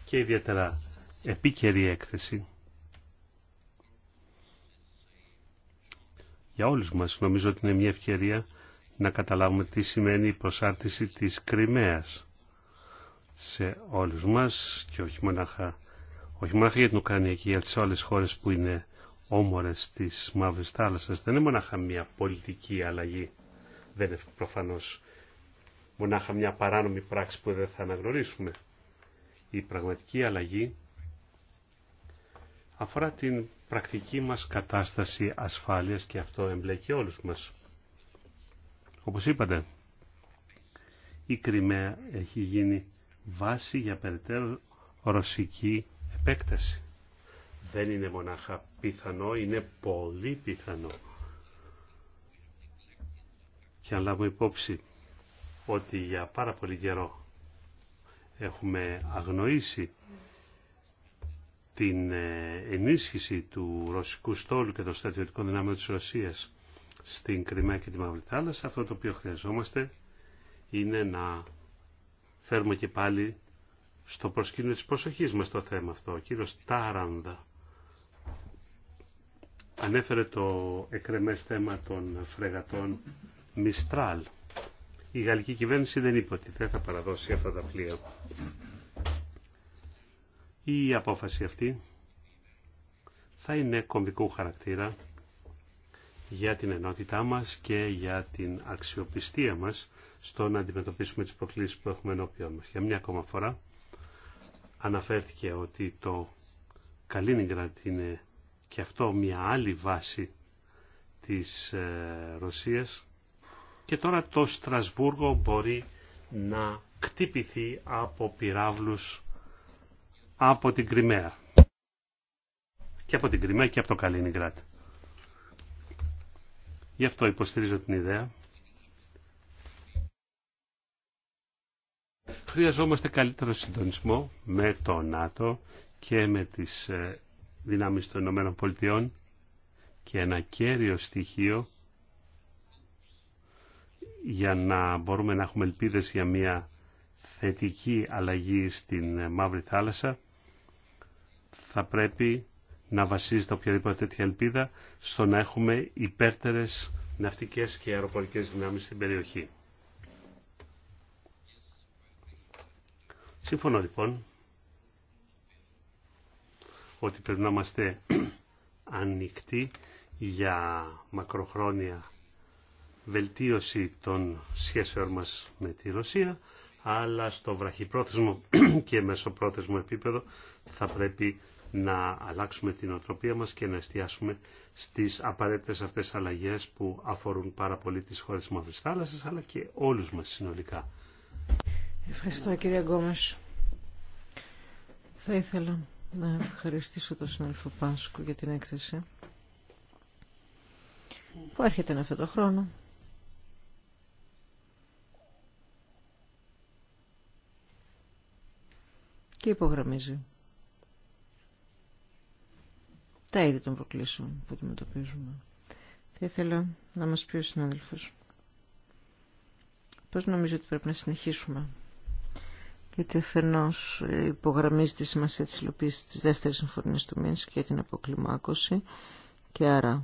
και ιδιαίτερα επίκαιρη έκθεση. Για όλους μας νομίζω ότι είναι μια ευκαιρία να καταλάβουμε τι σημαίνει η προσάρτηση της Κρυμαίας σε όλους μας και όχι μονάχα, όχι για την Ουκρανία και για τις όλες χώρες που είναι όμορες της Μαύρης Θάλασσας. Δεν είναι μονάχα μια πολιτική αλλαγή δεν είναι προφανώς μονάχα μια παράνομη πράξη που δεν θα αναγνωρίσουμε. Η πραγματική αλλαγή αφορά την πρακτική μας κατάσταση ασφάλειας και αυτό εμπλέκει όλους μας. Όπως είπατε, η Κρυμαία έχει γίνει βάση για περαιτέρω ρωσική επέκταση. Δεν είναι μονάχα πιθανό, είναι πολύ πιθανό και αν λάβουμε υπόψη ότι για πάρα πολύ καιρό έχουμε αγνοήσει την ε, ενίσχυση του ρωσικού στόλου και των στρατιωτικών δυνάμεων της Ρωσίας στην Κρυμαία και τη Μαύρη Θάλασσα, αυτό το οποίο χρειαζόμαστε είναι να φέρουμε και πάλι στο προσκήνιο της προσοχής μας το θέμα αυτό. Ο κύριος Τάραντα ανέφερε το εκρεμές θέμα των φρεγατών Μιστράλ. Η γαλλική κυβέρνηση δεν είπε ότι δεν θα παραδώσει αυτά τα πλοία. Η απόφαση αυτή θα είναι κομβικού χαρακτήρα για την ενότητά μας και για την αξιοπιστία μας στο να αντιμετωπίσουμε τις προκλήσεις που έχουμε ενώπιον μας. Για μια ακόμα φορά αναφέρθηκε ότι το Καλίνιγκραντ είναι και αυτό μια άλλη βάση της ε, Ρωσίας και τώρα το Στρασβούργο μπορεί να κτύπηθει από πυράβλους από την Κρυμαία. Και από την Κρυμαία και από το Καλίνιγκρατ. Γι' αυτό υποστηρίζω την ιδέα. Χρειαζόμαστε καλύτερο συντονισμό με το ΝΑΤΟ και με τις ε, δυνάμεις των Ηνωμένων Πολιτειών και ένα κέριο στοιχείο για να μπορούμε να έχουμε ελπίδες για μια θετική αλλαγή στην Μαύρη Θάλασσα θα πρέπει να βασίζεται οποιαδήποτε τέτοια ελπίδα στο να έχουμε υπέρτερες ναυτικές και αεροπορικές δυνάμεις στην περιοχή. Σύμφωνο λοιπόν ότι πρέπει να είμαστε ανοιχτοί για μακροχρόνια βελτίωση των σχέσεων μας με τη Ρωσία, αλλά στο βραχυπρόθεσμο και μεσοπρόθεσμο επίπεδο θα πρέπει να αλλάξουμε την οτροπία μας και να εστιάσουμε στις απαραίτητες αυτές αλλαγές που αφορούν πάρα πολύ τις χώρες της Μαύρης Θάλασσας, αλλά και όλους μας συνολικά. Ευχαριστώ κύριε Γκόμες. Θα ήθελα να ευχαριστήσω τον συνάδελφο Πάσκου για την έκθεση που έρχεται αυτό το χρόνο. και υπογραμμίζει τα είδη των προκλήσεων που αντιμετωπίζουμε. Θα ήθελα να μας πει ο συνάδελφος πώς νομίζω ότι πρέπει να συνεχίσουμε. Γιατί αφενός υπογραμμίζει τη σημασία της υλοποίησης της δεύτερης συμφωνίας του Μίνσκ και την αποκλιμάκωση και άρα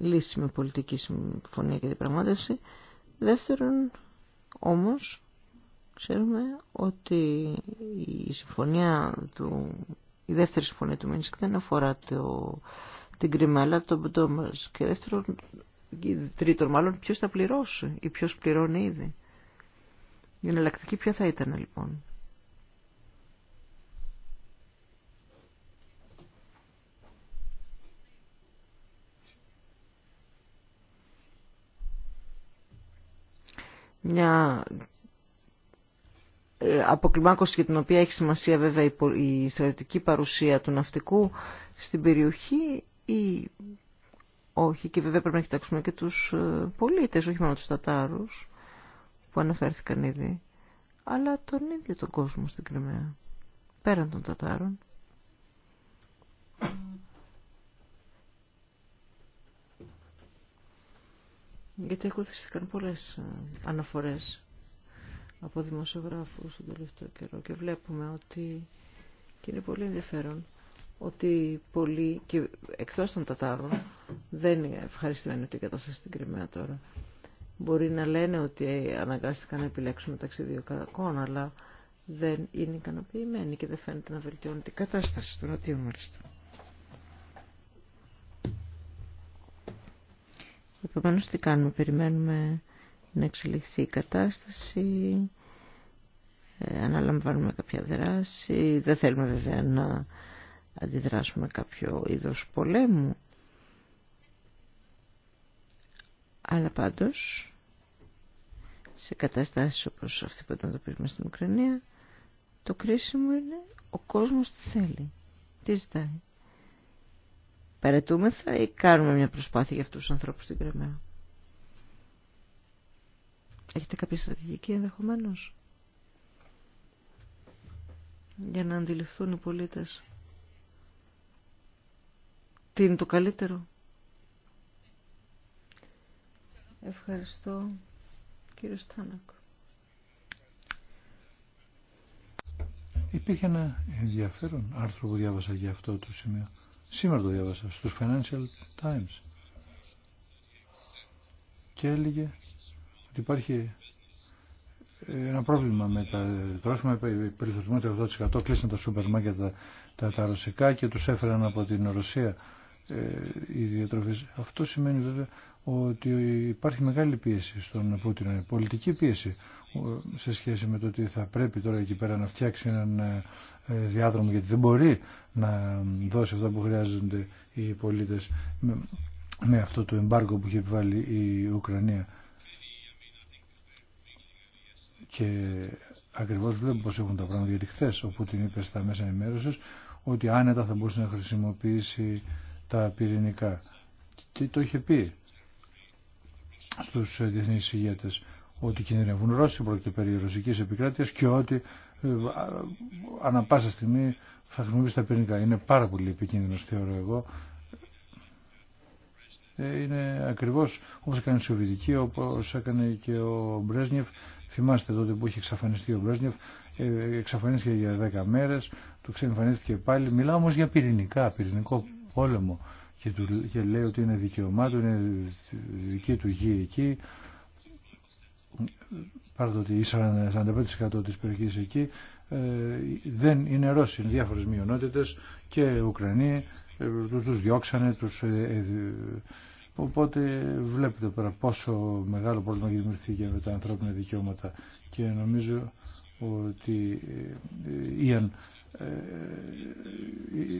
λύση με πολιτική συμφωνία και διαπραγμάτευση. Δεύτερον, όμως, Ξέρουμε ότι η συμφωνία του, η δεύτερη συμφωνία του Μίνσκ δεν αφορά το, την κρυμμέλα των πτώμα και δεύτερον, τρίτον μάλλον ποιο θα πληρώσει ή ποιος πληρώνει ήδη. Η ποιο πληρωνει ηδη η εναλλακτικη ποια θα ήταν λοιπόν. μια αποκλιμάκωση για την οποία έχει σημασία βέβαια η στρατιωτική παρουσία του ναυτικού στην περιοχή ή όχι. Και βέβαια πρέπει να κοιτάξουμε και τους ε, πολίτες, όχι μόνο τους Τατάρους που αναφέρθηκαν ήδη, αλλά τον ίδιο τον κόσμο στην Κρυμαία, πέραν των Τατάρων. Γιατί θέστηκαν πολλές ε, αναφορές από δημοσιογράφους τον τελευταίο καιρό και βλέπουμε ότι και είναι πολύ ενδιαφέρον ότι πολλοί και εκτός των Τατάρων δεν είναι ευχαριστημένοι ότι την κατάσταση στην Κρυμαία τώρα μπορεί να λένε ότι αναγκάστηκαν να επιλέξουν μεταξύ δύο αλλά δεν είναι ικανοποιημένοι και δεν φαίνεται να βελτιώνει την κατάσταση του Νοτιού μάλιστα. Επομένως τι κάνουμε, περιμένουμε να εξελιχθεί η κατάσταση, ε, αναλαμβάνουμε κάποια δράση, δεν θέλουμε βέβαια να αντιδράσουμε κάποιο είδος πολέμου, αλλά πάντως σε καταστάσεις όπως αυτή που αντιμετωπίζουμε στην Ουκρανία, το κρίσιμο είναι ο κόσμος τι θέλει, τι ζητάει. Περαιτούμεθα ή κάνουμε μια προσπάθεια για αυτούς τους ανθρώπους στην Κρεμαία. Έχετε κάποια στρατηγική ενδεχομένω για να αντιληφθούν οι πολίτες τι είναι το καλύτερο. Ευχαριστώ κύριο Στάνακ. Υπήρχε ένα ενδιαφέρον άρθρο που διάβασα για αυτό το σημείο. Σήμερα το διάβασα στους Financial Times. Και έλεγε ότι υπάρχει ε, ένα πρόβλημα με τα τρόφιμα, περιθωρισμό το 8% κλείσαν τα σούπερ μάρκετ τα, τα, τα, ρωσικά και τους έφεραν από την Ρωσία ε, οι διατροφές. Αυτό σημαίνει βέβαια ότι υπάρχει μεγάλη πίεση στον Πούτιν, ε, πολιτική πίεση σε σχέση με το ότι θα πρέπει τώρα εκεί πέρα να φτιάξει έναν ε, διάδρομο γιατί δεν μπορεί να δώσει αυτά που χρειάζονται οι πολίτες με, αυτό το εμπάργκο που έχει επιβάλει η Ουκρανία. Και ακριβώς βλέπουμε πώς έχουν τα πράγματα, γιατί χθε ο Πούτιν είπε στα μέσα ενημέρωση ότι άνετα θα μπορούσε να χρησιμοποιήσει τα πυρηνικά. Και το είχε πει στους διεθνείς ηγέτες ότι κινδυνεύουν Ρώσοι, πρόκειται περί ρωσικής επικράτειας και ότι ε, ανά πάσα στιγμή θα χρησιμοποιήσει τα πυρηνικά. Είναι πάρα πολύ επικίνδυνος θεωρώ εγώ. Ε, είναι ακριβώς όπως έκανε η Σοβιτική, όπως έκανε και ο Μπρέσνιεφ Θυμάστε τότε που είχε εξαφανιστεί ο Μπρέσνιεφ, ε, εξαφανίστηκε για 10 μέρες, του ξεμφανίστηκε πάλι. Μιλάω όμως για πυρηνικά, πυρηνικό πόλεμο και, του, λέει ότι είναι δικαιωμά του, είναι δική του γη εκεί. Παρά το ότι 45% της περιοχής εκεί ε, δεν είναι Ρώσοι, είναι διάφορες μειονότητες και Ουκρανοί, ε, τους διώξανε, τους Οπότε βλέπετε πέρα πόσο μεγάλο πρόβλημα δημιουργήθηκε με τα ανθρώπινα δικαιώματα και νομίζω ότι ε, ε, Ιαν ε,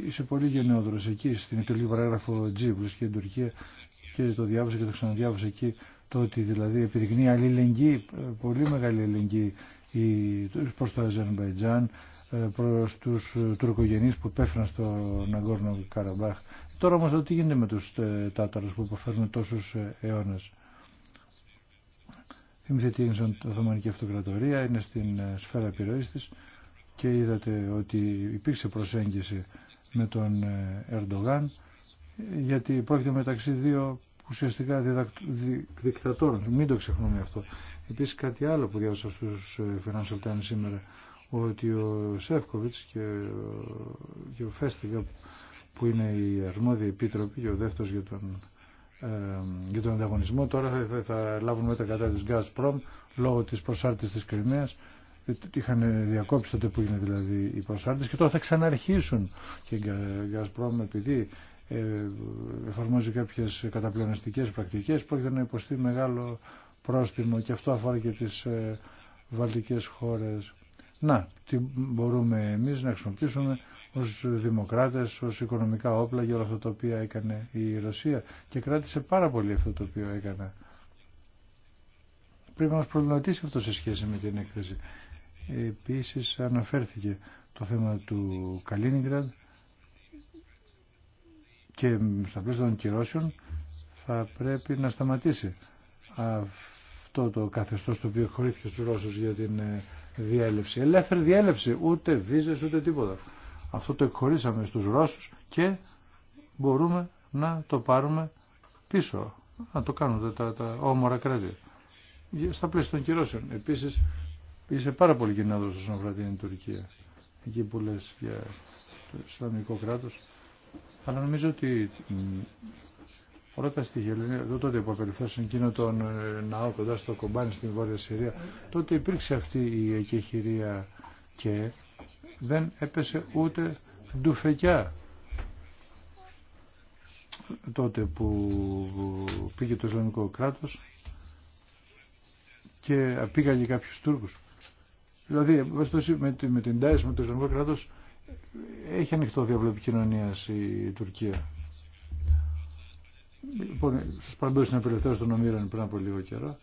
είσαι πολύ γενναιόδωρος εκεί στην εκλογή παράγραφο G που και την Τουρκία και το διάβασα και το ξαναδιάβασα εκεί το ότι δηλαδή επιδεικνύει αλληλεγγύη, πολύ μεγάλη αλληλεγγύη προς το Αζερμπαϊτζάν, προς τους τουρκογενείς που πέφτουν στο Ναγκόρνο Καραμπάχ. Τώρα όμως τι γίνεται με τους Τάταρους που υποφέρουν τόσους ε, αιώνες. Θυμηθείτε τι έγινε στην Οθωμανική Αυτοκρατορία, είναι στην ε, σφαίρα επιρροής της και είδατε ότι υπήρξε προσέγγιση με τον ε, Ερντογάν γιατί πρόκειται μεταξύ δύο ουσιαστικά δικτατόρων. Μην το ξεχνούμε αυτό. Επίσης κάτι άλλο που διάβασα στους Financial Times σήμερα ότι ο Σεύκοβιτς και ο που είναι η αρμόδια επίτροπη και ο δεύτερος για τον, ε, για τον ανταγωνισμό. Τώρα θα, θα, θα λάβουν μέτρα κατά της Gazprom λόγω της προσάρτησης της Κρυμαίας. Ε, είχαν διακόψει τότε που είναι δηλαδή οι προσάρτηση και τώρα θα ξαναρχίσουν και η Gazprom επειδή ε, εφαρμόζει κάποιες καταπλεονεστικές πρακτικές πρόκειται να υποστεί μεγάλο πρόστιμο και αυτό αφορά και τις ε, βαλτικές χώρες. Να, τι μπορούμε εμείς να χρησιμοποιήσουμε ως δημοκράτες, ως οικονομικά όπλα για όλα αυτά τα οποία έκανε η Ρωσία και κράτησε πάρα πολύ αυτό το οποίο έκανε. Πρέπει να μας προβληματίσει αυτό σε σχέση με την έκθεση. Επίσης αναφέρθηκε το θέμα του Καλίνιγκραντ και στα πλαίσια των κυρώσεων θα πρέπει να σταματήσει αυτό το καθεστώς το οποίο χωρίθηκε στους Ρώσους για την ε, διέλευση. Ελεύθερη διέλευση, ούτε βίζες ούτε τίποτα. Αυτό το εκχωρήσαμε στους Ρώσους και μπορούμε να το πάρουμε πίσω. Να το κάνουν τα, τα όμορα κράτη. Στα πλαίσια των κυρώσεων. Επίσης, είσαι πάρα πολύ κοινάδος όσον αφορά την Τουρκία. Εκεί που λες για το Ισλαμικό κράτος. Αλλά νομίζω ότι όλα τα στοιχεία, τότε που απελευθέρωσαν εκείνο τον ε, ναό κοντά στο κομπάνι στην Βόρεια Συρία, τότε υπήρξε αυτή η εκεχηρία και δεν έπεσε ούτε ντουφεκιά τότε που πήγε το Ισλαμικό κράτος και και κάποιους Τούρκους. Δηλαδή, με, με την τάση με το Ισλαμικό κράτος, έχει ανοιχτό διάβλο επικοινωνία η Τουρκία. Λοιπόν, στους παντούς είναι απελευθέρωση των ομήρων πριν από λίγο καιρό.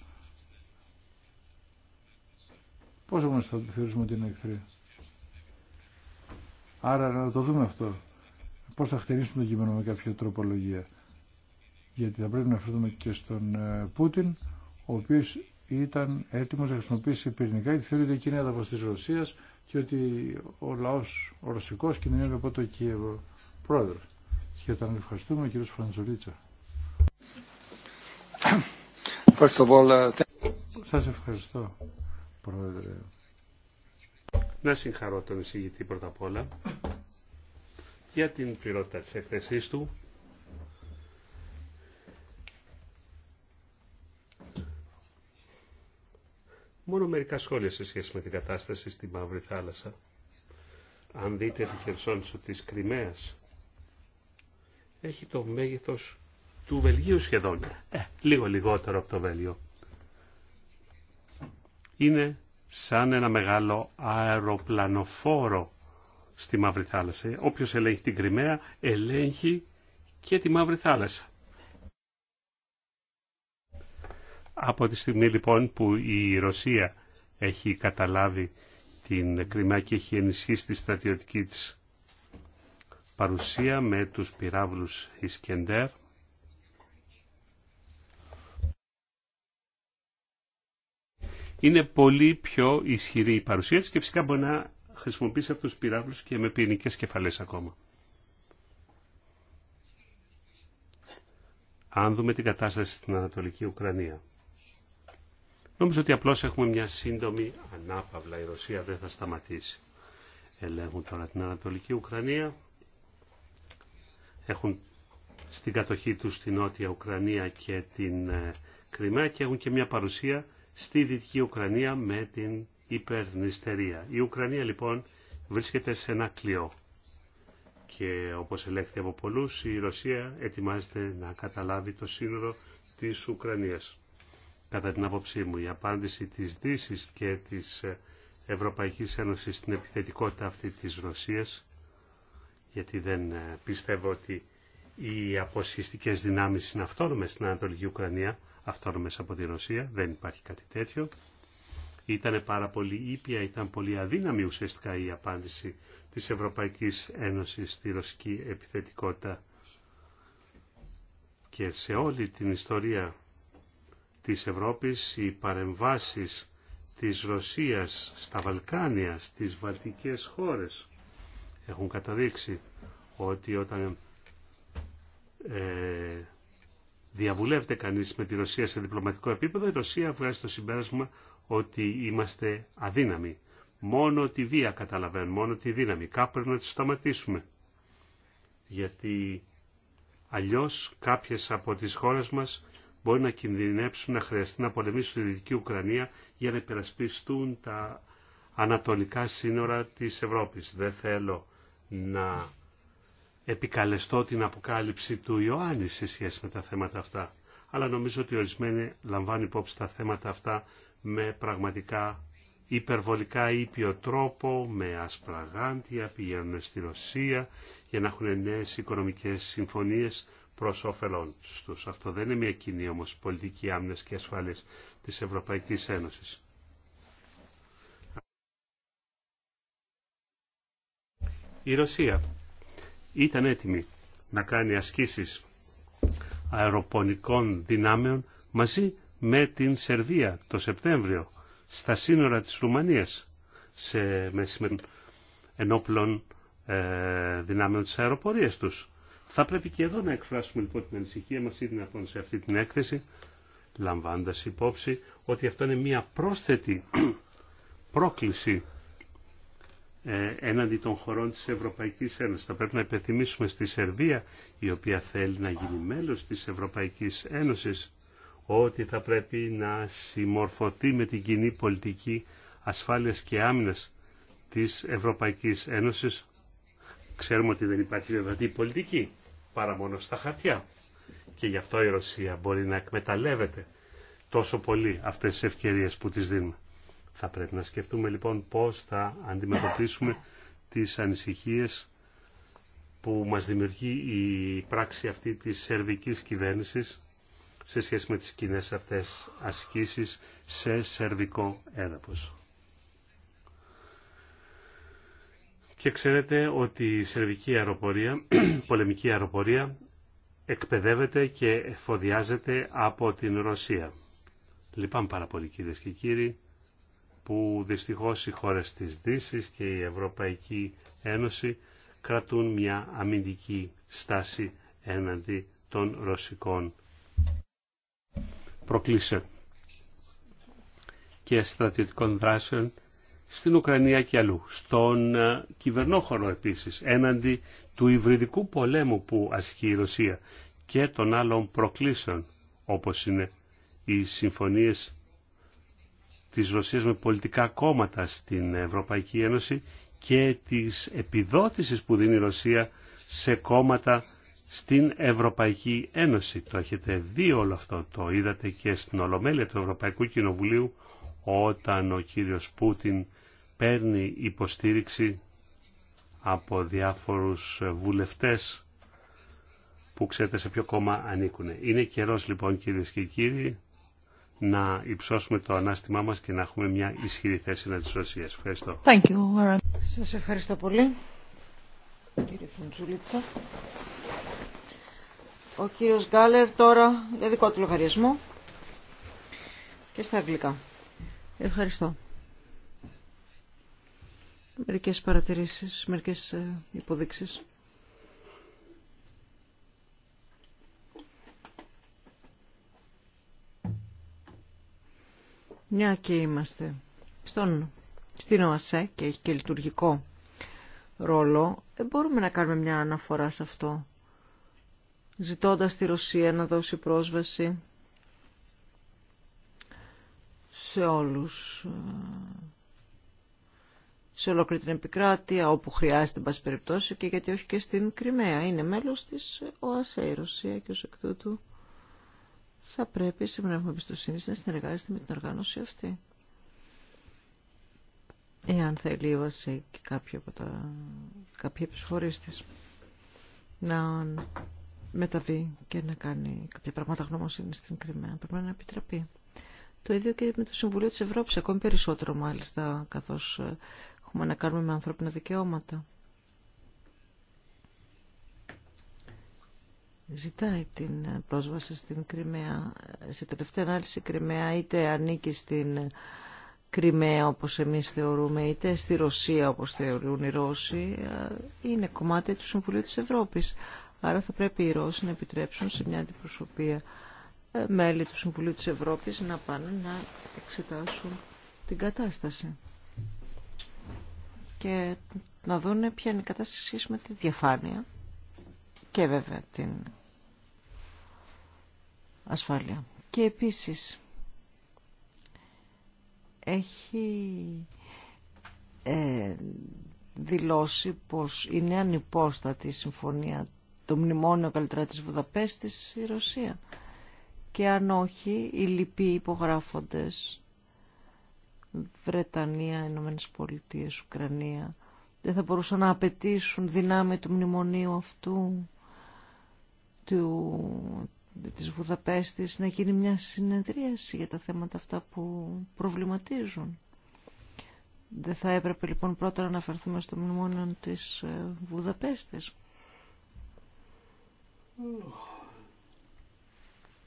Πώς όμως θα θεωρήσουμε ότι είναι εχθροί. Άρα να το δούμε αυτό. πώ θα χτενίσουμε το κείμενο με κάποια τροπολογία. Γιατί θα πρέπει να φέρουμε και στον ε, Πούτιν, ο οποίο ήταν έτοιμο να χρησιμοποιήσει πυρηνικά γιατί θεωρείται είναι έδαφο τη Ρωσία και ότι ο λαό ο ρωσικό, κινδυνεύει από το Κίεβο. πρόεδρο. Και θα τον ευχαριστούμε κύριος Φραντζολίτσα. First uh, Σας ευχαριστώ, Πρόεδρε. Να συγχαρώ τον εισηγητή πρώτα απ' όλα για την πληρότητα της έκθεσής του. Μόνο μερικά σχόλια σε σχέση με την κατάσταση στη Μαύρη Θάλασσα. Αν δείτε τη χερσόνησο της Κρυμαίας, έχει το μέγεθος του Βελγίου σχεδόν. Ε. λίγο λιγότερο από το Βέλγιο. Είναι σαν ένα μεγάλο αεροπλανοφόρο στη Μαύρη Θάλασσα. Όποιος ελέγχει την Κρυμαία ελέγχει και τη Μαύρη Θάλασσα. Από τη στιγμή λοιπόν που η Ρωσία έχει καταλάβει την Κρυμαία και έχει ενισχύσει τη στρατιωτική της παρουσία με τους πυράβλους Ισκεντέρ είναι πολύ πιο ισχυρή η παρουσία της και φυσικά μπορεί να χρησιμοποιήσει αυτούς τους πυράβλους και με πυρηνικές κεφαλές ακόμα. Αν δούμε την κατάσταση στην Ανατολική Ουκρανία. Νομίζω ότι απλώς έχουμε μια σύντομη ανάπαυλα. Η Ρωσία δεν θα σταματήσει. Ελέγχουν τώρα την Ανατολική Ουκρανία. Έχουν στην κατοχή τους την Νότια Ουκρανία και την ε, Κρυμαία και έχουν και μια παρουσία στη Δυτική Ουκρανία με την υπερνηστερία. Η Ουκρανία λοιπόν βρίσκεται σε ένα κλειό και όπως ελέγχεται από πολλούς η Ρωσία ετοιμάζεται να καταλάβει το σύνορο της Ουκρανίας. Κατά την άποψή μου η απάντηση της δύση και της Ευρωπαϊκής Ένωσης στην επιθετικότητα αυτή της Ρωσίας γιατί δεν ε, πιστεύω ότι οι αποσχιστικές δυνάμεις είναι αυτόνομες στην Ανατολική Ουκρανία αυτόνομες από τη Ρωσία, δεν υπάρχει κάτι τέτοιο. Ήταν πάρα πολύ ήπια, ήταν πολύ αδύναμη ουσιαστικά η απάντηση της Ευρωπαϊκής Ένωσης στη ρωσική επιθετικότητα και σε όλη την ιστορία της Ευρώπης οι παρεμβάσεις της Ρωσίας στα Βαλκάνια, στις Βαλτικές χώρες έχουν καταδείξει ότι όταν ε, διαβουλεύεται κανείς με τη Ρωσία σε διπλωματικό επίπεδο, η Ρωσία βγάζει το συμπέρασμα ότι είμαστε αδύναμοι. Μόνο τη βία καταλαβαίνουν, μόνο τη δύναμη. Κάπου πρέπει να τη σταματήσουμε. Γιατί αλλιώς κάποιες από τις χώρες μας μπορεί να κινδυνεύσουν να χρειαστεί να πολεμήσουν τη Δυτική Ουκρανία για να υπερασπιστούν τα ανατολικά σύνορα της Ευρώπης. Δεν θέλω να επικαλεστώ την αποκάλυψη του Ιωάννη σε σχέση με τα θέματα αυτά. Αλλά νομίζω ότι ορισμένοι λαμβάνουν υπόψη τα θέματα αυτά με πραγματικά υπερβολικά ήπιο τρόπο, με άσπρα γάντια, πηγαίνουν στη Ρωσία για να έχουν νέες οικονομικές συμφωνίες προς όφελόν τους. Αυτό δεν είναι μια κοινή όμως πολιτική άμυνας και ασφάλειας της Ευρωπαϊκής Ένωσης. Η Ρωσία ήταν έτοιμη να κάνει ασκήσεις αεροπονικών δυνάμεων μαζί με την Σερβία το Σεπτέμβριο στα σύνορα της Ρουμανίας σε, με ενόπλων ε, δυνάμεων της αεροπορίας τους. Θα πρέπει και εδώ να εκφράσουμε λοιπόν την ανησυχία μας ήδη να σε αυτή την έκθεση λαμβάνοντας υπόψη ότι αυτό είναι μια πρόσθετη πρόκληση ε, έναντι των χωρών της Ευρωπαϊκής Ένωσης. Θα πρέπει να υπενθυμίσουμε στη Σερβία, η οποία θέλει να γίνει μέλος της Ευρωπαϊκής Ένωσης, ότι θα πρέπει να συμμορφωθεί με την κοινή πολιτική ασφάλειας και άμυνας της Ευρωπαϊκής Ένωσης. Ξέρουμε ότι δεν υπάρχει βεβαιωτή πολιτική, παρά μόνο στα χαρτιά. Και γι' αυτό η Ρωσία μπορεί να εκμεταλλεύεται τόσο πολύ αυτές τις ευκαιρίες που της δίνουμε. Θα πρέπει να σκεφτούμε λοιπόν πώς θα αντιμετωπίσουμε τις ανησυχίες που μας δημιουργεί η πράξη αυτή της σερβικής κυβέρνησης σε σχέση με τις κοινέ αυτές ασκήσεις σε σερβικό έδαφος. Και ξέρετε ότι η σερβική αεροπορία, πολεμική αεροπορία, εκπαιδεύεται και εφοδιάζεται από την Ρωσία. Λυπάμαι πάρα πολύ κυρίες και κύριοι που δυστυχώς οι χώρες της δύση και η Ευρωπαϊκή Ένωση κρατούν μια αμυντική στάση έναντι των ρωσικών προκλήσεων και στρατιωτικών δράσεων στην Ουκρανία και αλλού. Στον ε, κυβερνόχωρο επίσης, έναντι του υβριδικού πολέμου που ασκεί η Ρωσία και των άλλων προκλήσεων όπως είναι οι συμφωνίες της Ρωσίας με πολιτικά κόμματα στην Ευρωπαϊκή Ένωση και της επιδότησης που δίνει η Ρωσία σε κόμματα στην Ευρωπαϊκή Ένωση. Το έχετε δει όλο αυτό, το είδατε και στην Ολομέλεια του Ευρωπαϊκού Κοινοβουλίου όταν ο κύριος Πούτιν παίρνει υποστήριξη από διάφορους βουλευτές που ξέρετε σε ποιο κόμμα ανήκουν. Είναι καιρός λοιπόν κυρίες και κύριοι να υψώσουμε το ανάστημά μας και να έχουμε μια ισχυρή θέση να της Ρωσίας. Ευχαριστώ. Thank you. Σας ευχαριστώ πολύ, κύριε Φουντζούλητσα. Ο κύριος Γκάλερ τώρα για δικό του λογαριασμό και στα αγγλικά. Ευχαριστώ. Μερικές παρατηρήσεις, μερικές ε, υποδείξεις. Μια και είμαστε στον, στην ΟΑΣΕ και έχει και λειτουργικό ρόλο, δεν μπορούμε να κάνουμε μια αναφορά σε αυτό, ζητώντας τη Ρωσία να δώσει πρόσβαση σε όλους, ε, σε ολόκληρη την επικράτεια, όπου χρειάζεται, εν πάση περιπτώσει, και γιατί όχι και στην Κρυμαία. Είναι μέλος της ΟΑΣΕ η Ρωσία και ως εκ τούτου θα πρέπει σήμερα με εμπιστοσύνη να συνεργάζεται με την οργάνωση αυτή. Εάν θέλει η Βάση και κάποια από τα κάποια της να μεταβεί και να κάνει κάποια πράγματα γνωμοσύνη στην Κρυμαία, πρέπει να επιτραπεί. Το ίδιο και με το Συμβουλίο της Ευρώπης, ακόμη περισσότερο μάλιστα, καθώς ε, έχουμε να κάνουμε με ανθρώπινα δικαιώματα. ζητάει την πρόσβαση στην Κρυμαία. Σε τελευταία ανάλυση η Κρυμαία είτε ανήκει στην Κρυμαία όπως εμείς θεωρούμε, είτε στη Ρωσία όπως θεωρούν οι Ρώσοι, είναι κομμάτι του Συμβουλίου της Ευρώπης. Άρα θα πρέπει οι Ρώσοι να επιτρέψουν σε μια αντιπροσωπεία ε, μέλη του Συμβουλίου της Ευρώπης να πάνε να εξετάσουν την κατάσταση και να δουν ποια είναι η κατάσταση με τη διαφάνεια και βέβαια την ασφάλεια. Και επίσης έχει ε, δηλώσει πως είναι ανυπόστατη η συμφωνία το μνημόνιο καλύτερα της Βουδαπέστης η Ρωσία. Και αν όχι, οι λοιποί υπογράφοντες Βρετανία, Ηνωμένε Πολιτείε, Ουκρανία δεν θα μπορούσαν να απαιτήσουν δυνάμει του μνημονίου αυτού του, της Βουδαπέστης να γίνει μια συνεδρίαση για τα θέματα αυτά που προβληματίζουν. Δεν θα έπρεπε λοιπόν πρώτα να αναφερθούμε στο μνημόνιο της ε, Βουδαπέστης.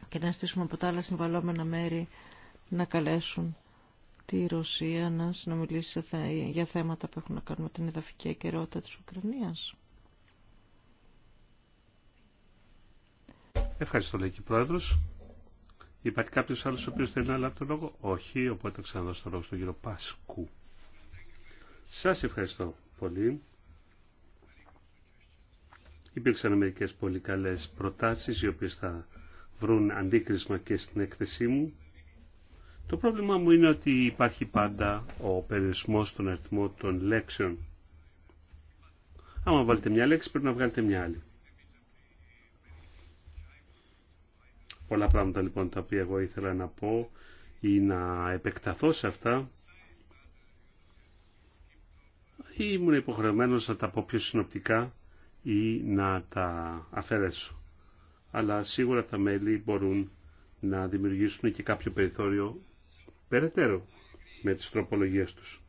Και να στήσουμε από τα άλλα συμβαλόμενα μέρη να καλέσουν τη Ρωσία να συνομιλήσει για θέματα που έχουν να κάνουν με την εδαφική αικαιρότητα της Ουκρανίας. Ευχαριστώ, λέει και πρόεδρος. Υπάρχει κάποιο άλλο ο οποίο θέλει να λάβει το λόγο. Όχι, οπότε θα ξαναδώσω το λόγο στον κύριο Πάσκου. Σα ευχαριστώ πολύ. Υπήρξαν μερικέ πολύ καλέ προτάσει, οι οποίε θα βρουν αντίκρισμα και στην έκθεσή μου. Το πρόβλημά μου είναι ότι υπάρχει πάντα ο περιορισμό των αριθμών των λέξεων. Άμα βάλετε μια λέξη, πρέπει να βγάλετε μια άλλη. Πολλά πράγματα λοιπόν τα οποία εγώ ήθελα να πω ή να επεκταθώ σε αυτά ή ήμουν υποχρεωμένος να τα πω πιο συνοπτικά ή να τα αφαιρέσω. Αλλά σίγουρα τα μέλη μπορούν να δημιουργήσουν και κάποιο περιθώριο περαιτέρω με τις τροπολογίες τους.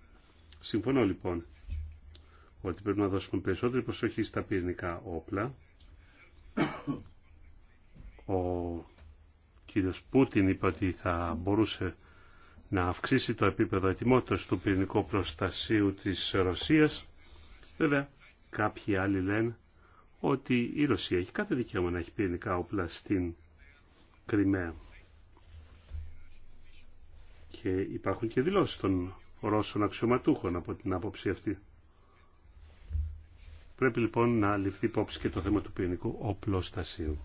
Συμφωνώ λοιπόν ότι πρέπει να δώσουμε περισσότερη προσοχή στα πυρηνικά όπλα. Ο κύριος Πούτιν είπε ότι θα μπορούσε να αυξήσει το επίπεδο ετοιμότητας του πυρηνικού προστασίου της Ρωσίας. Βέβαια, κάποιοι άλλοι λένε ότι η Ρωσία έχει κάθε δικαίωμα να έχει πυρηνικά όπλα στην Κρυμαία. Και υπάρχουν και δηλώσεις των Ρώσων αξιωματούχων από την άποψη αυτή. Πρέπει λοιπόν να ληφθεί υπόψη και το θέμα του πυρηνικού οπλοστασίου.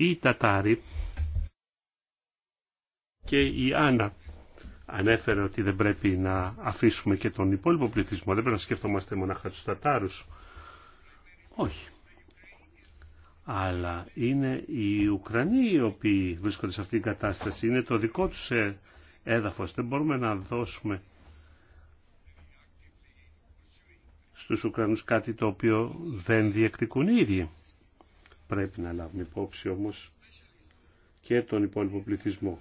οι Τατάροι και η Άννα ανέφερε ότι δεν πρέπει να αφήσουμε και τον υπόλοιπο πληθυσμό. Δεν πρέπει να σκεφτόμαστε μονάχα τους Τατάρους. Όχι. Αλλά είναι οι Ουκρανοί οι οποίοι βρίσκονται σε αυτήν την κατάσταση. Είναι το δικό τους ε, έδαφος. Δεν μπορούμε να δώσουμε στους Ουκρανούς κάτι το οποίο δεν διεκδικούν οι ίδιοι. Πρέπει να λάβουμε υπόψη όμως και τον υπόλοιπο πληθυσμό.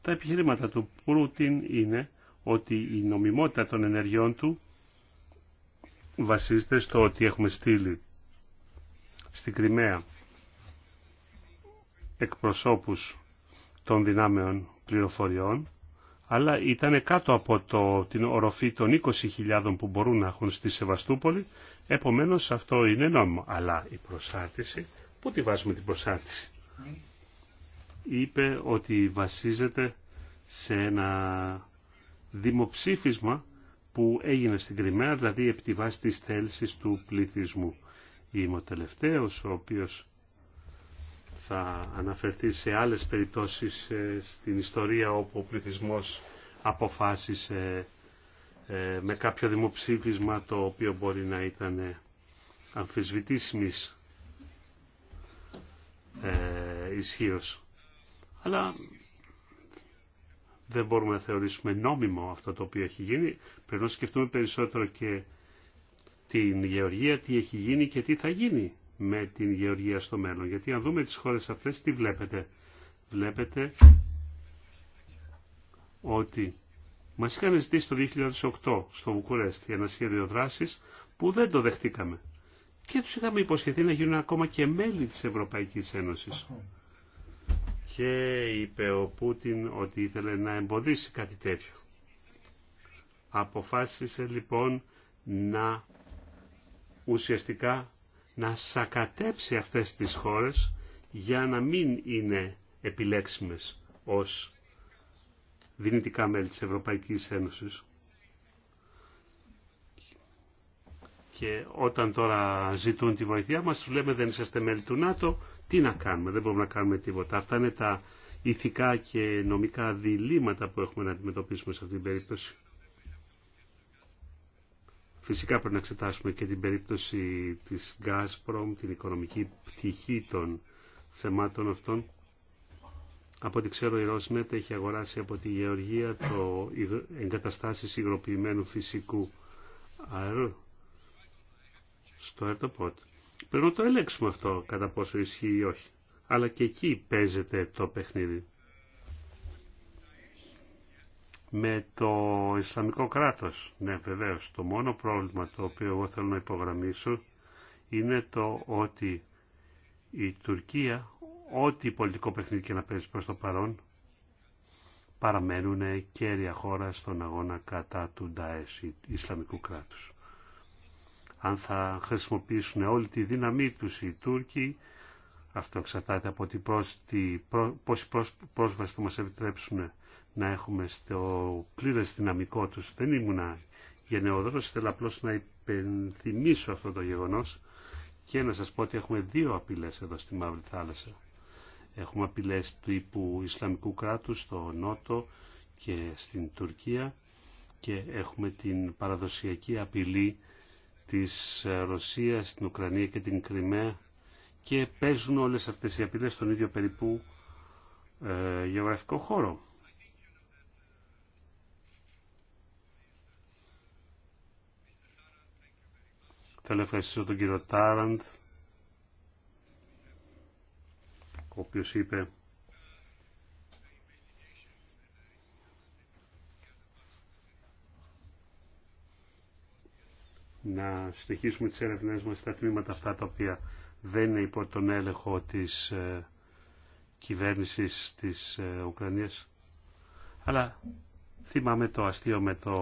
Τα επιχειρήματα του Προύτιν είναι ότι η νομιμότητα των ενεργειών του βασίζεται στο ότι έχουμε στείλει στην Κρυμαία εκπροσώπους των δυνάμεων πληροφοριών αλλά ήταν κάτω από το, την οροφή των 20.000 που μπορούν να έχουν στη Σεβαστούπολη, επομένως αυτό είναι νόμιμο. Αλλά η προσάρτηση, πού τη βάζουμε την προσάρτηση. Είπε ότι βασίζεται σε ένα δημοψήφισμα που έγινε στην Κρυμαία, δηλαδή επί τη βάση θέλησης του πληθυσμού. Είμαι ο τελευταίος ο οποίος θα αναφερθεί σε άλλες περιπτώσεις ε, στην ιστορία όπου ο πληθυσμός αποφάσισε ε, με κάποιο δημοψήφισμα το οποίο μπορεί να ήταν ε, αμφισβητήσιμης ε, Αλλά δεν μπορούμε να θεωρήσουμε νόμιμο αυτό το οποίο έχει γίνει. Πρέπει να σκεφτούμε περισσότερο και την γεωργία, τι έχει γίνει και τι θα γίνει με την γεωργία στο μέλλον. Γιατί αν δούμε τις χώρες αυτές, τι βλέπετε. Βλέπετε ότι μας είχαν ζητήσει το 2008 στο Βουκουρέστι ένα σχέδιο δράσης που δεν το δεχτήκαμε. Και τους είχαμε υποσχεθεί να γίνουν ακόμα και μέλη της Ευρωπαϊκής Ένωσης. Και είπε ο Πούτιν ότι ήθελε να εμποδίσει κάτι τέτοιο. Αποφάσισε λοιπόν να ουσιαστικά να σακατέψει αυτές τις χώρες για να μην είναι επιλέξιμες ως δυνητικά μέλη της Ευρωπαϊκής Ένωσης. Και όταν τώρα ζητούν τη βοήθειά μας, τους λέμε δεν είσαστε μέλη του ΝΑΤΟ, τι να κάνουμε, δεν μπορούμε να κάνουμε τίποτα. Αυτά είναι τα ηθικά και νομικά διλήμματα που έχουμε να αντιμετωπίσουμε σε αυτήν την περίπτωση. Φυσικά πρέπει να εξετάσουμε και την περίπτωση της Gazprom, την οικονομική πτυχή των θεμάτων αυτών. Από ό,τι ξέρω η Ροσμέτ έχει αγοράσει από τη Γεωργία το εγκαταστάσεις υγροποιημένου φυσικού αερού στο Ερτοπότ. Πρέπει να το ελέγξουμε αυτό κατά πόσο ισχύει ή όχι. Αλλά και εκεί παίζεται το παιχνίδι με το Ισλαμικό κράτος. Ναι, βεβαίως, το μόνο πρόβλημα το οποίο εγώ θέλω να υπογραμμίσω είναι το ότι η Τουρκία, ό,τι πολιτικό παιχνίδι και να παίζει προς το παρόν, παραμένουν κέρια χώρα στον αγώνα κατά του Νταές, Ισλαμικού κράτους. Αν θα χρησιμοποιήσουν όλη τη δύναμή τους οι Τούρκοι, αυτό εξαρτάται από την πόση πρόσβαση θα μας επιτρέψουν να έχουμε στο πλήρες δυναμικό τους. Δεν ήμουν γενναιόδωρος, θέλω απλώς να υπενθυμίσω αυτό το γεγονός και να σας πω ότι έχουμε δύο απειλές εδώ στη Μαύρη Θάλασσα. Έχουμε απειλές τύπου Ισλαμικού κράτους στο Νότο και στην Τουρκία και έχουμε την παραδοσιακή απειλή της Ρωσίας στην Ουκρανία και την Κρυμαία και παίζουν όλες αυτές οι απειλές στον ίδιο περίπου ε, γεωγραφικό χώρο. Θέλω να ευχαριστήσω τον κύριο Τάραντ, ο οποίος είπε να συνεχίσουμε τις έρευνές μας στα τμήματα αυτά τα οποία δεν είναι υπό τον έλεγχο της ε, κυβέρνησης της ε, Ουκρανίας. Αλλά θυμάμαι το αστείο με το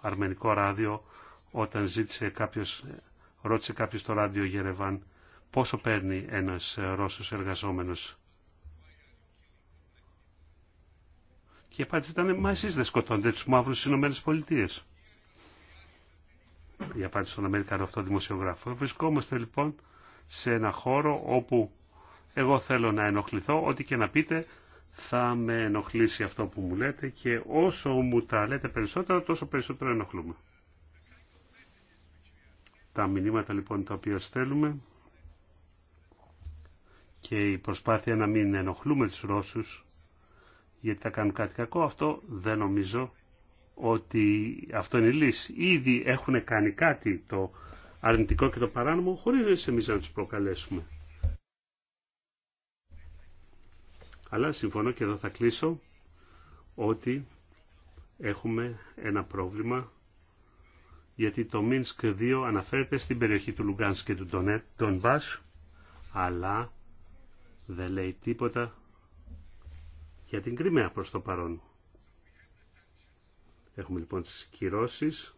αρμενικό ράδιο όταν ζήτησε κάποιος, ρώτησε κάποιος στο ράδιο Γερεβάν πόσο παίρνει ένας ε, Ρώσος εργαζόμενος. Και η απάντηση ήταν «Μα εσείς δεν σκοτώνετε τους μαύρους στις Ηνωμένες Πολιτείες». Η απάντηση στον Αμερικανό αυτό δημοσιογράφο. Βρισκόμαστε λοιπόν σε ένα χώρο όπου εγώ θέλω να ενοχληθώ, ό,τι και να πείτε θα με ενοχλήσει αυτό που μου λέτε και όσο μου τα λέτε περισσότερο, τόσο περισσότερο ενοχλούμε τα μηνύματα λοιπόν τα οποία στέλνουμε και η προσπάθεια να μην ενοχλούμε τους Ρώσους γιατί θα κάνουν κάτι κακό, αυτό δεν νομίζω ότι αυτό είναι η λύση. Ήδη έχουν κάνει κάτι το αρνητικό και το παράνομο χωρίς εμείς να τους προκαλέσουμε. Αλλά συμφωνώ και εδώ θα κλείσω ότι έχουμε ένα πρόβλημα γιατί το Μίνσκ 2 αναφέρεται στην περιοχή του Λουγκάνσκ και του Ντονμπάς, αλλά δεν λέει τίποτα για την Κρυμαία προς το παρόν. Έχουμε λοιπόν τις κυρώσεις,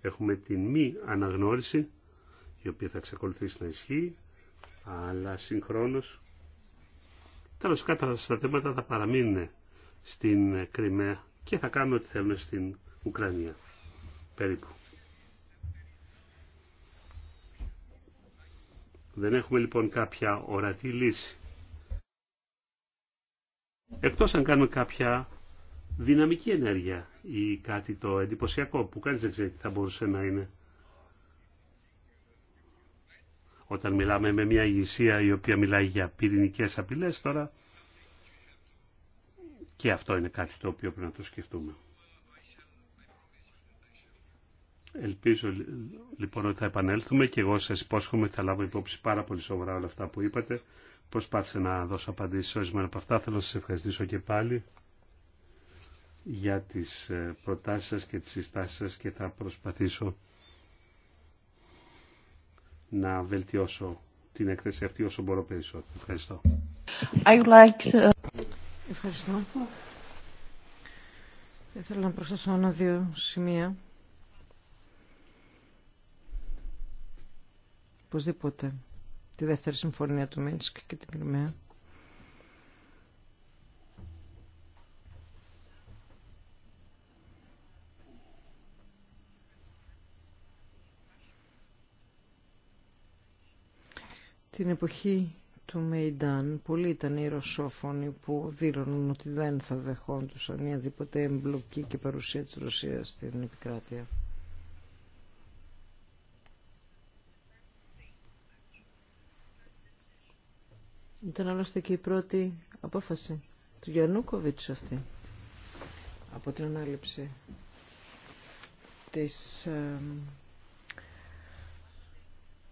έχουμε την μη αναγνώριση, η οποία θα εξακολουθήσει να ισχύει, αλλά συγχρόνως, τέλος κάτω στα θέματα θα παραμείνουν στην Κρυμαία και θα κάνουμε ό,τι θέλουν στην Ουκρανία. Περίπου. Δεν έχουμε λοιπόν κάποια ορατή λύση. Εκτός αν κάνουμε κάποια δυναμική ενέργεια ή κάτι το εντυπωσιακό που κανείς δεν ξέρει τι θα μπορούσε να είναι. Όταν μιλάμε με μια ηγεσία η οποία μιλάει για πυρηνικές απειλές τώρα και αυτό είναι κάτι το οποίο πρέπει να το σκεφτούμε. Ελπίζω λοιπόν ότι θα επανέλθουμε και εγώ σας υπόσχομαι θα λάβω υπόψη πάρα πολύ σοβαρά όλα αυτά που είπατε. Προσπάθησα να δώσω απαντήσεις σε ορισμένα από αυτά. Θέλω να σας ευχαριστήσω και πάλι για τις ε, προτάσεις σας και τις συστάσεις σας και θα προσπαθήσω να βελτιώσω την έκθεση αυτή όσο μπορώ περισσότερο. Ευχαριστώ. I like to... Ευχαριστώ. Ήθελα να προσθέσω ένα-δύο σημεία οπωσδήποτε τη δεύτερη συμφωνία του Μίνσκ και την Κρυμαία. Την εποχή του Μεϊντάν πολλοί ήταν οι Ρωσόφωνοι που δήλωναν ότι δεν θα δεχόντουσαν οποιαδήποτε εμπλοκή και παρουσία της Ρωσίας στην επικράτεια. Ήταν άλλωστε και η πρώτη απόφαση του Γιαννούκοβιτ αυτή από την ανάληψη της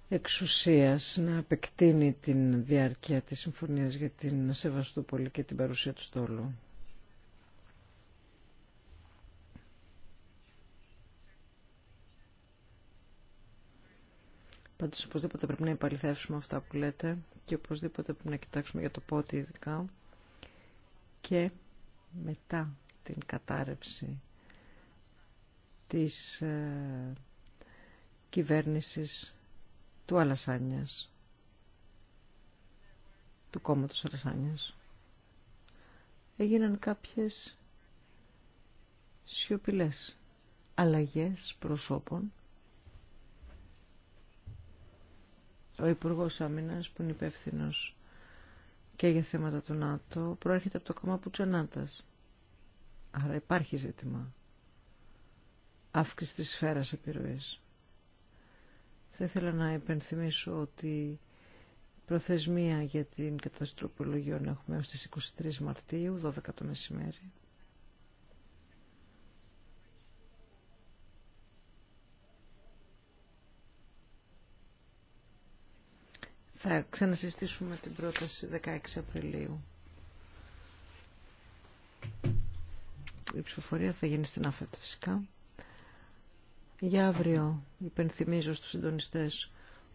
εξουσίας να επεκτείνει την διάρκεια της συμφωνίας για την Σεβαστούπολη και την παρουσία του στόλου. Πάντως οπωσδήποτε πρέπει να υπαλληθεύσουμε αυτά που λέτε και οπωσδήποτε πρέπει να κοιτάξουμε για το πότε ειδικά και μετά την κατάρρευση της ε, κυβέρνησης του Αλασάνιας, του κόμματος Αλασάνιας. Έγιναν κάποιες σιωπηλές αλλαγές προσώπων ο Υπουργό Άμυνα που είναι υπεύθυνο και για θέματα του ΝΑΤΟ προέρχεται από το κόμμα Πουτσενάτα. Άρα υπάρχει ζήτημα αύξηση τη σφαίρα επιρροή. Θα ήθελα να υπενθυμίσω ότι προθεσμία για την καταστροπολογιών έχουμε έως τις 23 Μαρτίου, 12 το μεσημέρι. Θα ξανασυστήσουμε την πρόταση 16 Απριλίου. Η ψηφοφορία θα γίνει στην ΑΦΕΤ φυσικά. Για αύριο υπενθυμίζω στους συντονιστές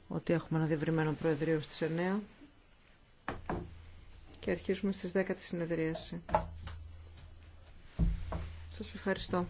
ότι έχουμε ένα διευρυμένο προεδρείο στις 9 και αρχίζουμε στις 10 τη συνεδρίαση. Σας ευχαριστώ.